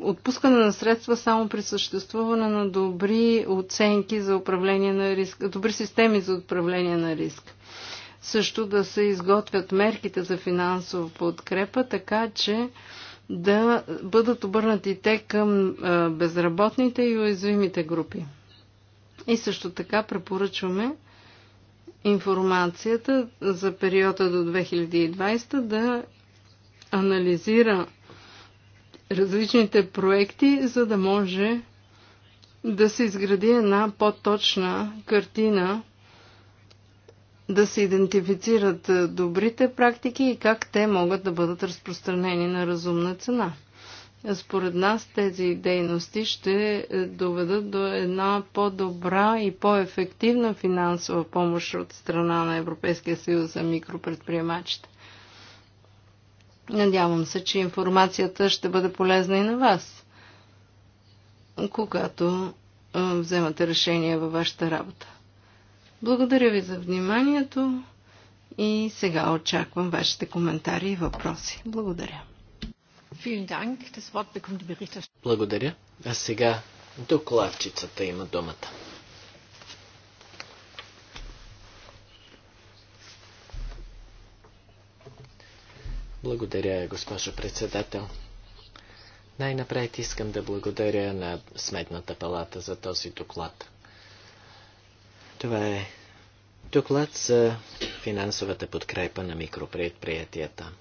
отпускане на средства само при съществуване на добри оценки за управление на риск, добри системи за управление на риск. Също да се изготвят мерките за финансова подкрепа, така че да бъдат обърнати те към безработните и уязвимите групи. И също така препоръчваме информацията за периода до 2020 да анализира различните проекти, за да може да се изгради една по-точна картина да се идентифицират е, добрите практики и как те могат да бъдат разпространени на разумна цена. Според нас тези дейности ще е, доведат до една по-добра и по-ефективна финансова помощ от страна на Европейския съюз за микропредприемачите. Надявам се, че информацията ще бъде полезна и на вас, когато е, вземате решение във вашата работа. Благодаря ви за вниманието и сега очаквам вашите коментари и въпроси. Благодаря. Благодаря. А сега докладчицата има думата. Благодаря, госпожо председател. Най-напред искам да благодаря на Сметната палата за този доклад. Това е доклад за финансовата подкрепа на микропредприятията.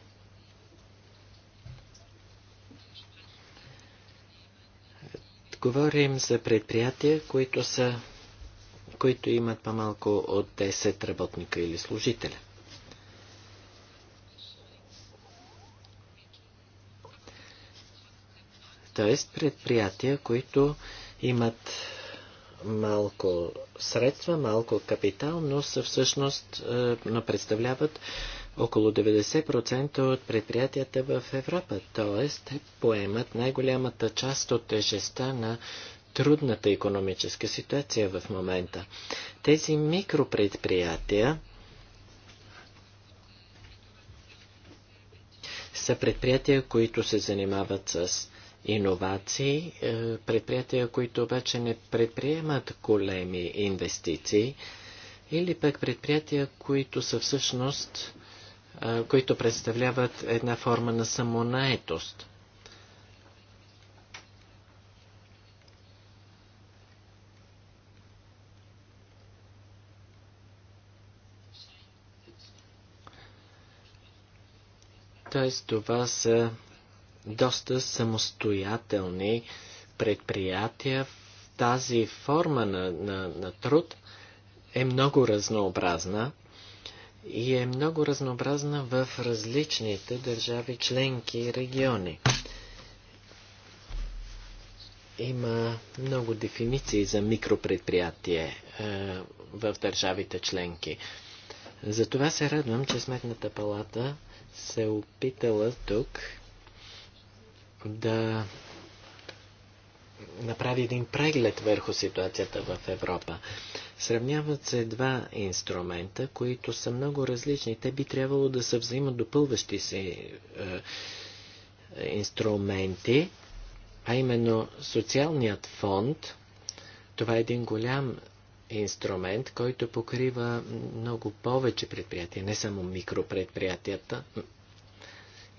Говорим за предприятия, които, са, които имат по-малко от 10 работника или служителя. Тоест предприятия, които имат малко средства, малко капитал, но са всъщност е, но представляват около 90% от предприятията в Европа. т.е. те поемат най-голямата част от тежестта на трудната економическа ситуация в момента. Тези микропредприятия са предприятия, които се занимават с иновации, е, предприятия, които обаче не предприемат големи инвестиции, или пък предприятия, които са всъщност, е, които представляват една форма на самонаетост. Тоест, това са доста самостоятелни предприятия. Тази форма на, на, на труд е много разнообразна и е много разнообразна в различните държави, членки и региони. Има много дефиниции за микропредприятие е, в държавите членки. Затова се радвам, че Сметната палата се опитала тук да направи един преглед върху ситуацията в Европа. Сравняват се два инструмента, които са много различни. Те би трябвало да са взаимат допълващи се е, инструменти, а именно социалният фонд. Това е един голям инструмент, който покрива много повече предприятия, не само микропредприятията,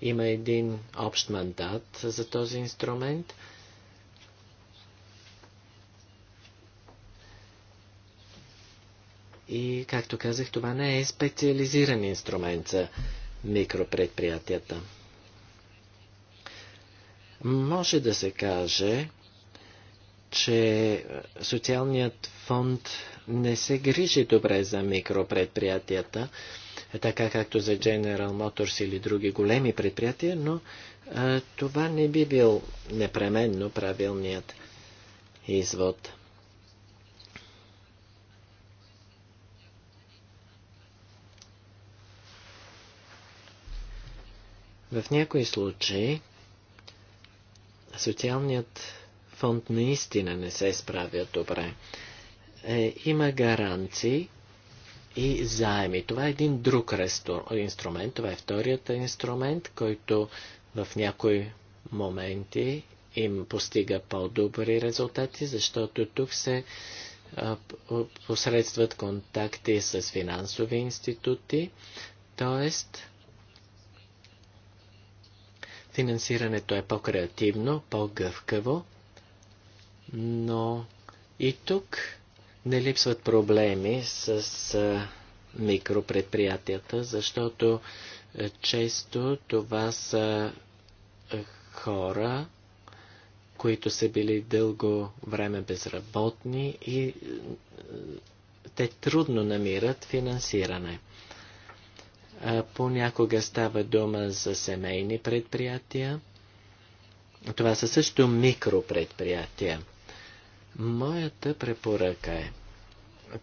има един общ мандат за този инструмент. И, както казах, това не е специализиран инструмент за микропредприятията. Може да се каже, че социалният фонд не се грижи добре за микропредприятията така както за General Motors или други големи предприятия, но а, това не би бил непременно правилният извод. В някои случаи социалният фонд наистина не се справя добре. Е, има гаранции, и заеми. Това е един друг инструмент. Това е вторият инструмент, който в някои моменти им постига по-добри резултати, защото тук се посредстват контакти с финансови институти, т.е. финансирането е по-креативно, по-гъвкаво, но и тук не липсват проблеми с микропредприятията, защото често това са хора, които са били дълго време безработни и те трудно намират финансиране. Понякога става дума за семейни предприятия. Това са също микропредприятия. Моята препоръка е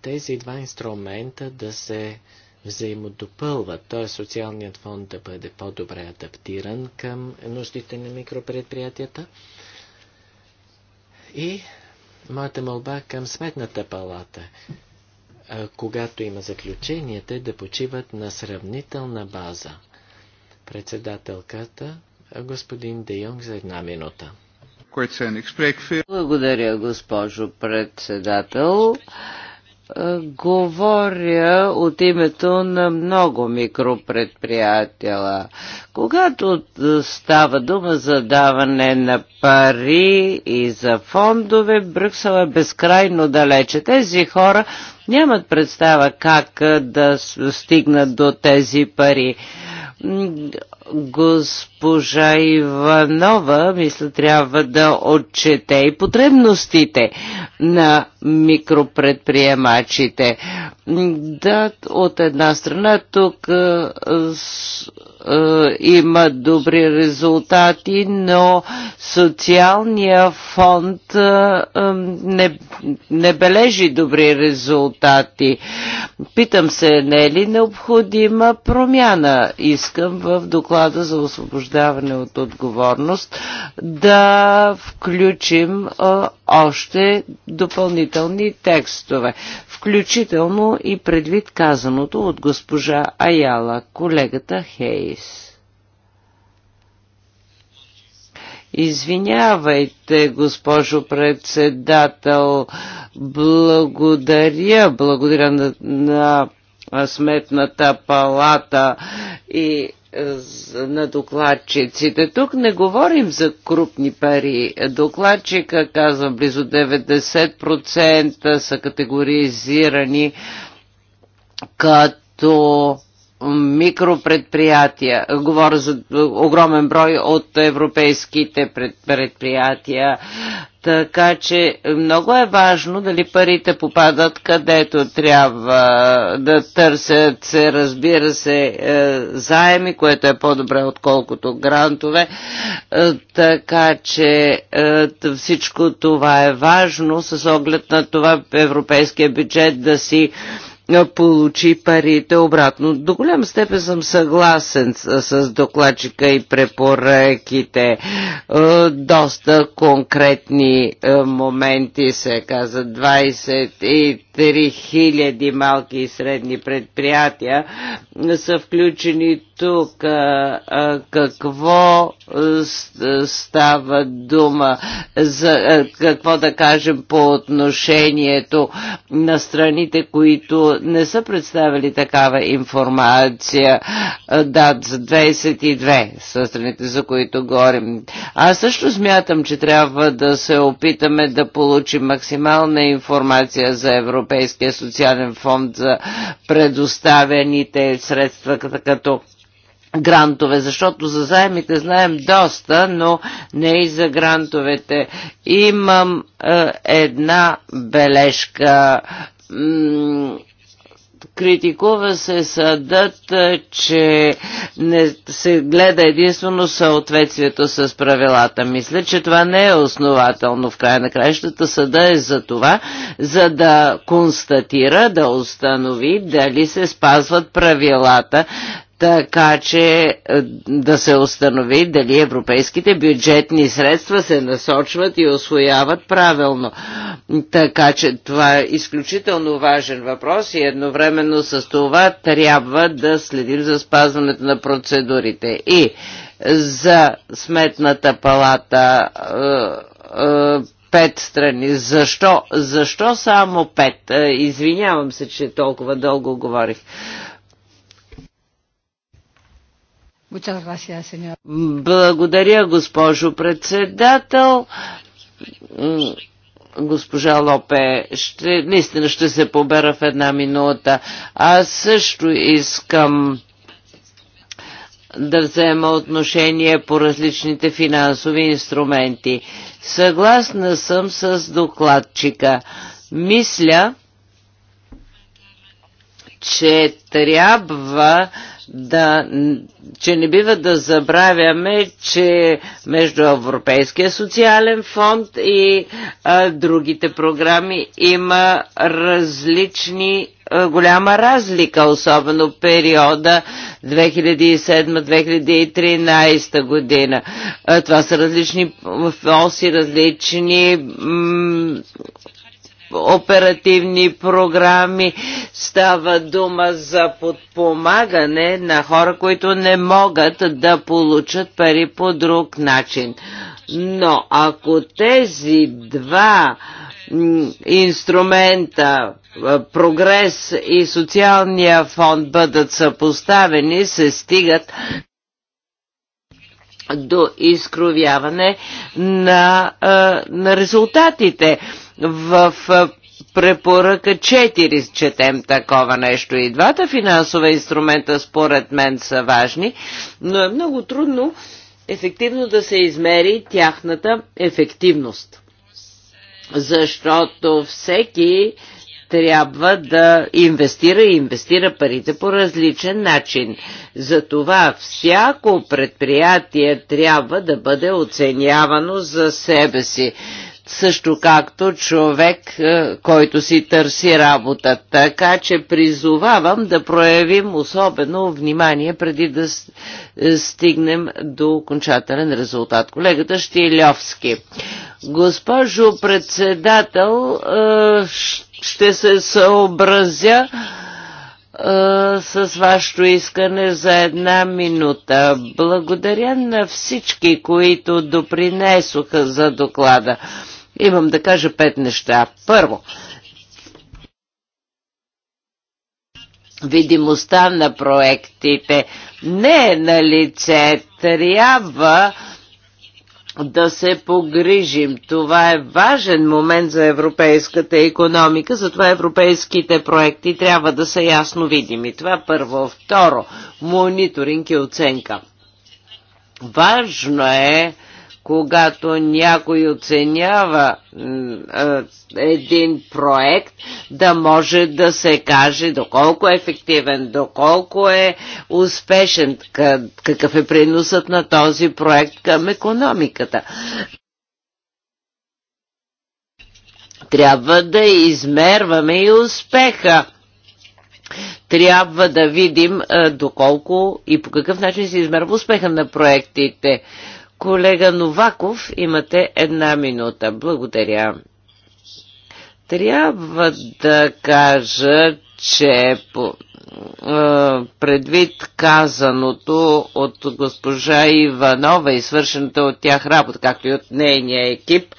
тези два инструмента да се взаимодопълват, т.е. социалният фонд да бъде по-добре адаптиран към нуждите на микропредприятията. И моята молба към Сметната палата, когато има заключенията, да почиват на сравнителна база. Председателката, господин Де Йонг, за една минута. Благодаря, госпожо председател. Е, говоря от името на много микропредприятела. Когато става дума за даване на пари и за фондове, Брюксел е безкрайно далече. Тези хора нямат представа как е, да стигнат до тези пари госпожа Иванова, мисля, трябва да отчете и потребностите на микропредприемачите. Да, от една страна тук е, с, а, е, има добри резултати, но социалния фонд а, е, не, не бележи добри резултати. Питам се, не е ли необходима промяна? Искам в доклада доклада за освобождаване от отговорност да включим още допълнителни текстове, включително и предвид казаното от госпожа Аяла, колегата Хейс. Извинявайте, госпожо председател, благодаря, благодаря на, на Сметната палата и е, на докладчиците. Тук не говорим за крупни пари. Докладчика, казва, близо 90% са категоризирани като микропредприятия. Говоря за огромен брой от европейските предприятия. Така че много е важно дали парите попадат където трябва да търсят се, разбира се, е, заеми, което е по-добре отколкото грантове. Е, така че е, всичко това е важно с оглед на това европейския бюджет да си получи парите обратно. До голяма степен съм съгласен с, с докладчика и препоръките. Доста конкретни моменти се каза 23 3000 малки и средни предприятия са включени тук. Какво става дума? За, какво да кажем по отношението на страните, които не са представили такава информация? Да, за 22 са страните, за които говорим. Аз също смятам, че трябва да се опитаме да получим максимална информация за Европа Европейския социален фонд за предоставените средства като грантове, защото за заемите знаем доста, но не и за грантовете. Имам е, една бележка Критикува се съдът, е, че не се гледа единствено съответствието с правилата. Мисля, че това не е основателно. В края на краищата съда е за това, за да констатира, да установи дали се спазват правилата така че е, да се установи дали европейските бюджетни средства се насочват и освояват правилно. Така че това е изключително важен въпрос и едновременно с това трябва да следим за спазването на процедурите. И за сметната палата е, е, пет страни. Защо? Защо само пет? Извинявам се, че толкова дълго говорих. Благодаря, госпожо председател. Госпожа Лопе, ще, наистина ще се побера в една минута. Аз също искам да взема отношение по различните финансови инструменти. Съгласна съм с докладчика. Мисля, че трябва да, че не бива да забравяме, че между Европейския социален фонд и а, другите програми има различни а, голяма разлика, особено периода 2007-2013 година. А, това са различни оси, различни оперативни програми. Става дума за подпомагане на хора, които не могат да получат пари по друг начин. Но ако тези два инструмента прогрес и социалния фонд бъдат съпоставени, се стигат до изкровяване на, на резултатите в препоръка 4 четем такова нещо. И двата финансова инструмента според мен са важни, но е много трудно ефективно да се измери тяхната ефективност. Защото всеки трябва да инвестира и инвестира парите по различен начин. Затова всяко предприятие трябва да бъде оценявано за себе си също както човек, е, който си търси работа. Така че призовавам да проявим особено внимание преди да е, стигнем до окончателен резултат. Колегата Штилевски. Госпожо председател, е, ще се съобразя с вашето искане за една минута. Благодаря на всички, които допринесоха за доклада. Имам да кажа пет неща. Първо, видимостта на проектите не е на лице. Трябва да се погрижим. Това е важен момент за европейската економика, затова европейските проекти трябва да са ясно видими. Това първо. Второ, мониторинг и оценка. Важно е когато някой оценява един проект, да може да се каже доколко е ефективен, доколко е успешен, какъв е приносът на този проект към економиката. Трябва да измерваме и успеха трябва да видим доколко и по какъв начин се измерва успеха на проектите. Колега Новаков, имате една минута. Благодаря. Трябва да кажа, че по, предвид казаното от госпожа Иванова и свършената от тях работа, както и от нейния екип,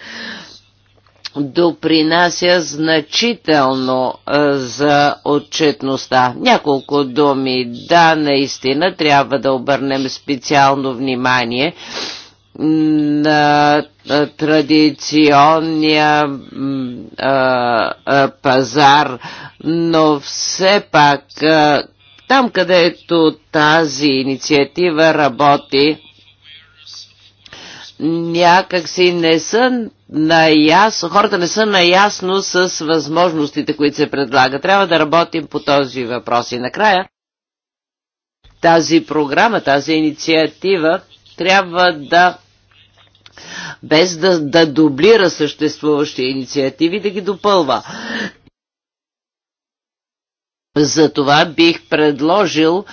допринася значително за отчетността. Няколко думи. Да, наистина трябва да обърнем специално внимание на традиционния пазар, но все пак там, където тази инициатива работи, някак си не са наясно, хората не са наясно с възможностите, които се предлагат. Трябва да работим по този въпрос. И накрая тази програма, тази инициатива трябва да без да, да дублира съществуващи инициативи, да ги допълва. Затова бих предложил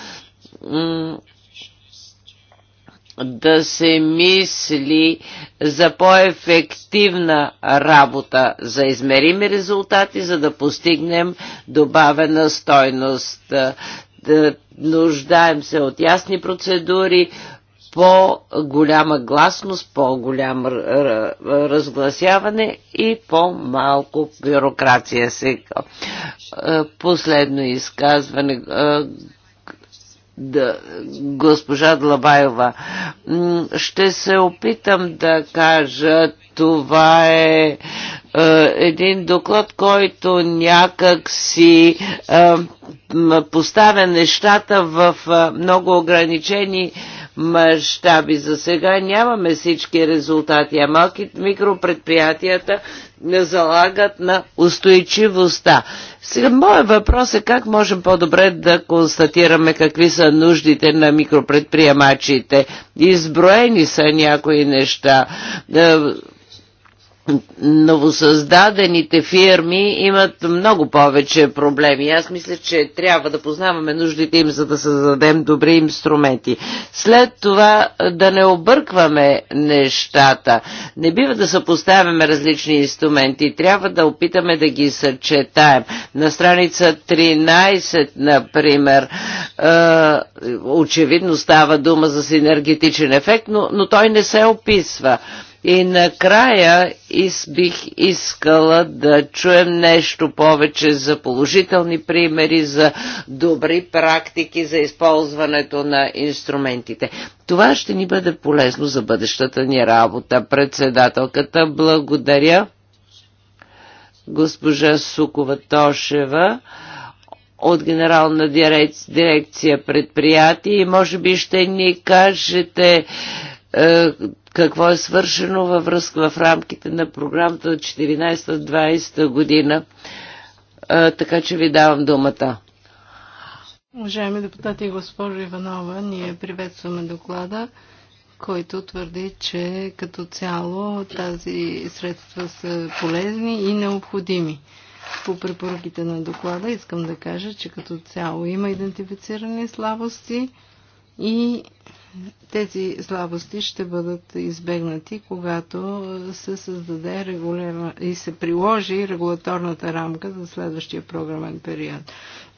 да се мисли за по-ефективна работа, за измерими резултати, за да постигнем добавена стойност. Да нуждаем се от ясни процедури, по-голяма гласност, по-голям разгласяване и по-малко бюрокрация. се. Е, последно изказване е, да, госпожа Длабаева. Ще се опитам да кажа, това е, е един доклад, който някак си е, поставя нещата в е, много ограничени мащаби. За сега нямаме всички резултати, а малки микропредприятията не залагат на устойчивостта. Сега, моят въпрос е как можем по-добре да констатираме какви са нуждите на микропредприемачите. Изброени са някои неща е, новосъздадените фирми имат много повече проблеми. Аз мисля, че трябва да познаваме нуждите им, за да създадем добри инструменти. След това да не объркваме нещата. Не бива да съпоставяме различни инструменти. Трябва да опитаме да ги съчетаем. На страница 13, например, очевидно става дума за синергетичен ефект, но, но той не се описва. И накрая из, бих искала да чуем нещо повече за положителни примери, за добри практики, за използването на инструментите. Това ще ни бъде полезно за бъдещата ни работа. Председателката, благодаря госпожа Сукова Тошева от Генерална дирекция предприятия и може би ще ни кажете е, какво е свършено във връзка в рамките на програмата от 14-20 година. А, така че ви давам думата. Уважаеми депутати и госпожо Иванова, ние приветстваме доклада, който твърди, че като цяло тази средства са полезни и необходими. По препоръките на доклада искам да кажа, че като цяло има идентифицирани слабости и тези слабости ще бъдат избегнати, когато се създаде и се приложи регулаторната рамка за следващия програмен период.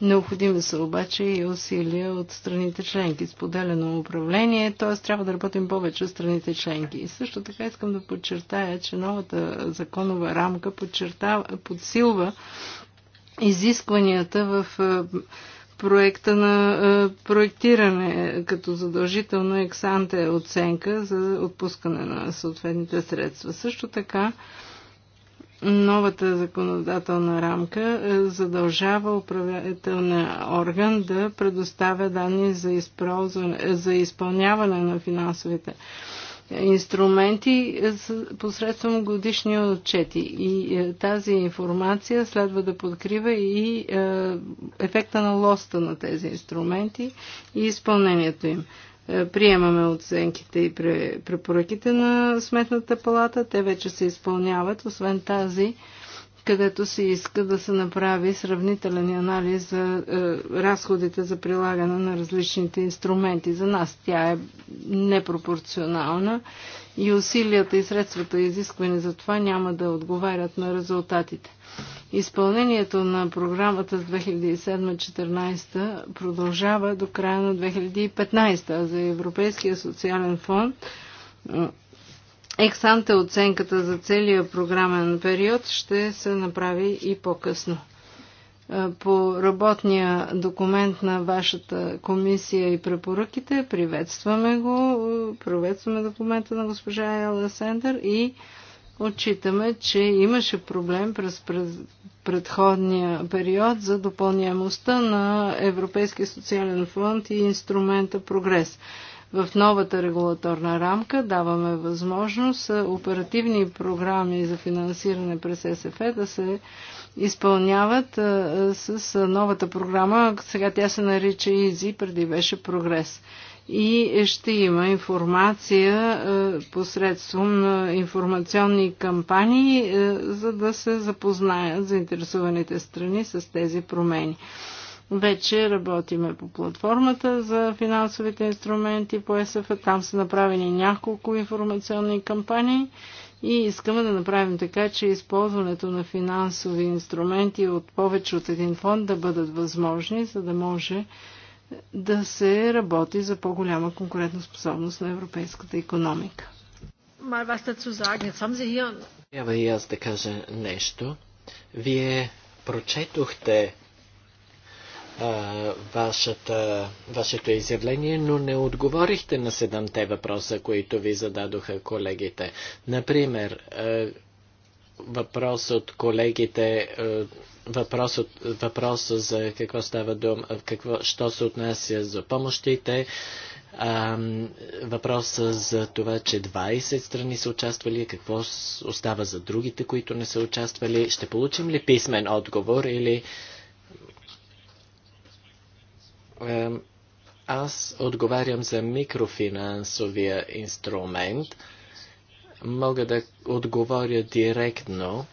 Необходими са обаче и усилия от страните членки. Споделено управление, т.е. трябва да работим повече от страните членки. И също така искам да подчертая, че новата законова рамка подсилва изискванията в е, проекта на е, проектиране като задължително ексанте оценка за отпускане на съответните средства. Също така новата законодателна рамка е, задължава управителния орган да предоставя данни за, за изпълняване на финансовите инструменти посредством годишни отчети. И е, тази информация следва да подкрива и е, ефекта на лоста на тези инструменти и изпълнението им. Е, приемаме оценките и препоръките на Сметната палата. Те вече се изпълняват, освен тази където се иска да се направи сравнителен анализ за е, разходите за прилагане на различните инструменти. За нас тя е непропорционална и усилията и средствата изисквани за това няма да отговарят на резултатите. Изпълнението на програмата с 2007-2014 продължава до края на 2015, а за Европейския социален фонд ексанте оценката за целия програмен период ще се направи и по-късно. Е, по работния документ на вашата комисия и препоръките приветстваме го, приветстваме документа на госпожа Ела Сендър и отчитаме, че имаше проблем през предходния период за допълняемостта на Европейския социален фонд и инструмента прогрес. В новата регулаторна рамка даваме възможност е, оперативни програми за финансиране през СФЕ да се изпълняват е, е, с новата програма. Сега тя се нарича Изи преди беше прогрес и ще има информация посредством на информационни кампании, за да се запознаят заинтересованите страни с тези промени. Вече работиме по платформата за финансовите инструменти по ЕСФ. Там са направени няколко информационни кампании и искаме да направим така, че използването на финансови инструменти от повече от един фонд да бъдат възможни, за да може да се работи за по-голяма способност на европейската економика. Трябва и аз да кажа нещо. Вие прочетохте вашата, вашето изявление, но не отговорихте на седемте въпроса, които ви зададоха колегите. Например, въпрос от колегите, въпрос, от, въпрос за какво става дума, какво, що се отнася за помощите, въпроса за това, че 20 страни са участвали, какво остава за другите, които не са участвали, ще получим ли писмен отговор или аз отговарям за микрофинансовия инструмент. Мога да отговоря директно.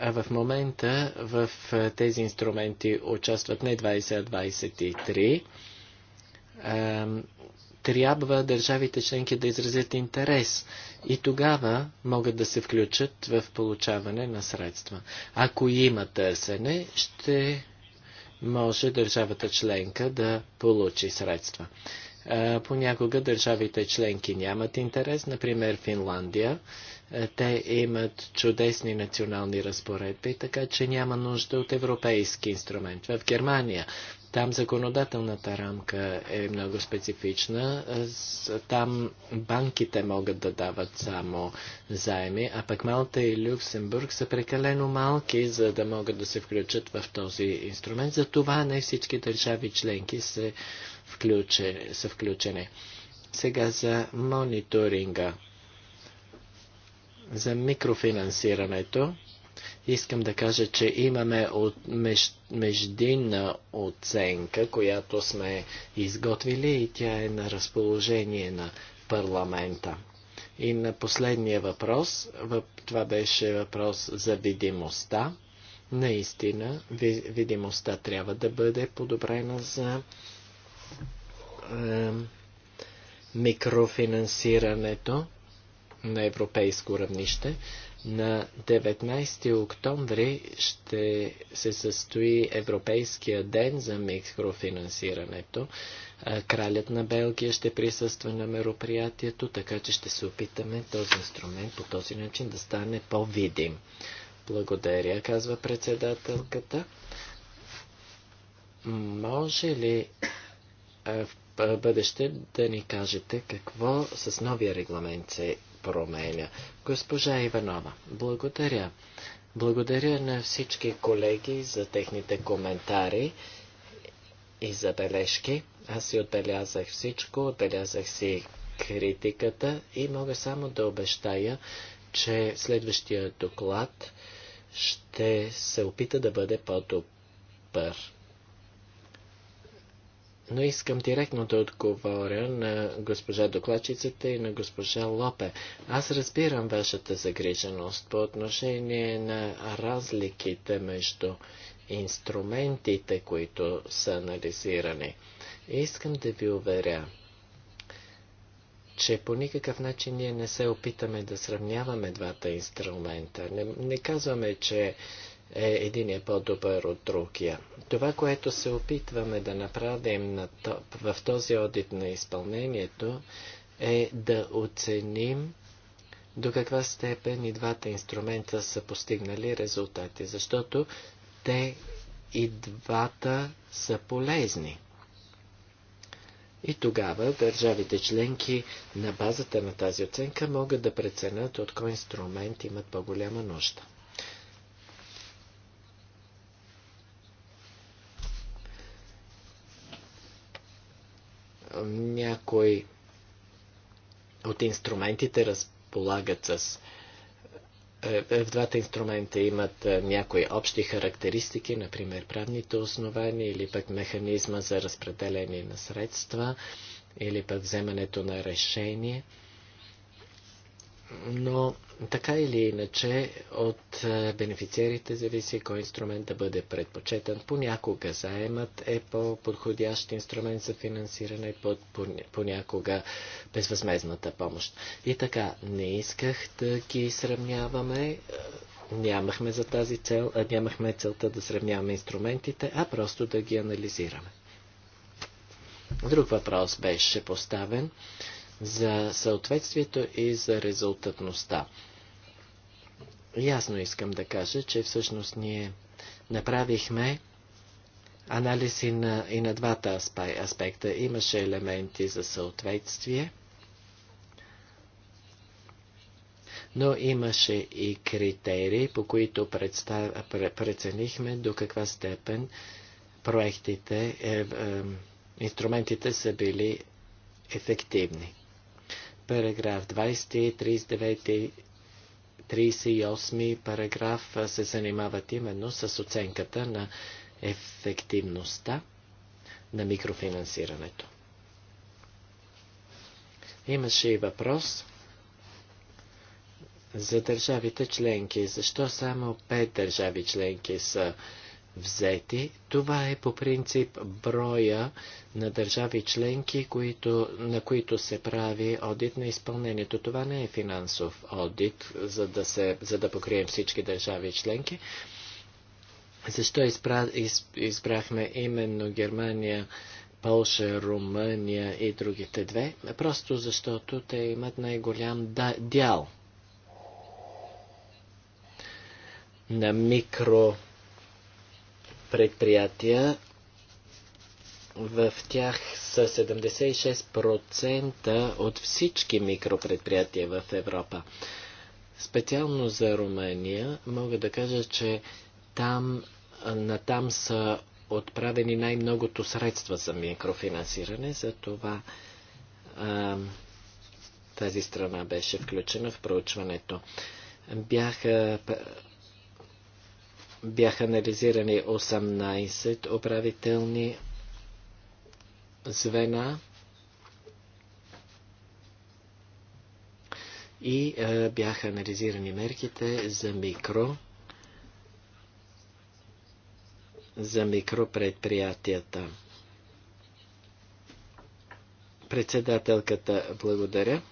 А в момента в е, тези инструменти участват не 20, а 23. Трябва държавите членки да изразят интерес и тогава могат да се включат в получаване на средства. Ако има търсене, ще може държавата членка да получи средства. Понякога държавите членки нямат интерес, например Финландия. Те имат чудесни национални разпоредби, така че няма нужда от европейски инструмент. В Германия там законодателната рамка е много специфична. Там банките могат да дават само заеми, а пък Малта и Люксембург са прекалено малки, за да могат да се включат в този инструмент. Затова не всички държави членки се включени, са включени. Сега за мониторинга, за микрофинансирането. Искам да кажа, че имаме от меж, междинна оценка, която сме изготвили и тя е на разположение на парламента. И на последния въпрос, това беше въпрос за видимостта. Наистина, видимостта трябва да бъде подобрена за е, микрофинансирането на европейско равнище. На 19 октомври ще се състои Европейския ден за микрофинансирането. Кралят на Белгия ще присъства на мероприятието, така че ще се опитаме този инструмент по този начин да стане по-видим. Благодаря, казва председателката. Може ли в бъдеще да ни кажете какво с новия регламент се променя. Госпожа Иванова, благодаря. Благодаря на всички колеги за техните коментари и забележки. Аз си отбелязах всичко, отбелязах си критиката и мога само да обещая, че следващия доклад ще се опита да бъде по-добър. Но искам директно да отговоря на госпожа докладчицата и на госпожа Лопе. Аз разбирам вашата загриженост по отношение на разликите между инструментите, които са анализирани. Искам да ви уверя, че по никакъв начин ние не се опитаме да сравняваме двата инструмента. Не, не казваме, че е, един е по-добър от другия. Това, което се опитваме да направим на топ, в този одит на изпълнението, е да оценим до каква степен и двата инструмента са постигнали резултати, защото те и двата са полезни. И тогава държавите членки на базата на тази оценка могат да преценят от кой инструмент имат по-голяма нужда. някои от инструментите разполагат с е, е, в двата инструмента имат е, някои общи характеристики, например правните основания или пък механизма за разпределение на средства или пък вземането на решение – но така или иначе от е, бенефициерите зависи кой инструмент да бъде предпочетен. Понякога заемът е по-подходящ инструмент за финансиране, понякога безвъзмезната помощ. И така, не исках да ги сравняваме. Е, нямахме за тази цел, а нямахме целта да сравняваме инструментите, а просто да ги анализираме. Друг въпрос беше поставен за съответствието и за резултатността. Ясно искам да кажа, че всъщност ние направихме анализи и на, и на двата аспекта. Имаше елементи за съответствие, но имаше и критерии, по които представ... преценихме до каква степен проектите, е, е, инструментите са били ефективни. Параграф 20, 39, 38 параграф се занимават именно с оценката на ефективността на микрофинансирането. Имаше и въпрос за държавите членки. Защо само пет държави членки са взети. Това е по принцип броя на държави членки, които, на които се прави одит на изпълнението. Това не е финансов одит, за да, се, за да покрием всички държави членки. Защо избра, из, избрахме именно Германия, Полша, Румъния и другите две? Просто защото те имат най-голям да, дял на микро предприятия. В тях са 76% от всички микропредприятия в Европа. Специално за Румъния мога да кажа, че там, на там са отправени най-многото средства за микрофинансиране, за това а, тази страна беше включена в проучването. Бяха бяха анализирани 18 управителни звена и е, бяха анализирани мерките за микро за микропредприятията. Председателката благодаря.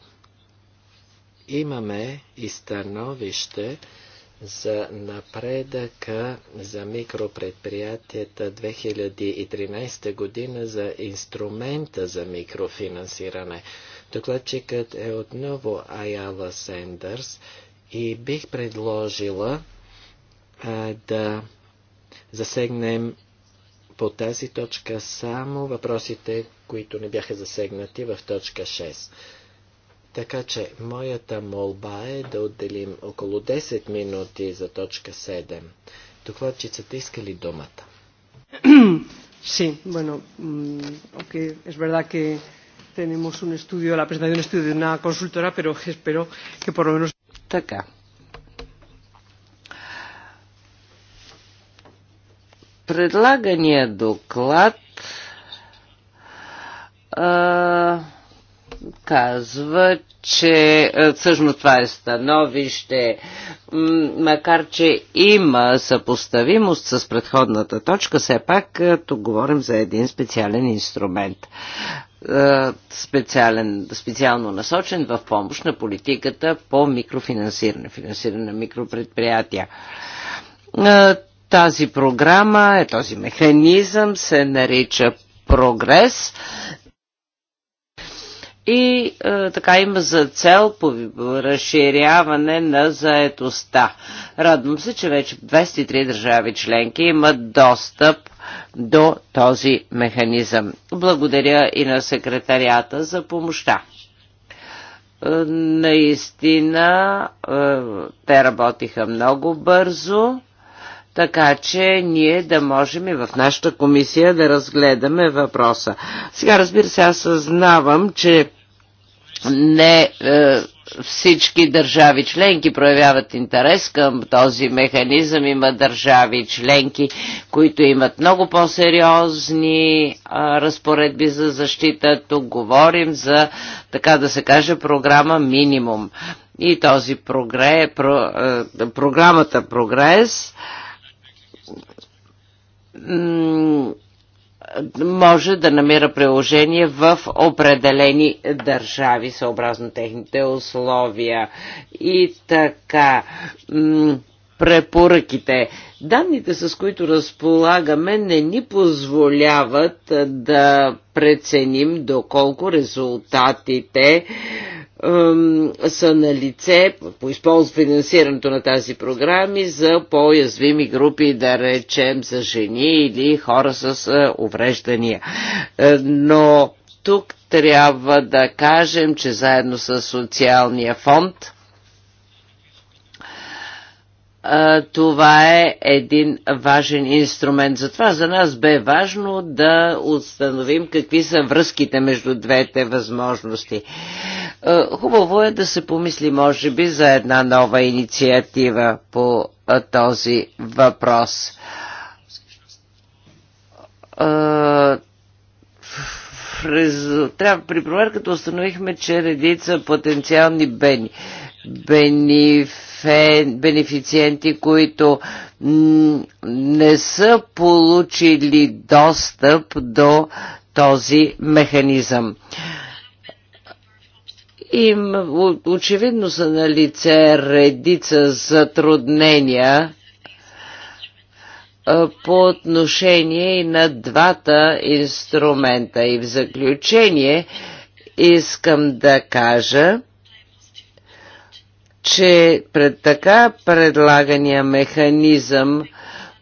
Имаме и становище за напредъка за микропредприятията 2013 година за инструмента за микрофинансиране. Докладчикът е отново Аяла Сендърс и бих предложила а, да засегнем по тази точка само въпросите, които не бяха засегнати в точка 6. Така че моята молба е да отделим около 10 минути за точка 7. Докладчицата иска ли думата? Sí, bueno, aunque es verdad que tenemos un estudio, la presentación de un estudio de una consultora, pero espero que por lo menos... Така. Предлагания доклад Uh казва, че е, всъщност това е становище, макар че има съпоставимост с предходната точка, все пак е, тук говорим за един специален инструмент е, специален, специално насочен в помощ на политиката по микрофинансиране, финансиране на микропредприятия. Тази програма, този механизъм се нарича прогрес и е, така има за цел по разширяване на заетостта. Радвам се, че вече 23 държави членки имат достъп до този механизъм. Благодаря и на секретарията за помощта. Е, наистина, е, те работиха много бързо така че ние да можем и в нашата комисия да разгледаме въпроса. Сега, разбира се, аз съзнавам, че не е, всички държави членки проявяват интерес към този механизъм. Има държави членки, които имат много по-сериозни разпоредби за защита. Тук говорим за, така да се каже, програма минимум. И този прогре, про, е, програмата прогрес може да намира приложение в определени държави, съобразно техните условия. И така, препоръките. Данните, с които разполагаме, не ни позволяват да преценим доколко резултатите са на лице по използване финансирането на тази програми за по-язвими групи, да речем за жени или хора с увреждания. Е, но тук трябва да кажем, че заедно с социалния фонд това е един важен инструмент. Затова за нас бе важно да установим какви са връзките между двете възможности. Е, хубаво е да се помисли, може би, за една нова инициатива по е, този въпрос. Е, трябва, при проверката установихме, че редица потенциални бени, бенефен, бенефициенти, които не са получили достъп до този механизъм. Им очевидно са на лице редица затруднения по отношение и на двата инструмента. И в заключение искам да кажа, че пред така предлагания механизъм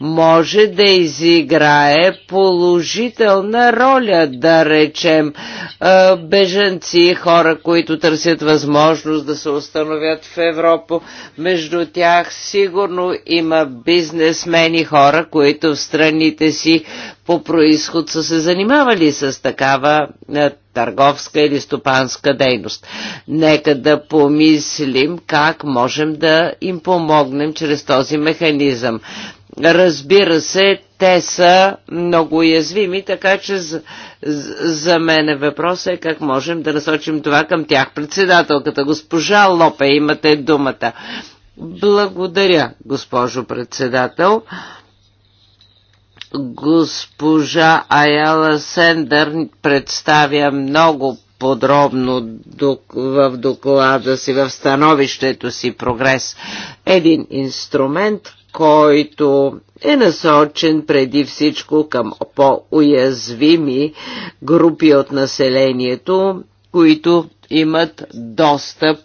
може да изиграе положителна роля, да речем, е, беженци, хора, които търсят възможност да се установят в Европа. Между тях сигурно има бизнесмени, хора, които в страните си по происход са се занимавали с такава е, търговска или стопанска дейност. Нека да помислим как можем да им помогнем чрез този механизъм. Разбира се, те са много уязвими, така че за, за мен е въпросът е как можем да насочим това към тях. Председателката, госпожа Лопе, имате думата. Благодаря, госпожо председател. Госпожа Аяла Сендър представя много подробно в доклада си, в становището си прогрес. Един инструмент, който е насочен преди всичко към по-уязвими групи от населението, които имат достъп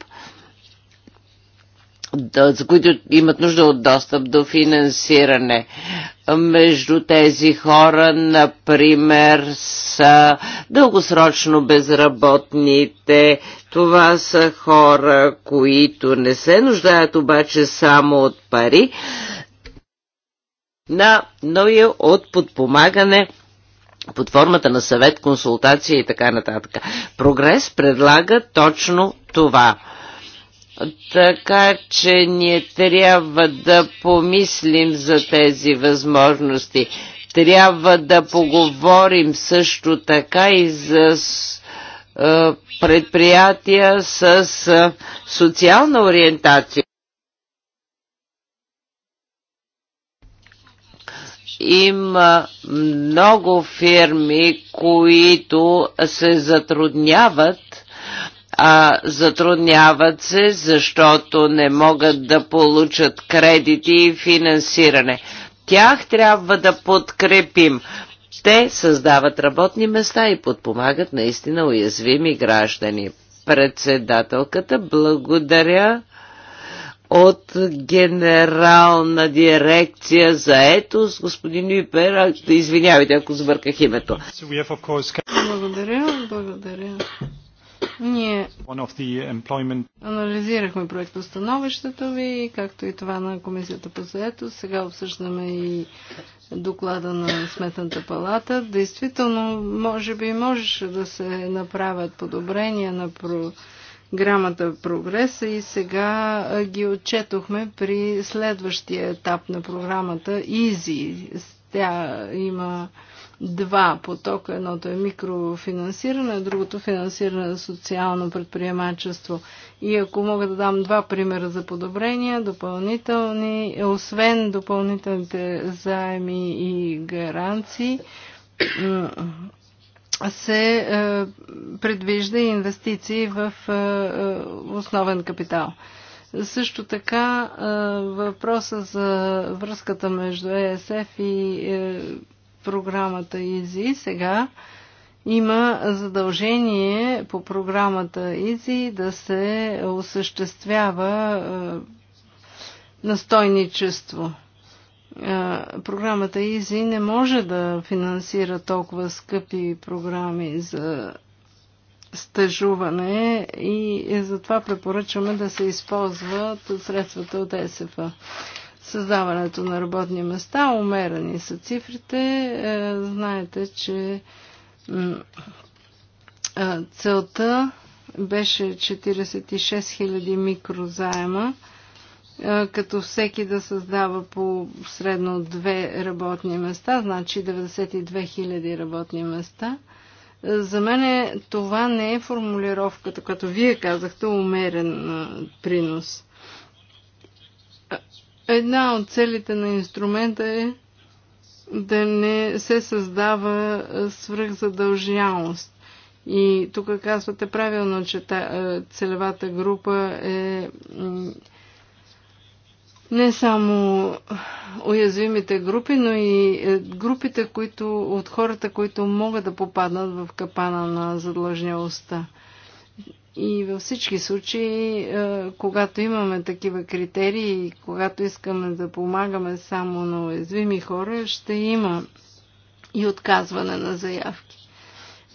за които имат нужда от достъп до финансиране. Между тези хора, например, са дългосрочно безработните. Това са хора, които не се нуждаят обаче само от пари, на, новия от подпомагане под формата на съвет, консултация и така нататък. Прогрес предлага точно това. Така че ние трябва да помислим за тези възможности. Трябва да поговорим също така и за е, предприятия с е, социална ориентация. Има много фирми, които се затрудняват а затрудняват се, защото не могат да получат кредити и финансиране. Тях трябва да подкрепим. Те създават работни места и подпомагат наистина уязвими граждани. Председателката, благодаря от генерална дирекция за етос, господин Юпер, извинявайте, ако сбърках името. Благодаря, благодаря. Ние анализирахме проектостановището ви, както и това на Комисията по заето. Сега обсъждаме и доклада на Сметната палата. Действително, може би можеше да се направят подобрения на про грамата прогрес и сега ги отчетохме при следващия етап на програмата ИЗИ. Тя има два потока. Едното е микрофинансиране, другото финансиране на социално предприемачество. И ако мога да дам два примера за подобрения, допълнителни, освен допълнителните заеми и гаранции, се е, предвижда инвестиции в е, е, основен капитал. Също така въпроса за връзката между ЕСФ и програмата ИЗИ сега има задължение по програмата ИЗИ да се осъществява настойничество програмата ИЗИ не може да финансира толкова скъпи програми за стъжуване и затова препоръчваме да се използват средствата от ЕСФА. Създаването на работни места, умерени са цифрите. Е, знаете, че целта беше 46 000 микрозаема като всеки да създава по средно две работни места, значи 92 000 работни места. За мен е, това не е формулировката, като вие казахте, умерен принос. Една от целите на инструмента е да не се създава свръхзадължаност. И тук казвате правилно, че целевата група е не само уязвимите групи, но и е, групите които, от хората, които могат да попаднат в капана на задлъжнялостта. И във всички случаи, е, когато имаме такива критерии когато искаме да помагаме само на уязвими хора, ще има и отказване на заявки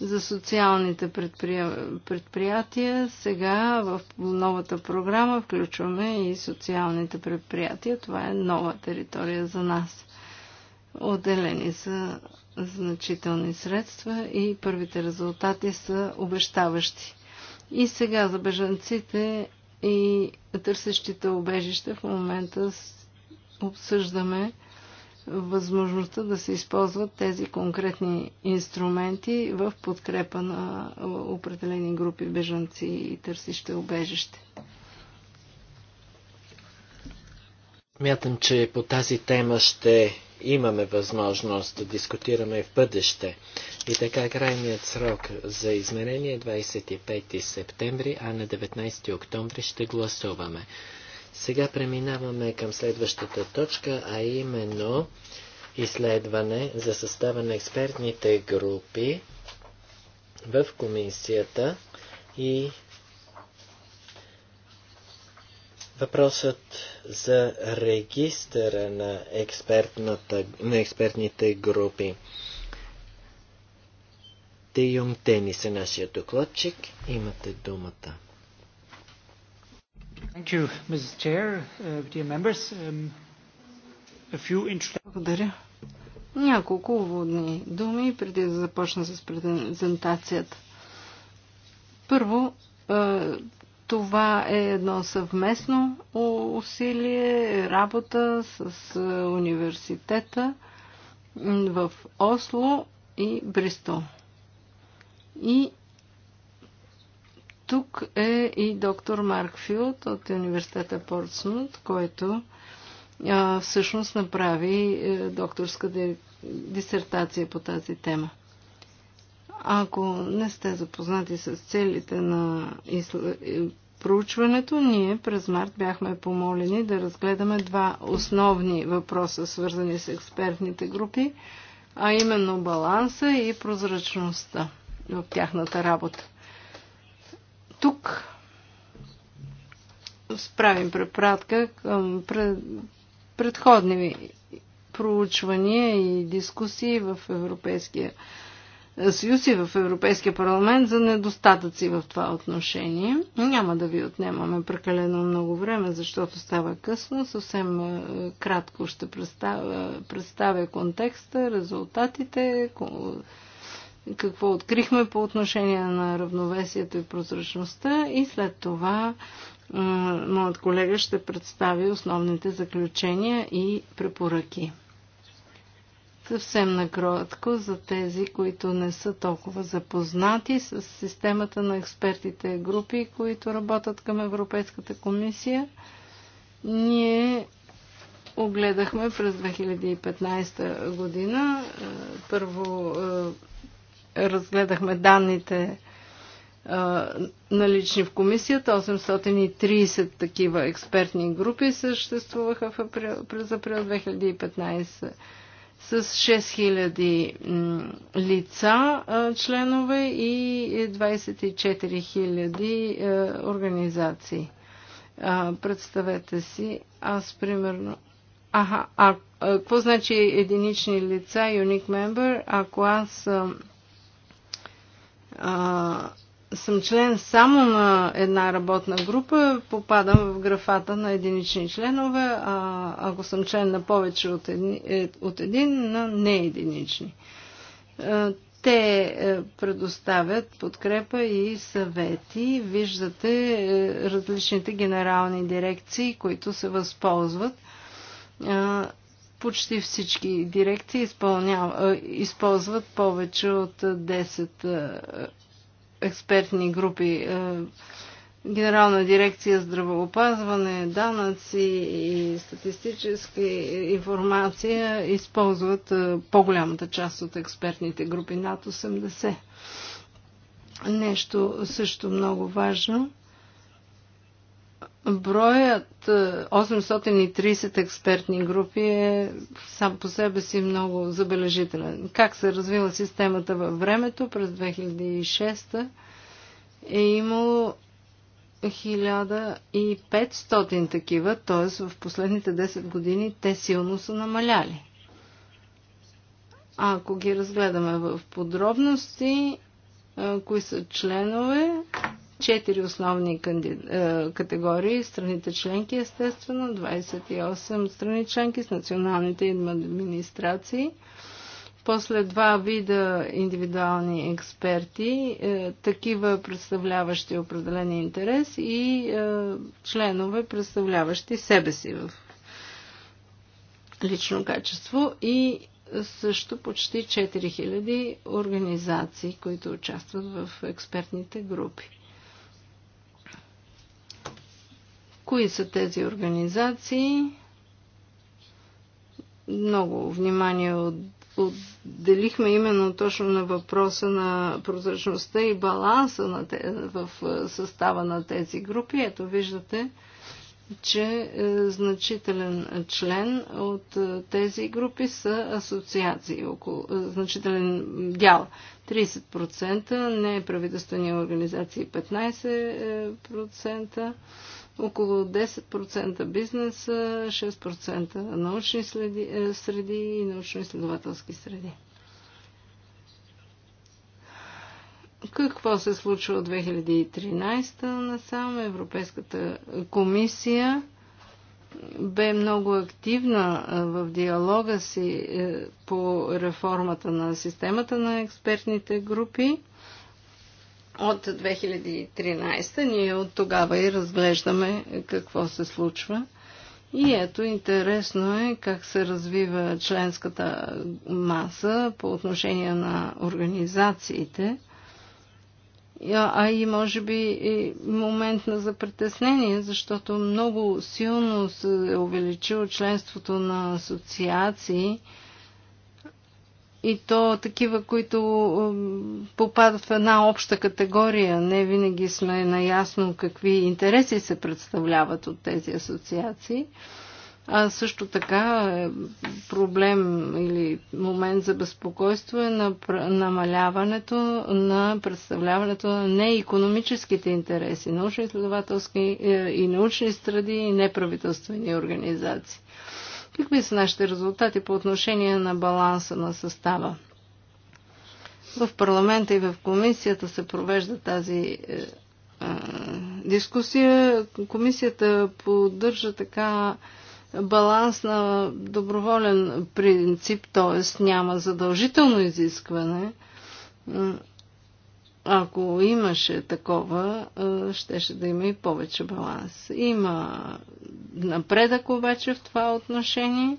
за социалните предприятия. Сега в новата програма включваме и социалните предприятия. Това е нова територия за нас. Отделени са значителни средства и първите резултати са обещаващи. И сега за бежанците и търсещите обежище в момента обсъждаме възможността да се използват тези конкретни инструменти в подкрепа на определени групи бежанци и търсище обежище. Мятам, че по тази тема ще имаме възможност да дискутираме в бъдеще. И така крайният срок за изменение е 25 септември, а на 19 октомври ще гласуваме. Сега преминаваме към следващата точка, а именно изследване за състава на експертните групи в комисията и въпросът за регистъра на, на експертните групи. Те Юнг са е нашия докладчик. Имате думата. Благодаря. Няколко уводни думи преди да започна с презентацията. Първо, е, това е едно съвместно усилие, работа с е, университета в Осло и Бристол. И тук е и доктор Марк Филд от университета Портсмут, който а, всъщност направи а, е, докторска дисертация по тази тема. Ако не сте запознати с целите на е, проучването, ние през март бяхме помолени да разгледаме два основни въпроса, свързани с експертните групи, а именно баланса и прозрачността в тяхната работа. Тук справим препратка към предходни проучвания и дискусии в Европейския съюз и в Европейския парламент за недостатъци в това отношение. Няма да ви отнемаме прекалено много време, защото става късно. Съвсем кратко ще представя, представя контекста, резултатите, какво открихме по отношение на равновесието и прозрачността и след това моят колега ще представи основните заключения и препоръки. Съвсем накратко за тези, които не са толкова запознати с системата на експертите групи, които работят към Европейската комисия. Ние огледахме през 2015 година първо разгледахме данните налични в комисията. 830 такива експертни групи съществуваха в април, през април 2015 с 6000 лица членове и 24 000 организации. Представете си, аз примерно... Аха, а какво значи единични лица, unique member? Ако аз а, съм член само на една работна група, попадам в графата на единични членове, а ако съм член на повече от, едни, е, от един, на неединични. Те е, предоставят подкрепа и съвети. Виждате е, различните генерални дирекции, които се възползват почти всички дирекции е, използват повече от 10 е, е, експертни групи. Генерална дирекция здравоопазване, данъци и статистическа информация използват по-голямата част от експертните групи, над 80. Нещо също много важно – Броят 830 е, експертни групи е сам по себе си много забележителен. Как се развила системата във времето през 2006 е имало 1500 такива, т.е. в последните 10 години те силно са намаляли. А ако ги разгледаме в подробности, е, кои са членове, четири основни канди... Е, категории страните членки, естествено, 28 страни членки с националните администрации, после два вида индивидуални експерти, е, такива представляващи определен интерес и е, членове представляващи себе си в лично качество и също почти 4000 организации, които участват в експертните групи. Кои са тези организации? Много внимание от отделихме именно точно на въпроса на прозрачността и баланса на те, в е, състава на тези групи. Ето виждате, че е, значителен член от е, тези групи са асоциации, около, значителен дял 30%, неправителствени организации 15%, около 10% бизнеса, 6% научни следи, е, среди и научно-изследователски среди. Какво се случва от 2013 насам? Европейската комисия бе много активна е, в диалога си е, по реформата на системата на експертните групи от 2013. Ние от тогава и разглеждаме какво се случва. И ето, интересно е как се развива членската маса по отношение на организациите, а и може би и момент на запретеснение, защото много силно се е увеличило членството на асоциации – и то такива, които попадат в една обща категория. Не винаги сме наясно какви интереси се представляват от тези асоциации. А също така е, проблем или момент за безпокойство е на намаляването на представляването на неекономическите интереси, научно-изследователски е, и научни среди и неправителствени организации. Какви са нашите резултати по отношение на баланса на състава? В парламента и в комисията се провежда тази е, е, дискусия. Комисията поддържа така баланс на доброволен принцип, т.е. няма задължително изискване ако имаше такова, щеше да има и повече баланс. Има напредък обаче в това отношение.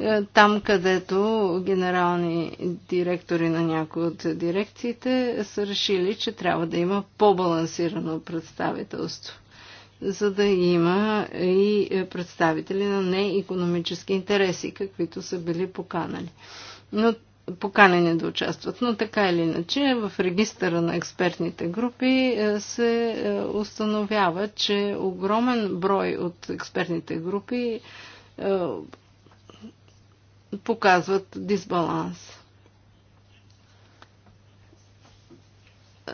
Е, там, където генерални директори на някои от дирекциите са решили, че трябва да има по-балансирано представителство, за да има и представители на неекономически интереси, каквито са били поканали. Но поканени да участват. Но така или иначе, в регистъра на експертните групи е, се е, установява, че огромен брой от експертните групи е, показват дисбаланс.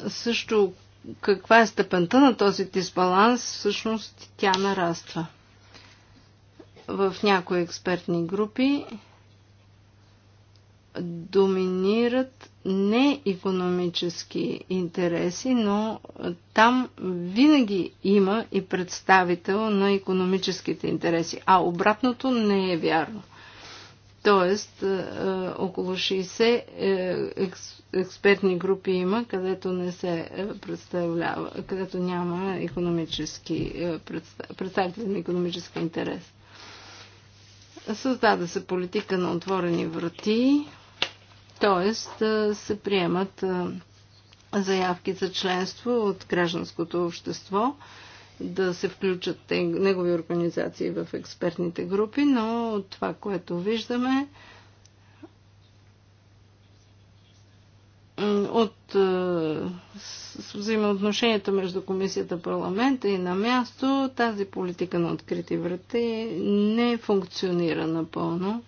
Също каква е степента на този дисбаланс, всъщност тя нараства. В някои експертни групи доминират не економически интереси, но там винаги има и представител на економическите интереси, а обратното не е вярно. Тоест, е, около 60 е, експертни групи има, където не се представлява, където няма економически, е, представител на економически интерес. Създаде се политика на отворени врати, Тоест се приемат заявки за членство от гражданското общество, да се включат негови организации в експертните групи, но това, което виждаме, от взаимоотношенията между комисията, парламента и на място, тази политика на открити врати не функционира напълно.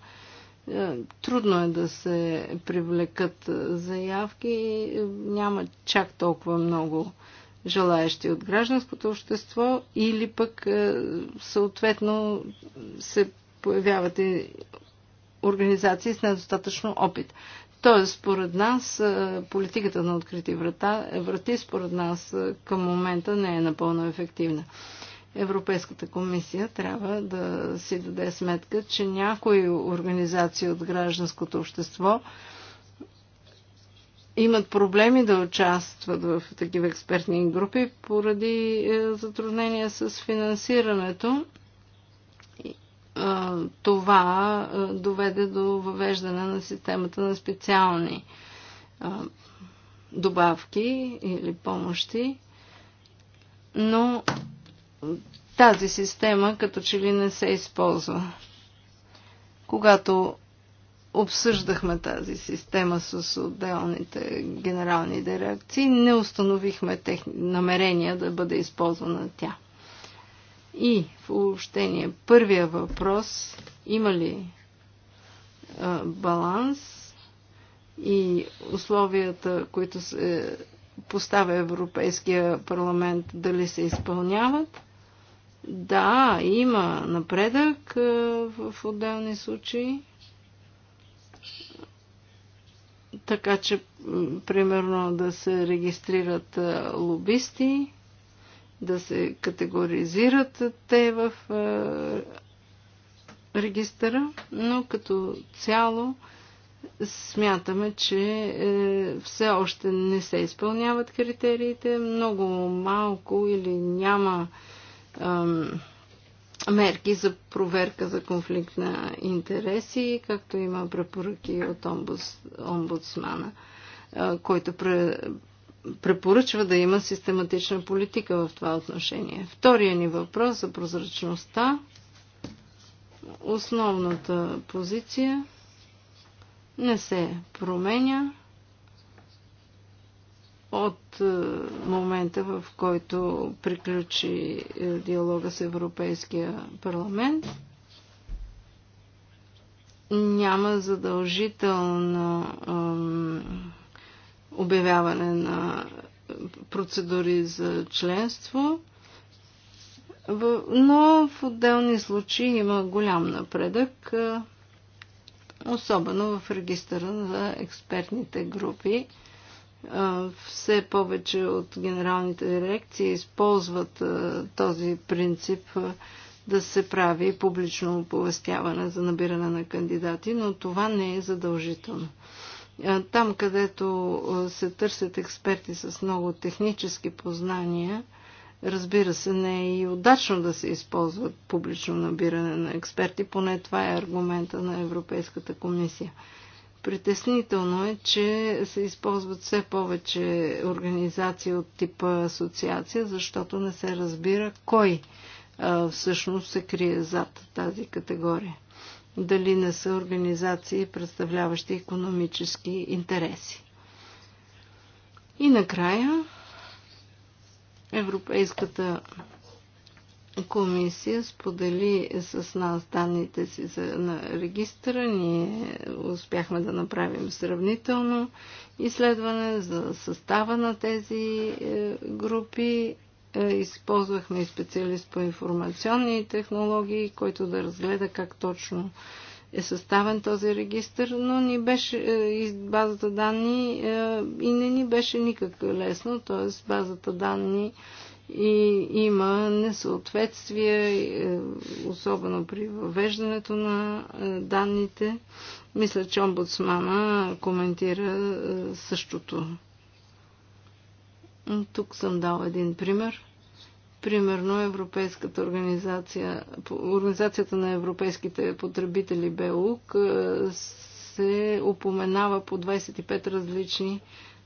Е, трудно е да се привлекат е, заявки, няма чак толкова много желаящи от гражданското общество или пък е, съответно се появяват и организации с недостатъчно опит. Тоест, според нас, политиката на открити врата, врати, според нас, към момента не е напълно ефективна. Европейската комисия трябва да си даде сметка, че някои организации от гражданското общество имат проблеми да участват в такива експертни групи поради е, затруднения с финансирането. Това доведе до въвеждане на системата на специални добавки или помощи, но тази система като че ли не се използва. Когато обсъждахме тази система с отделните генерални дирекции, не установихме техни... намерения да бъде използвана тя. И в общение, първия въпрос, има ли а, баланс и условията, които се поставя Европейския парламент, дали се изпълняват? Да, има напредък е, в отделни случаи. Така че, примерно, да се регистрират е, лобисти, да се категоризират те в е, регистъра, но като цяло смятаме, че все още не се изпълняват критериите. Много малко или няма мерки за проверка за конфликт на интереси, както има препоръки от омбудс, омбудсмана, който препоръчва да има систематична политика в това отношение. Втория ни въпрос за прозрачността. Основната позиция не се променя от е, момента, в който приключи е, диалога с Европейския парламент. Няма задължително обявяване на процедури за членство, но в отделни случаи има голям напредък, е, особено в регистъра за експертните групи все повече от генералните дирекции използват този принцип да се прави публично оповестяване за набиране на кандидати, но това не е задължително. Там, където се търсят експерти с много технически познания, разбира се, не е и удачно да се използват публично набиране на експерти, поне това е аргумента на Европейската комисия. Притеснително е, че се използват все повече организации от типа асоциация, защото не се разбира кой а, всъщност се крие зад тази категория. Дали не са организации, представляващи економически интереси. И накрая Европейската комисия сподели с нас данните си за, на регистъра. Ние успяхме да направим сравнително изследване за състава на тези е, групи. Е, използвахме и специалист по информационни технологии, който да разгледа как точно е съставен този регистр, но ни беше е, и базата данни и не ни беше никак лесно, т.е. базата данни и има несъответствие, е, особено при въвеждането на е, данните. Мисля, че омбудсмана коментира е, същото. Тук съм дал един пример. Примерно Европейската организация, Организацията на европейските потребители БЕУК се упоменава по 25 различни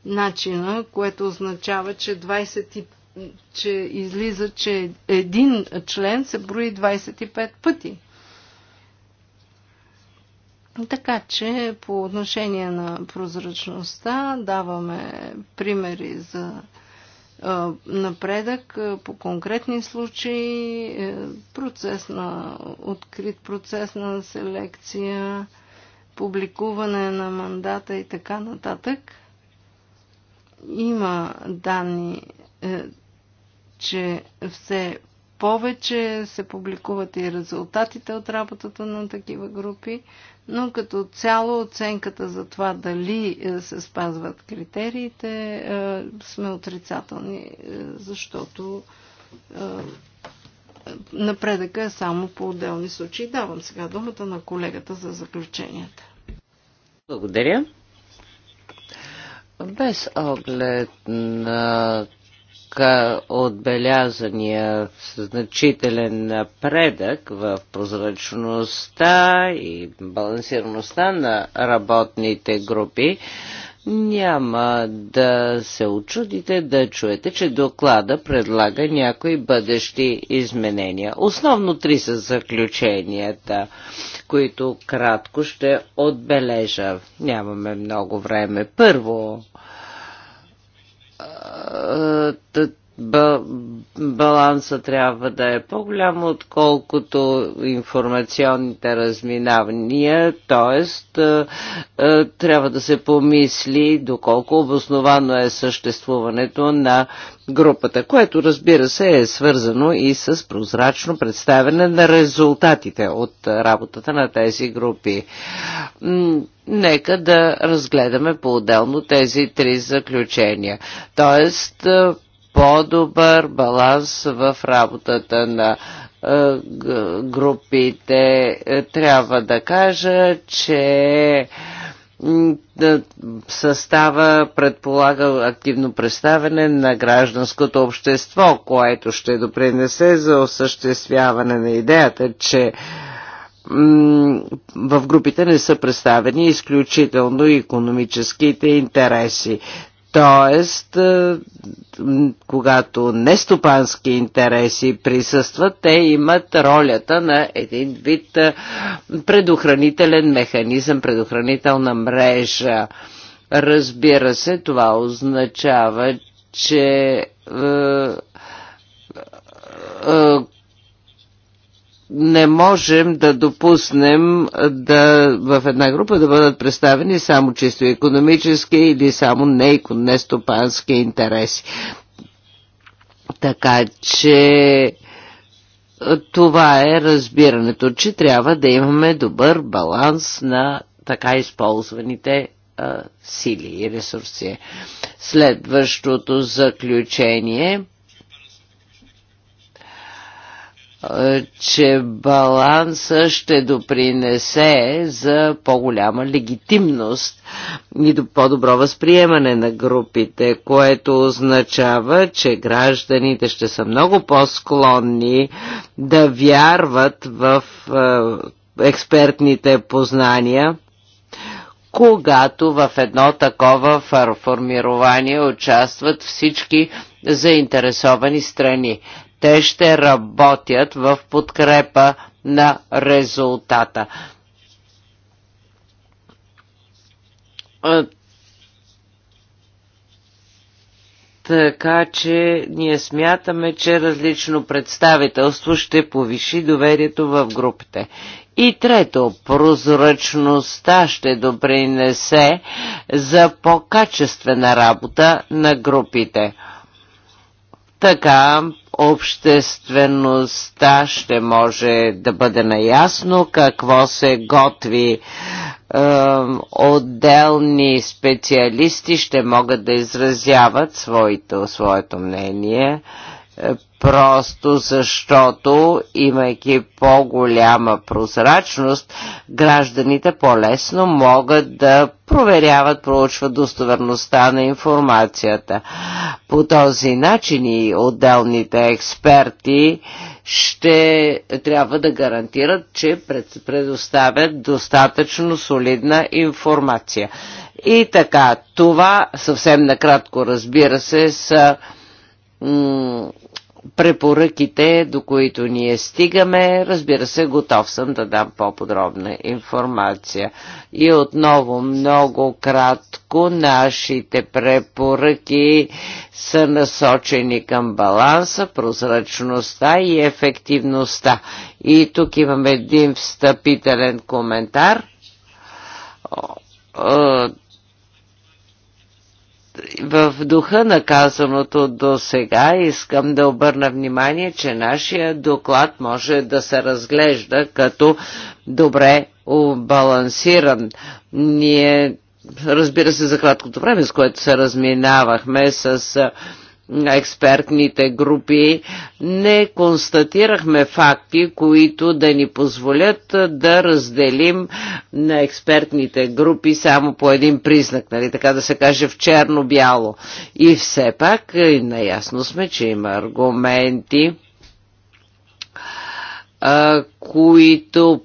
начина, което означава, че 25 че излиза, че един член се брои 25 пъти. Така че по отношение на прозрачността даваме примери за напредък по конкретни случаи, е, процес на открит процес на селекция, публикуване на мандата и така нататък. Има данни е, че все повече се публикуват и резултатите от работата на такива групи, но като цяло оценката за това дали е, се спазват критериите е, сме отрицателни, е, защото напредъка е само по отделни случаи. Давам сега думата на колегата за заключенията. Благодаря. Без оглед на отбелязания значителен напредък в прозрачността и балансираността на работните групи, няма да се очудите да чуете, че доклада предлага някои бъдещи изменения. Основно три са заключенията, които кратко ще отбележа. Нямаме много време. Първо, Uh, баланса трябва да е по-голям, отколкото информационните разминавания, т.е. трябва да се помисли доколко обосновано е съществуването на групата, което разбира се е свързано и с прозрачно представяне на резултатите от работата на тези групи. Нека да разгледаме по-отделно тези три заключения. Тоест, по-добър баланс в работата на е, групите. Е, трябва да кажа, че състава предполага активно представяне на гражданското общество, което ще допринесе за осъществяване на идеята, че в групите не са представени изключително економическите интереси. Тоест, е, когато нестопански интереси присъстват, те имат ролята на един вид е, предохранителен механизъм, предохранителна мрежа. Разбира се, това означава, че е, не можем да допуснем да в една група да бъдат представени само чисто економически или само не, не интереси. Така че е, това е разбирането, че трябва да имаме добър баланс на така използваните а, е, сили и ресурси. Следващото заключение че баланса ще допринесе за по-голяма легитимност и до по-добро възприемане на групите, което означава, че гражданите ще са много по-склонни да вярват в е, експертните познания когато в едно такова формирование участват всички заинтересовани страни. Те ще работят в подкрепа на резултата така че ние смятаме, че различно представителство ще повиши доверието в групите. И трето, прозрачността ще допринесе за по-качествена работа на групите. Така обществеността ще може да бъде наясно какво се готви отделни специалисти ще могат да изразяват своето, своето мнение е, просто защото, имайки по-голяма прозрачност, гражданите по-лесно могат да проверяват, проучват достоверността на информацията. По този начин и отделните експерти ще трябва да гарантират, че предоставят достатъчно солидна информация. И така, това съвсем накратко, разбира се, са препоръките, до които ние стигаме. Разбира се, готов съм да дам по-подробна информация. И отново много кратко нашите препоръки са насочени към баланса, прозрачността и ефективността. И тук имам един встъпителен коментар е, в духа на казаното до сега искам да обърна внимание, че нашия доклад може да се разглежда като добре балансиран. Ние, разбира се, за краткото време, с което се разминавахме с експертните групи, не констатирахме факти, които да ни позволят да разделим на експертните групи само по един признак, нали, така да се каже в черно-бяло. И все пак наясно сме, че има аргументи, които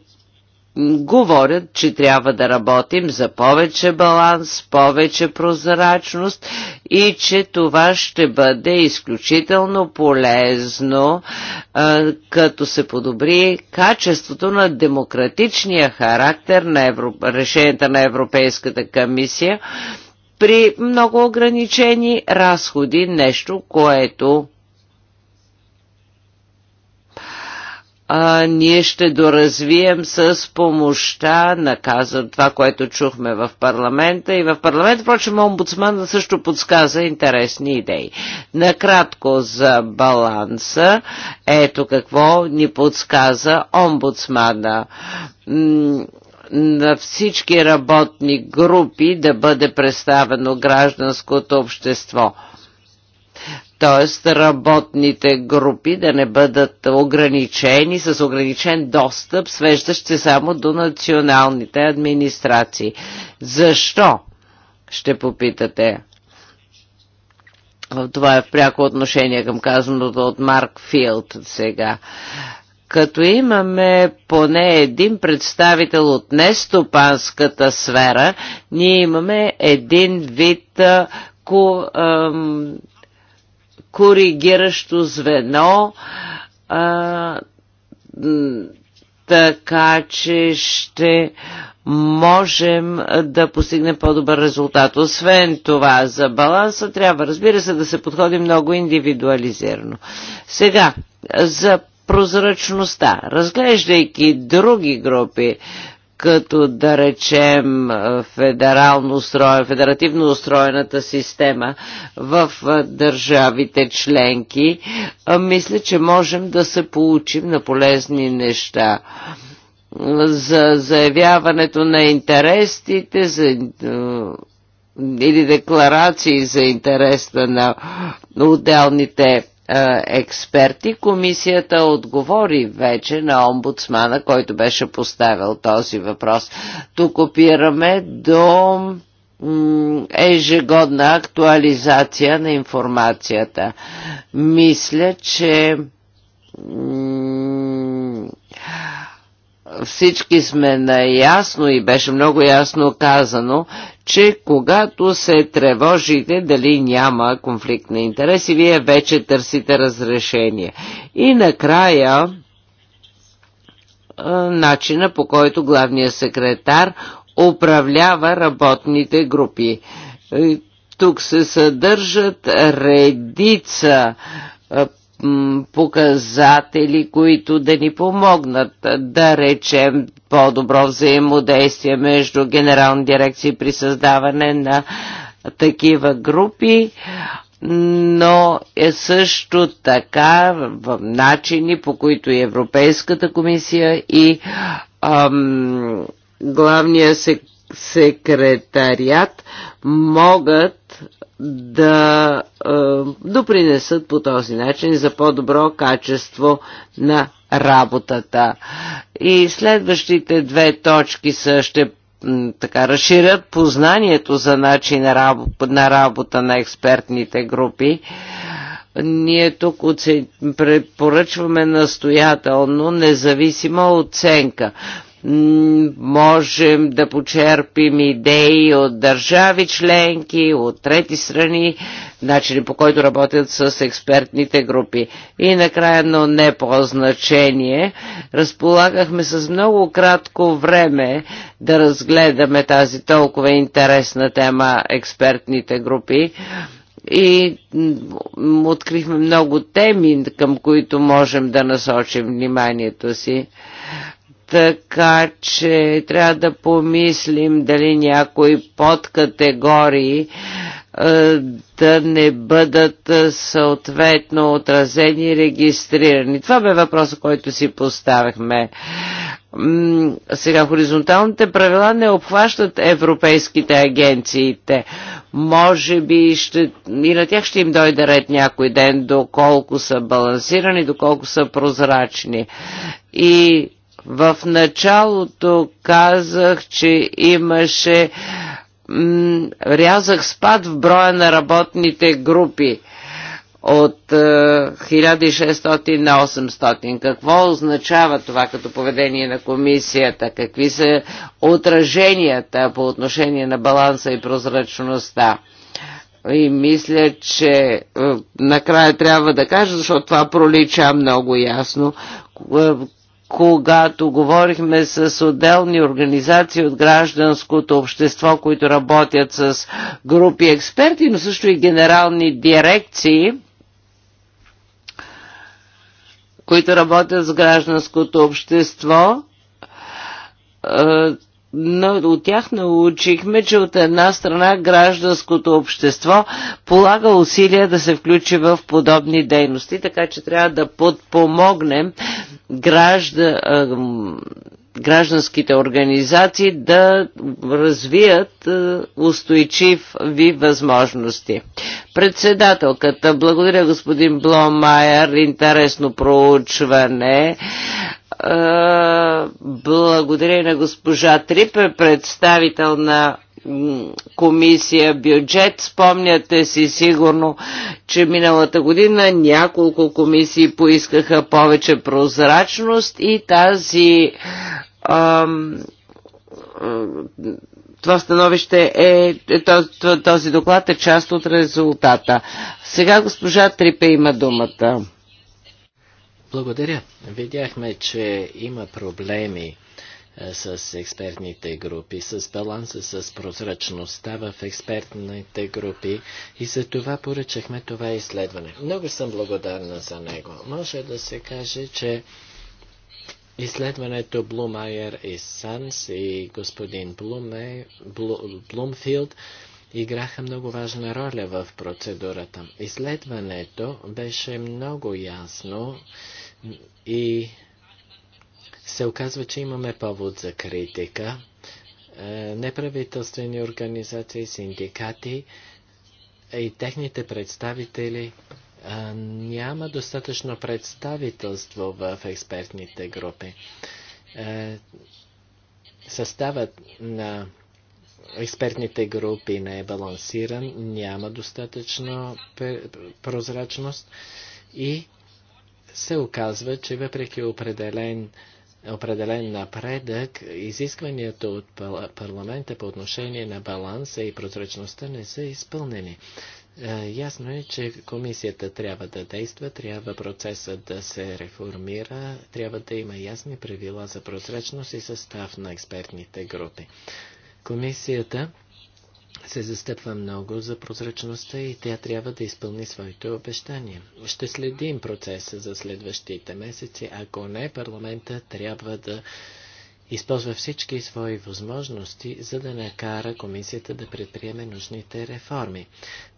говорят, че трябва да работим за повече баланс, повече прозрачност и че това ще бъде изключително полезно, като се подобри качеството на демократичния характер на Евро... решенията на Европейската комисия при много ограничени разходи, нещо, което а, ние ще доразвием с помощта на каза, това, което чухме в парламента. И в парламента, впрочем, омбудсмана също подсказа интересни идеи. Накратко за баланса, ето какво ни подсказа омбудсмана на всички работни групи да бъде представено гражданското общество – т.е. работните групи да не бъдат ограничени с ограничен достъп, свеждащ се само до националните администрации. Защо? Ще попитате. Това е в пряко отношение към казаното от Марк Филд сега като имаме поне един представител от нестопанската сфера, ние имаме един вид ко, коригиращо звено, а, така че ще можем да постигнем по-добър резултат. Освен това, за баланса трябва, разбира се, да се подходи много индивидуализирано. Сега, за прозрачността. Разглеждайки други групи, като да речем федерално устроен, федеративно устроената система в държавите членки, мисля, че можем да се получим на полезни неща за заявяването на интересите за, или декларации за интереса на отделните е, експерти. Комисията отговори вече на омбудсмана, който беше поставил този въпрос. Тук опираме до ежегодна актуализация на информацията. Мисля, че всички сме наясно и беше много ясно казано, че когато се тревожите дали няма конфликт на интереси, вие вече търсите разрешение. И накрая начина по който главният секретар управлява работните групи. Тук се съдържат редица показатели, които да ни помогнат да речем по-добро взаимодействие между генерални дирекции при създаване на такива групи, но е също така в начини, по които и Европейската комисия и ам, главния секретариат могат да е, допринесат по този начин за по-добро качество на работата. И следващите две точки са ще така, разширят познанието за начин на работа на експертните групи ние тук препоръчваме настоятелно независима оценка можем да почерпим идеи от държави членки, от трети страни, начини по който работят с експертните групи. И накрая, но не по значение, разполагахме с много кратко време да разгледаме тази толкова интересна тема експертните групи и открихме много теми, към които можем да насочим вниманието си. Така че трябва да помислим дали някои подкатегории е, да не бъдат е, съответно отразени и регистрирани. Това бе въпроса, който си поставяхме. Сега, хоризонталните правила не обхващат европейските агенциите. Може би ще, и на тях ще им дойде ред някой ден, доколко са балансирани, доколко са прозрачни. И в началото казах, че имаше рязък спад в броя на работните групи от 1600 е, на 800. Какво означава това като поведение на комисията? Какви са отраженията по отношение на баланса и прозрачността? И мисля, че е, накрая трябва да кажа, защото това пролича много ясно. Е, когато говорихме с отделни организации от гражданското общество, които работят с групи експерти, но също и генерални дирекции, които работят с гражданското общество, но от тях научихме, че от една страна гражданското общество полага усилия да се включи в подобни дейности, така че трябва да подпомогнем гражда, гражданските организации да развият устойчив ви възможности. Председателката, благодаря господин Бломайер, интересно проучване. Е, благодаря на госпожа Трипе, представител на комисия бюджет. Спомняте си сигурно, че миналата година няколко комисии поискаха повече прозрачност и тази ам, това становище е, е този доклад е част от резултата. Сега госпожа Трипе има думата. Благодаря. Видяхме, че има проблеми е, с експертните групи, с баланса, с прозрачността в експертните групи и за това поръчахме това изследване. Много съм благодарна за него. Може да се каже, че изследването Блумайер и Санс и господин Блуме, Блу, Блумфилд играха много важна роля в процедурата. Изследването беше много ясно и се оказва, че имаме повод за критика. Е, неправителствени организации, синдикати и техните представители е, няма достатъчно представителство в експертните групи. Е, съставът на експертните групи не е балансиран, няма достатъчно прозрачност и се оказва, че въпреки определен, определен напредък, изискванията от парламента по отношение на баланса и прозрачността не са изпълнени. Е, ясно е, че комисията трябва да действа, трябва процесът да се реформира, трябва да има ясни правила за прозрачност и състав на експертните групи. Комисията се застъпва много за прозрачността и тя трябва да изпълни своите обещания. Ще следим процеса за следващите месеци. Ако не, парламента трябва да използва всички свои възможности, за да накара комисията да предприеме нужните реформи.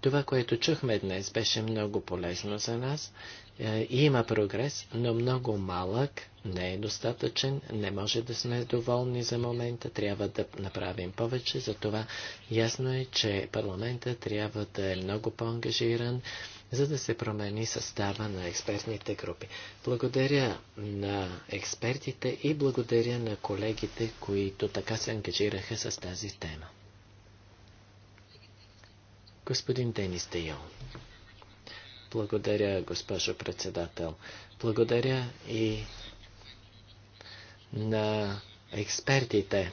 Това, което чухме днес, беше много полезно за нас. Е, има прогрес, но много малък, не е достатъчен, не може да сме доволни за момента, трябва да направим повече, затова ясно е, че парламента трябва да е много по-ангажиран за да се промени състава на експертните групи. Благодаря на експертите и благодаря на колегите, които така се ангажираха с тази тема. Господин Денис Дейон. Благодаря, госпожо председател. Благодаря и на експертите.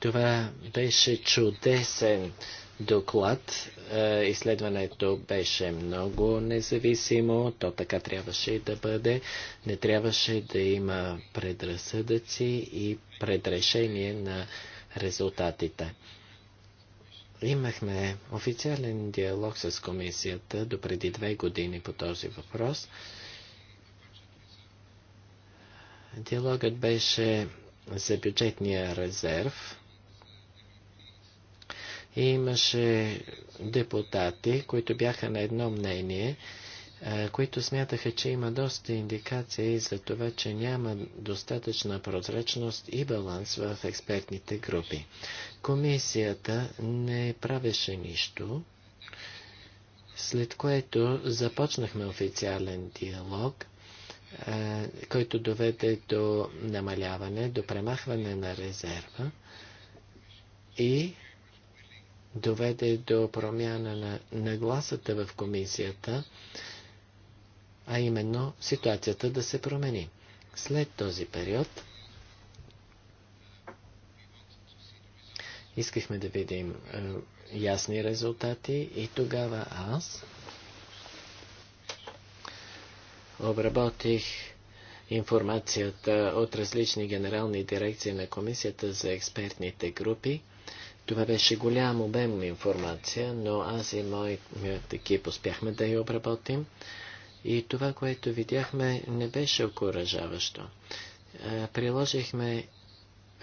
Това беше чудесен доклад. Е, изследването беше много независимо, то така трябваше и да бъде. Не трябваше да има предразсъдъци и предрешение на резултатите. Имахме официален диалог с комисията до преди две години по този въпрос. Диалогът беше за бюджетния резерв Имаше депутати, които бяха на едно мнение, които смятаха, че има доста индикации за това, че няма достатъчна прозрачност и баланс в експертните групи. Комисията не правеше нищо, след което започнахме официален диалог, който доведе до намаляване, до премахване на резерва и доведе до промяна на нагласата в комисията, а именно ситуацията да се промени. След този период искахме да видим е, ясни резултати и тогава аз обработих информацията от различни генерални дирекции на комисията за експертните групи – това беше голям обем информация, но аз и моят екип успяхме да я обработим. И това, което видяхме, не беше окоръжаващо. Приложихме,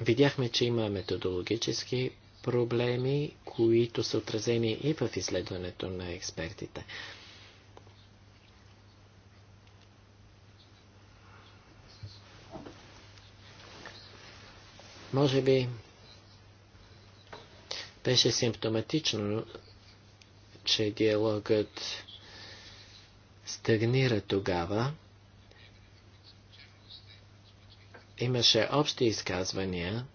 видяхме, че има методологически проблеми, които са отразени и в изследването на експертите. Може би беше симптоматично, че диалогът стагнира тогава. Имаше общи изказвания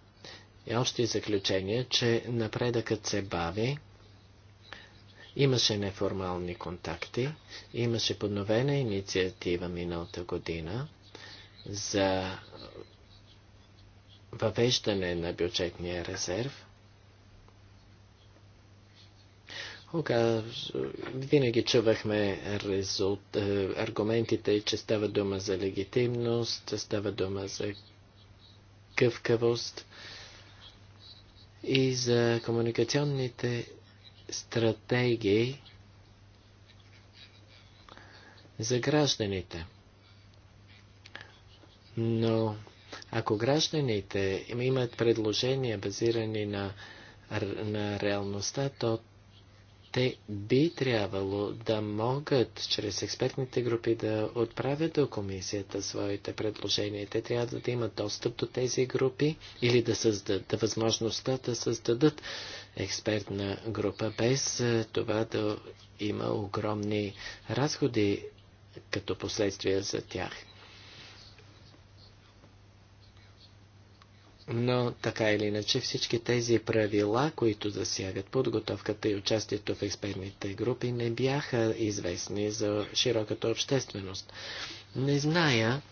и общи заключения, че напредъкът се бави. Имаше неформални контакти, имаше подновена инициатива миналата година за въвеждане на бюджетния резерв. Понякога винаги чувахме резулт, е, аргументите, че става дума за легитимност, става дума за къвкавост и за комуникационните стратегии за гражданите. Но ако гражданите имат предложения базирани на, на реалността, то те би трябвало да могат чрез експертните групи да отправят до комисията своите предложения. Те трябва да имат достъп до тези групи или да създадат възможността да създадат експертна група, без е, това да има огромни разходи като последствия за тях. Но така или иначе всички тези правила, които засягат подготовката и участието в експертните групи, не бяха известни за широката общественост. Не зная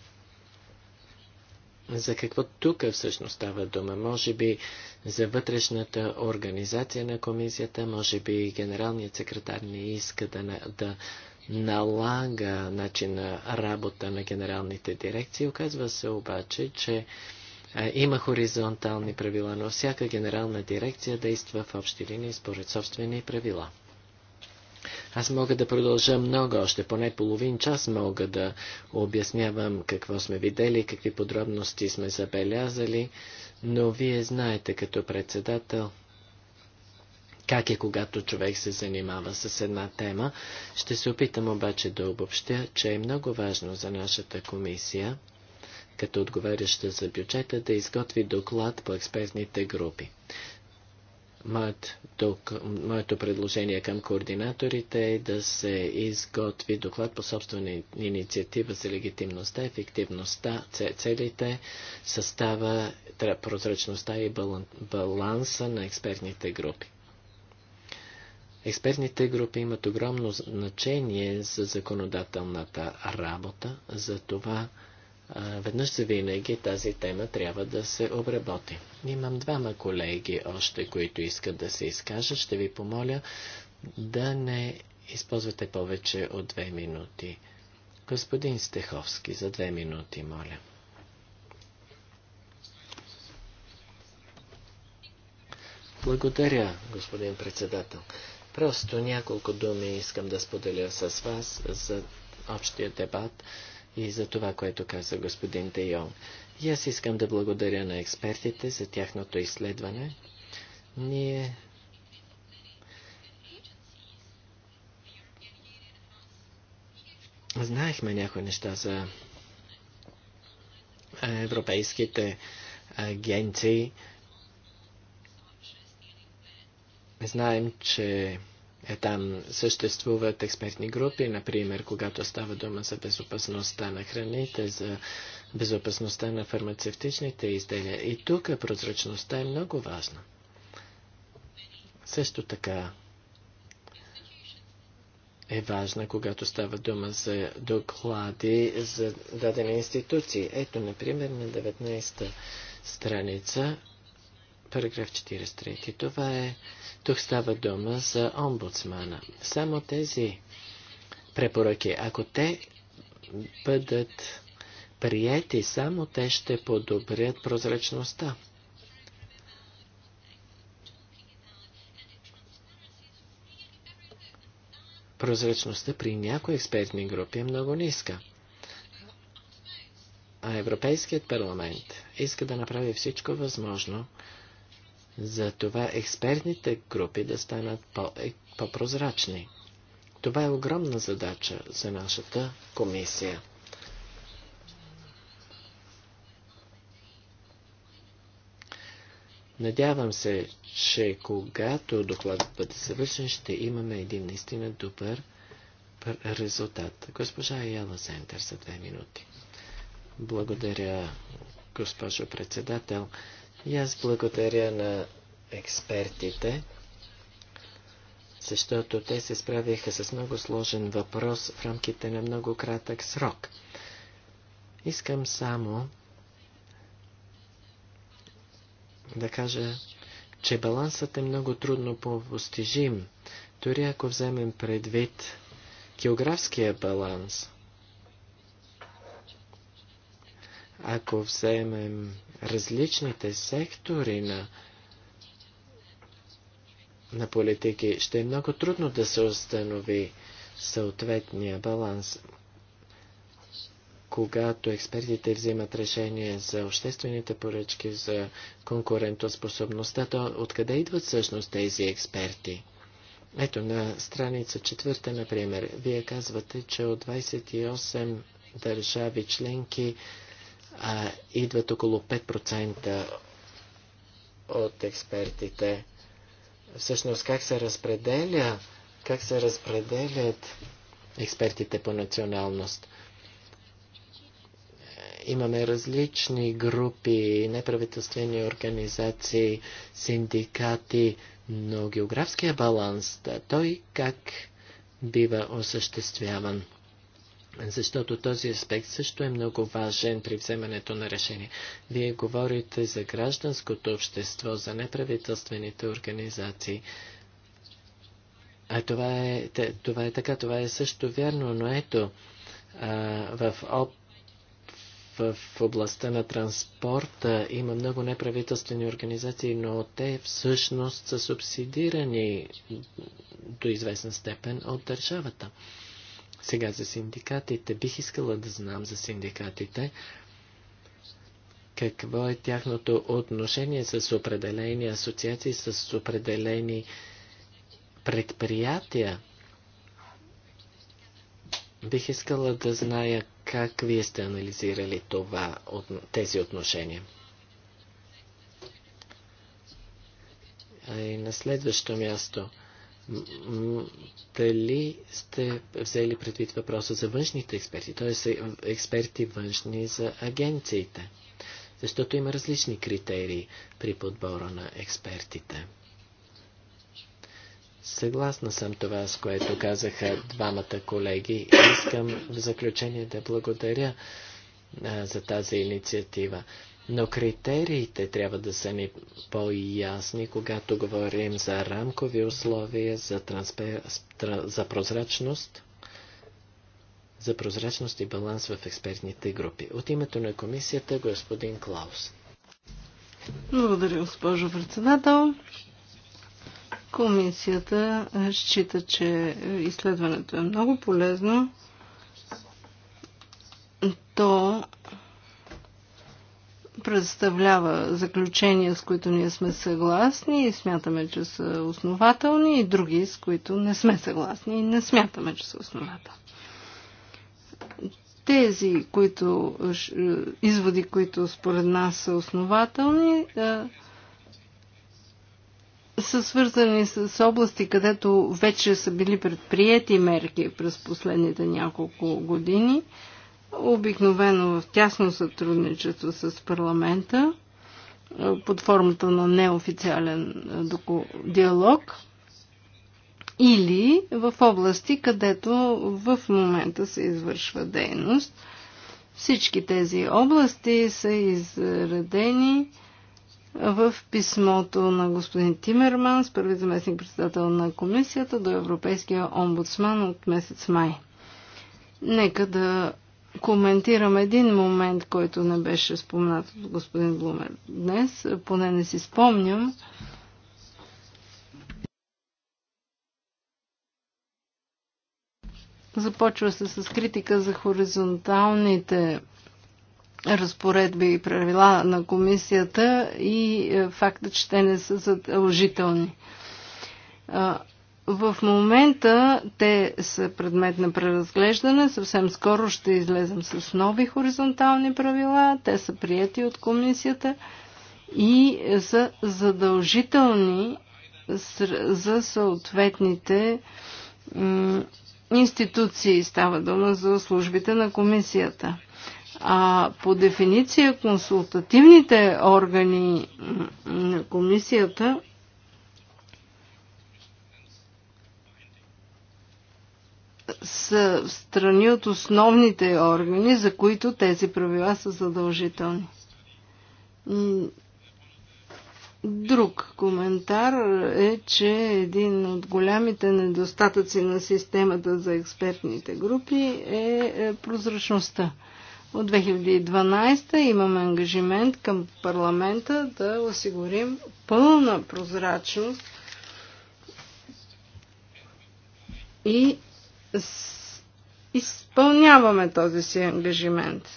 за какво тук всъщност става дума? Може би за вътрешната организация на комисията, може би генералният секретар не иска да, да налага начин на работа на генералните дирекции. Оказва се обаче, че е, има хоризонтални правила, но всяка генерална дирекция действа в общи линии според собствени правила. Аз мога да продължа много, още поне половин час мога да обяснявам какво сме видели, какви подробности сме забелязали, но вие знаете като председател как е когато човек се занимава с една тема. Ще се опитам обаче да обобщя, че е много важно за нашата комисия – като отговаряща за бюджета, да изготви доклад по експертните групи. Моят, док, моето предложение към координаторите е да се изготви доклад по собствена инициатива за легитимността, ефективността, целите, състава, прозрачността и баланса на експертните групи. Експертните групи имат огромно значение за законодателната работа, за това веднъж за винаги тази тема трябва да се обработи. Имам двама колеги още, които искат да се изкажат. Ще ви помоля да не използвате повече от две минути. Господин Стеховски, за две минути, моля. Благодаря, господин председател. Просто няколко думи искам да споделя с вас за общия дебат и за това, което каза господин Де Йонг. И аз искам да благодаря на експертите за тяхното изследване. Ние знаехме някои неща за европейските агенции. Знаем, че е, там съществуват експертни групи, например, когато става дума за безопасността на храните, за безопасността на фармацевтичните изделия. И тук прозрачността е много важна. Също така е важна, когато става дума за доклади за дадени институции. Ето, например, на 19-та страница Параграф 43. Това е... Тук става дума за омбудсмана. Само тези препоръки, ако те бъдат приети, само те ще подобрят прозрачността. Прозрачността при някои експертни групи е много ниска. А Европейският парламент иска да направи всичко възможно, за това експертните групи да станат по-прозрачни. По това е огромна задача за нашата комисия. Надявам се, че когато докладът бъде завършен, ще имаме един наистина добър резултат. Госпожа Яла Сентър за две минути. Благодаря, госпожо председател. И аз благодаря на експертите, защото те се справиха с много сложен въпрос в рамките на много кратък срок. Искам само да кажа, че балансът е много трудно постижим, дори ако вземем предвид географския баланс. Ако вземем различните сектори на, на политики, ще е много трудно да се установи съответния баланс. Когато експертите взимат решение за обществените поръчки, за конкурентоспособността, то откъде идват всъщност тези експерти? Ето на страница четвърта, например, вие казвате, че от 28 държави членки а, идват около 5% от експертите. Всъщност как се разпределя, как се разпределят експертите по националност? Имаме различни групи, неправителствени организации, синдикати, но географския баланс, да, той как бива осъществяван? защото този аспект също е много важен при вземането на решение. Вие говорите за гражданското общество, за неправителствените организации. А това е, това е така, това е също вярно, но ето, а, в, об, в областта на транспорта има много неправителствени организации, но те всъщност са субсидирани до известна степен от държавата. Сега за синдикатите. Бих искала да знам за синдикатите какво е тяхното отношение с определени асоциации, с определени предприятия. Бих искала да зная как вие сте анализирали това, тези отношения. А и на следващо място – дали сте взели предвид въпроса за външните експерти, т.е. експерти външни за агенциите? Защото има различни критерии при подбора на експертите. Съгласна съм това, с което казаха двамата колеги. Искам в заключение да благодаря а, за тази инициатива. Но критериите трябва да са ни по-ясни, когато говорим за рамкови условия, за, транспер... за прозрачност, за прозрачност и баланс в експертните групи. От името на комисията господин Клаус. Благодаря, госпожо председател. Комисията счита, че изследването е много полезно. То представлява заключения, с които ние сме съгласни и смятаме, че са основателни, и други, с които не сме съгласни и не смятаме, че са основателни. Тези които, изводи, които според нас са основателни, са свързани с области, където вече са били предприяти мерки през последните няколко години – обикновено в тясно сътрудничество с парламента под формата на неофициален диалог или в области, където в момента се извършва дейност. Всички тези области са изредени в писмото на господин с първи заместник председател на комисията, до Европейския омбудсман от месец май. Нека да коментирам един момент, който не беше споменат от господин Блумер днес, поне не си спомням. Започва се с критика за хоризонталните разпоредби и правила на комисията и е, факта, че те не са задължителни. В момента те са предмет на преразглеждане. Съвсем скоро ще излезем с нови хоризонтални правила. Те са прияти от комисията и са задължителни за съответните институции. Става дума за службите на комисията. А по дефиниция консултативните органи на комисията са страни от основните органи, за които тези правила са задължителни. Друг коментар е, че един от голямите недостатъци на системата за експертните групи е, е прозрачността. От 2012 имаме ангажимент към парламента да осигурим пълна прозрачност и изпълняваме този си ангажимент.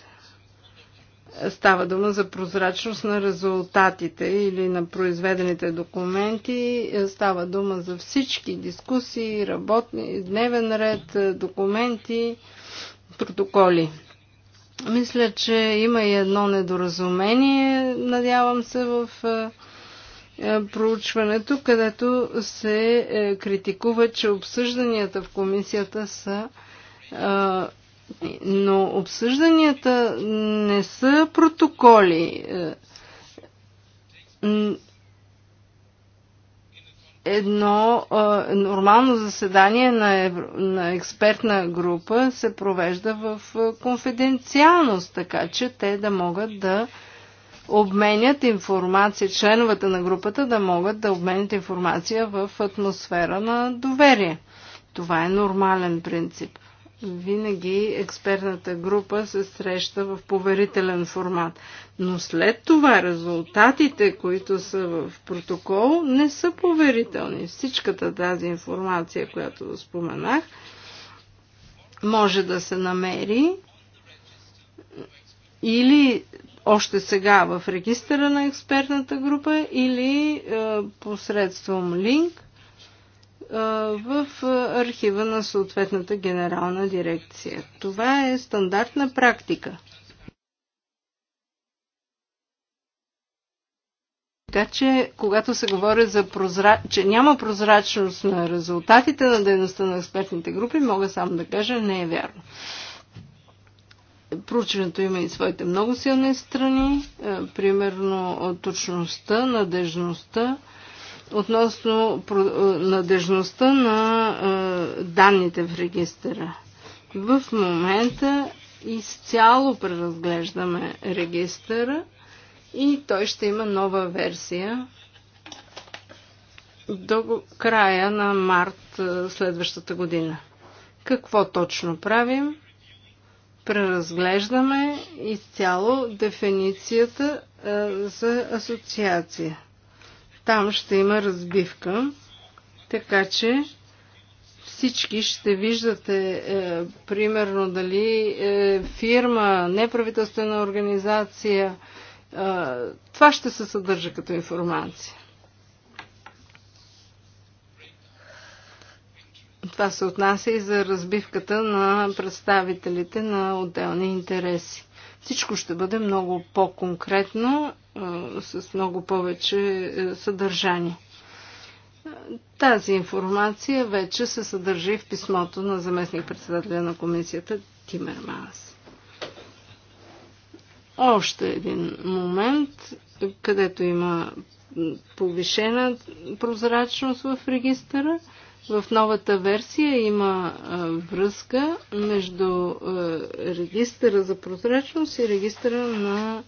Става дума за прозрачност на резултатите или на произведените документи. Става дума за всички дискусии, работни, дневен ред, документи, протоколи. Мисля, че има и едно недоразумение, надявам се, в е, проучването, където се е, критикува, че обсъжданията в комисията са. Е, но обсъжданията не са протоколи. Едно нормално заседание на, на експертна група се провежда в конфиденциалност, така че те да могат да обменят информация, членовете на групата да могат да обменят информация в атмосфера на доверие. Това е нормален принцип. Винаги експертната група се среща в поверителен формат. Но след това резултатите, които са в протокол, не са поверителни. Всичката тази информация, която споменах, може да се намери или още сега в регистъра на експертната група или е, посредством линк е, в архива на съответната генерална дирекция. Това е стандартна практика. Така че, когато се говори за прозра... че няма прозрачност на резултатите на дейността на експертните групи, мога само да кажа, не е вярно проучването има и своите много силни страни, е, примерно точността, надежността, относно е, надежността на е, данните в регистъра. В момента изцяло преразглеждаме регистъра и той ще има нова версия до края на март следващата година. Какво точно правим? преразглеждаме изцяло дефиницията е, за асоциация. Там ще има разбивка, така че всички ще виждате, е, примерно, дали е, фирма, неправителствена организация, е, това ще се съдържа като информация. Това се отнася и за разбивката на представителите на отделни интереси. Всичко ще бъде много по-конкретно, с много повече е, съдържание. Тази информация вече се съдържи в писмото на заместник-председателя на комисията Тимерманс. Още един момент, където има повишена прозрачност в регистъра – в новата версия има връзка между регистъра за прозрачност и регистъра на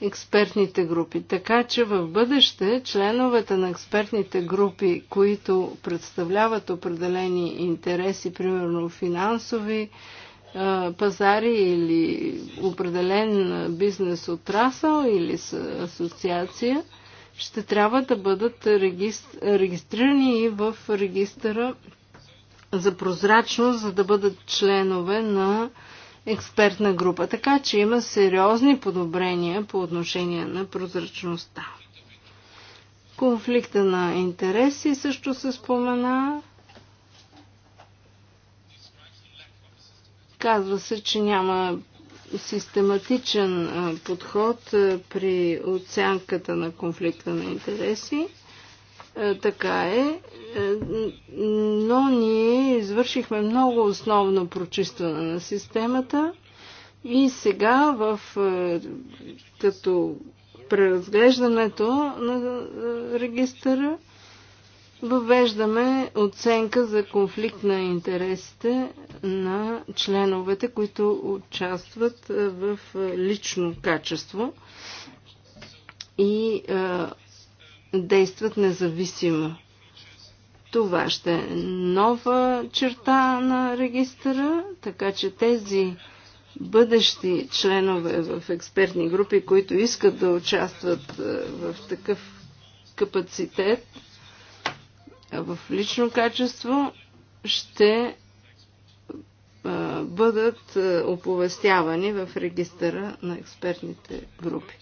експертните групи. Така че в бъдеще членовете на експертните групи, които представляват определени интереси, примерно финансови пазари или определен бизнес отрасъл или асоциация – ще трябва да бъдат регистрирани и в регистъра за прозрачност, за да бъдат членове на експертна група. Така че има сериозни подобрения по отношение на прозрачността. Конфликта на интереси също се спомена. Казва се, че няма систематичен подход при оценката на конфликта на интереси. Така е, но ние извършихме много основно прочистване на системата и сега в като преразглеждането на регистъра Въвеждаме оценка за конфликт на интересите на членовете, които участват в лично качество и действат независимо. Това ще е нова черта на регистъра, така че тези бъдещи членове в експертни групи, които искат да участват в такъв капацитет, в лично качество ще бъдат оповестявани в регистъра на експертните групи.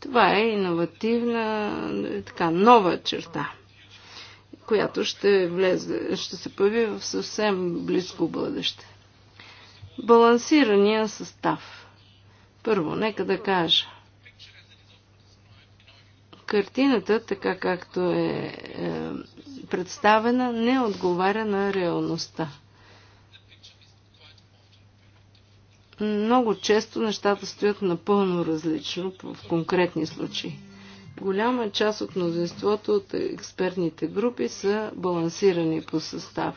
Това е иновативна, е, така нова черта, която ще, влезе, ще се появи в съвсем близко бъдеще. Балансирания състав. Първо, нека да кажа. Картината, така както е, е представена не отговаря на реалността. Много често нещата стоят напълно различно в конкретни случаи. Голяма част от мнозинството от експертните групи са балансирани по състав.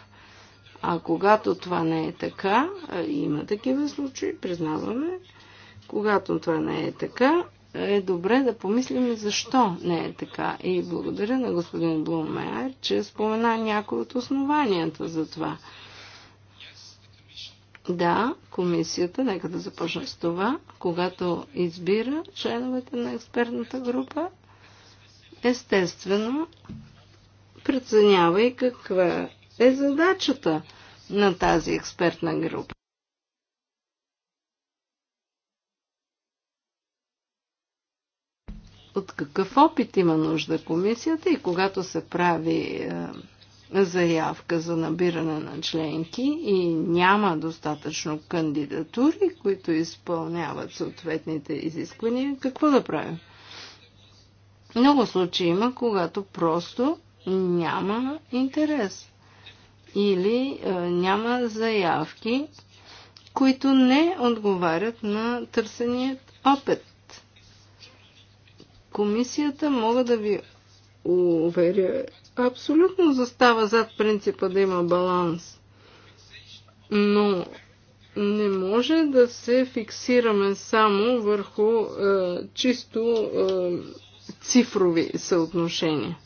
А когато това не е така, има такива случаи, признаваме, когато това не е така, е добре да помислим защо не е така. И благодаря на господин Блумер, че спомена някои от основанията за това. Да, комисията, нека да започна с това, когато избира членовете на експертната група, естествено преценява и каква е задачата на тази експертна група. от какъв опит има нужда комисията и когато се прави е, заявка за набиране на членки и няма достатъчно кандидатури, които изпълняват съответните изисквания, какво да правим? Много случаи има, когато просто няма интерес или е, няма заявки, които не отговарят на търсеният опит комисията, мога да ви уверя, абсолютно застава зад принципа да има баланс. Но не може да се фиксираме само върху е, чисто е, цифрови съотношения.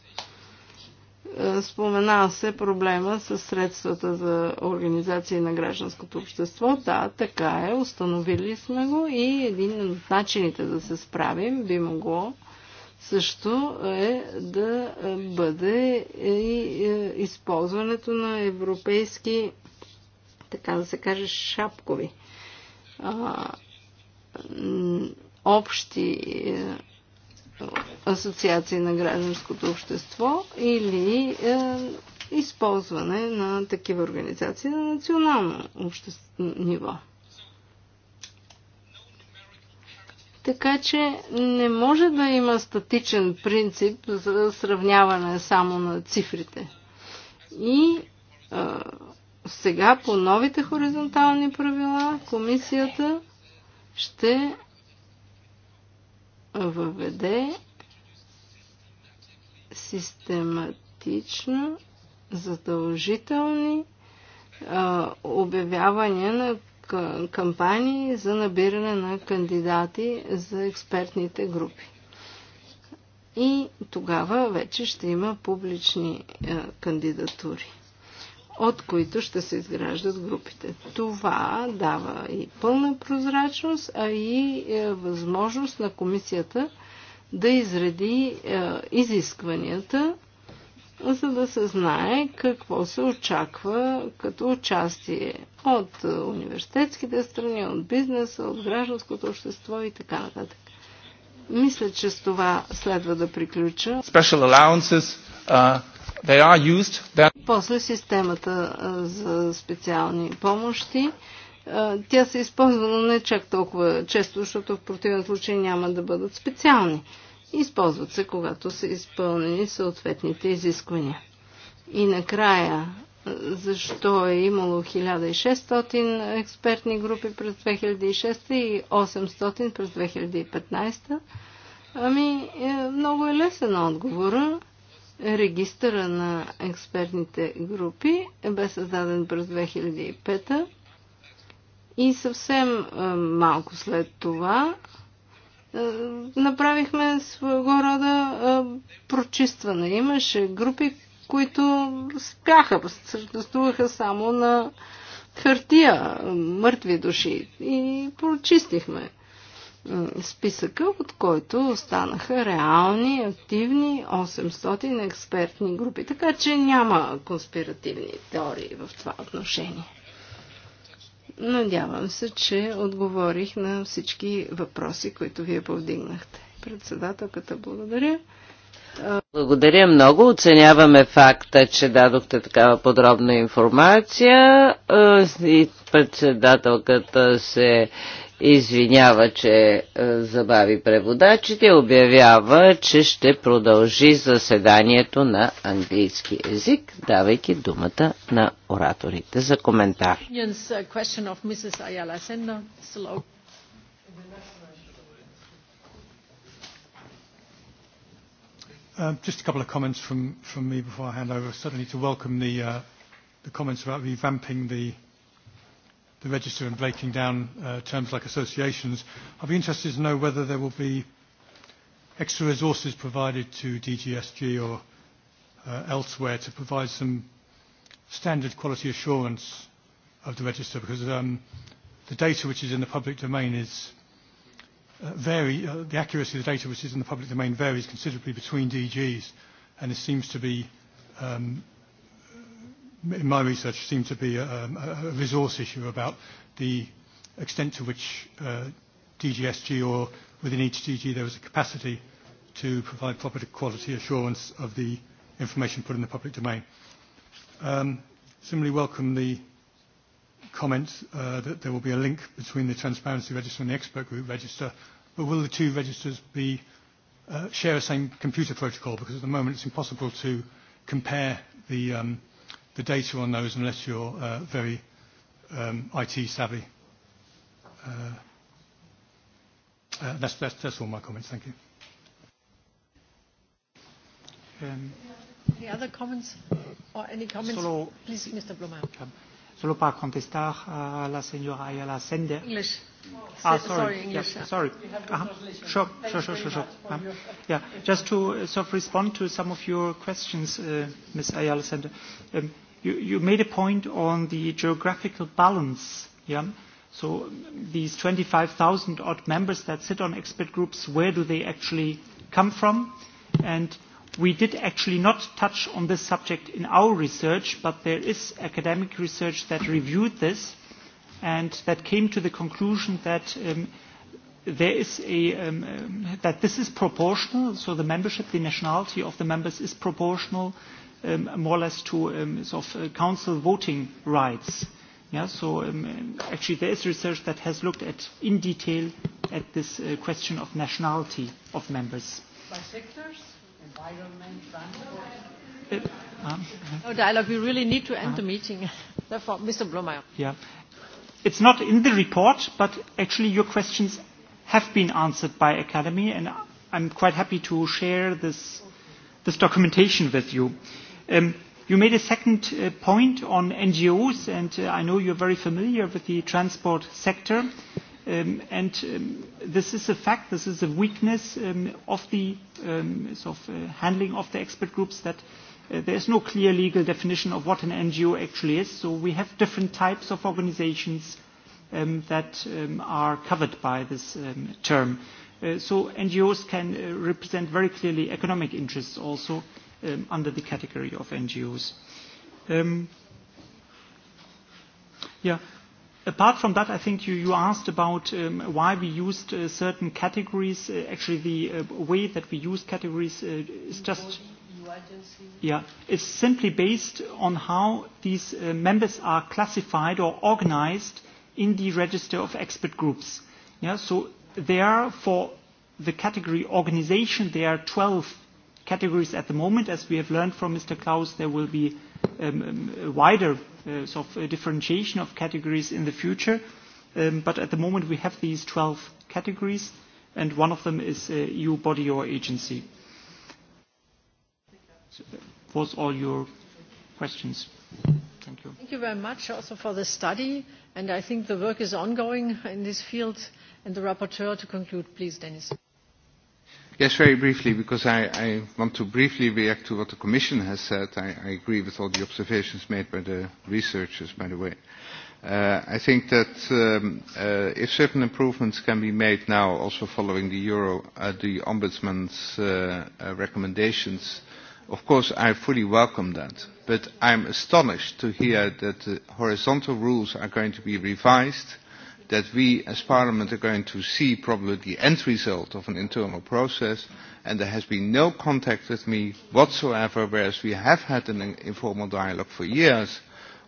Е, спомена се проблема с средствата за организации на гражданското общество. Да, така е, установили сме го и един от начините да се справим би могло също е да бъде и е, използването на европейски, така да се каже, шапкови общи е, асоциации на гражданското общество или е, използване на такива организации на национално общество, ниво. Така че не може да има статичен принцип за сравняване само на цифрите. И а, сега по новите хоризонтални правила комисията ще въведе систематично задължителни а, обявявания на кампании за набиране на кандидати за експертните групи. И тогава вече ще има публични е, кандидатури, от които ще се изграждат групите. Това дава и пълна прозрачност, а и е, възможност на комисията да изреди е, изискванията за да се знае какво се очаква като участие от университетските страни, от бизнеса, от гражданското общество и така нататък. Мисля, че с това следва да приключа. Uh, used, После системата uh, за специални помощи. Uh, тя се използва, но не чак толкова често, защото в противен случай няма да бъдат специални. Използват се, когато са изпълнени съответните изисквания. И накрая, защо е имало 1600 експертни групи през 2006 и 800 през 2015? Ами, е, много е лесен отговор. Регистъра на експертните групи бе създаден през 2005 и съвсем е, малко след това е, направихме своего рода е, прочистване. Имаше групи, които спяха, съществуваха само на хартия, мъртви души. И прочистихме е, списъка, от който останаха реални, активни 800 експертни групи. Така че няма конспиративни теории в това отношение. Надявам се, че отговорих на всички въпроси, които вие повдигнахте. Председателката, благодаря. Благодаря много. Оценяваме факта, че дадохте такава подробна информация и председателката се извинява, че е, забави преводачите, обявява, че ще продължи заседанието на английски език, давайки думата на ораторите за коментар. Um, just a couple of comments from, from me before I hand over. Certainly to welcome the, uh, the comments about revamping the the register and breaking down uh, terms like associations. I'd be interested to know whether there will be extra resources provided to DGSG or uh, elsewhere to provide some standard quality assurance of the register because um, the data which is in the public domain is uh, vary, uh, the accuracy of the data which is in the public domain varies considerably between DGs and it seems to be um, in my research, seemed to be a, a resource issue about the extent to which uh, DGSG or within each DG there was a capacity to provide proper quality assurance of the information put in the public domain. Um, similarly, welcome the comment uh, that there will be a link between the transparency register and the expert group register, but will the two registers be uh, share the same computer protocol? Because at the moment it's impossible to compare the um, the data on those unless you're uh, very um, IT savvy. Uh, uh, that's, that's, that's all my comments. Thank you. Um, any other comments or any comments? Solo, Please, Mr. Blumer. Solo para contestar a la señora Ayala Sender. English. Oh, Ah, sorry. English. Yeah, sorry. Uh-huh. Sure, sure, sure, sure, sure. Uh, yeah, just to uh, sort of respond to some of your questions, uh, Ms. Ayala Sender. Um, You, you made a point on the geographical balance. Yeah? So these 25,000 odd members that sit on expert groups, where do they actually come from? And we did actually not touch on this subject in our research, but there is academic research that reviewed this and that came to the conclusion that um, there is a um, um, that this is proportional. So the membership, the nationality of the members is proportional um, more or less to um, sort of, uh, council voting rights. Yeah, so um, actually there is research that has looked at in detail at this uh, question of nationality of members. By sectors, environment, transport. Uh, um, no dialogue. We really need to end uh, the meeting. Therefore, Mr. Blomeyer. Yeah, it's not in the report, but actually your questions have been answered by Academy, and I'm quite happy to share this this documentation with you. Um, you made a second uh, point on NGOs, and uh, I know you're very familiar with the transport sector. Um, and um, this is a fact, this is a weakness um, of the um, sort of, uh, handling of the expert groups that uh, there is no clear legal definition of what an NGO actually is. So we have different types of organizations um, that um, are covered by this um, term. Uh, so NGOs can uh, represent very clearly economic interests also um, under the category of NGOs. Um, yeah. Apart from that, I think you, you asked about um, why we used uh, certain categories. Uh, actually, the uh, way that we use categories uh, is just. Yeah, it's simply based on how these uh, members are classified or organized in the register of expert groups. Yeah, so there, for the category organization, there are 12 categories at the moment. As we have learned from Mr. Klaus, there will be um, a wider uh, sort of differentiation of categories in the future. Um, but at the moment, we have these 12 categories, and one of them is uh, EU body or agency. So was all your questions. Thank you. Thank you very much also for the study, and I think the work is ongoing in this field. And the rapporteur to conclude, please, Dennis. Yes, very briefly, because I, I want to briefly react to what the Commission has said. I, I agree with all the observations made by the researchers, by the way. Uh, I think that um, uh, if certain improvements can be made now, also following the Euro, uh, the Ombudsman's uh, uh, recommendations, of course I fully welcome that. But I'm astonished to hear that the horizontal rules are going to be revised that we as Parliament are going to see probably the end result of an internal process and there has been no contact with me whatsoever whereas we have had an informal dialogue for years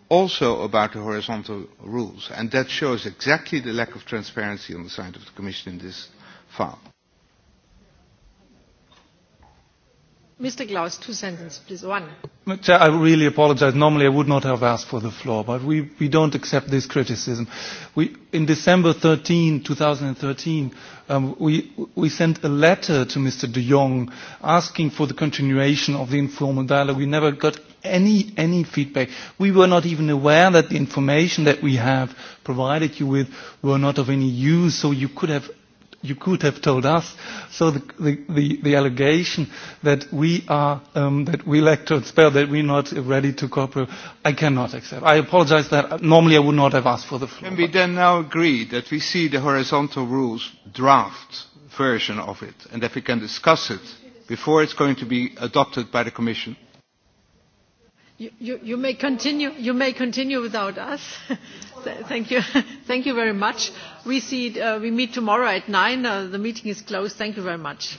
also about the horizontal rules and that shows exactly the lack of transparency on the side of the Commission in this file. Mr. Klaus, two sentences, please. One. I really apologize. Normally, I would not have asked for the floor, but we, we don't accept this criticism. We, in December 13, 2013, um, we, we sent a letter to Mr. de Jong asking for the continuation of the informal dialogue. We never got any, any feedback. We were not even aware that the information that we have provided you with were not of any use, so you could have you could have told us. So the, the, the, the allegation that we are, um, that we lack spell, that we're not ready to cooperate, I cannot accept. I apologize that normally I would not have asked for the floor. Can we then now agree that we see the horizontal rules draft version of it and that we can discuss it before it's going to be adopted by the Commission? You, may continue. You may continue without us. Thank you. Thank you very much. We see. Uh, we meet tomorrow at nine. Uh, the meeting is closed. Thank you very much.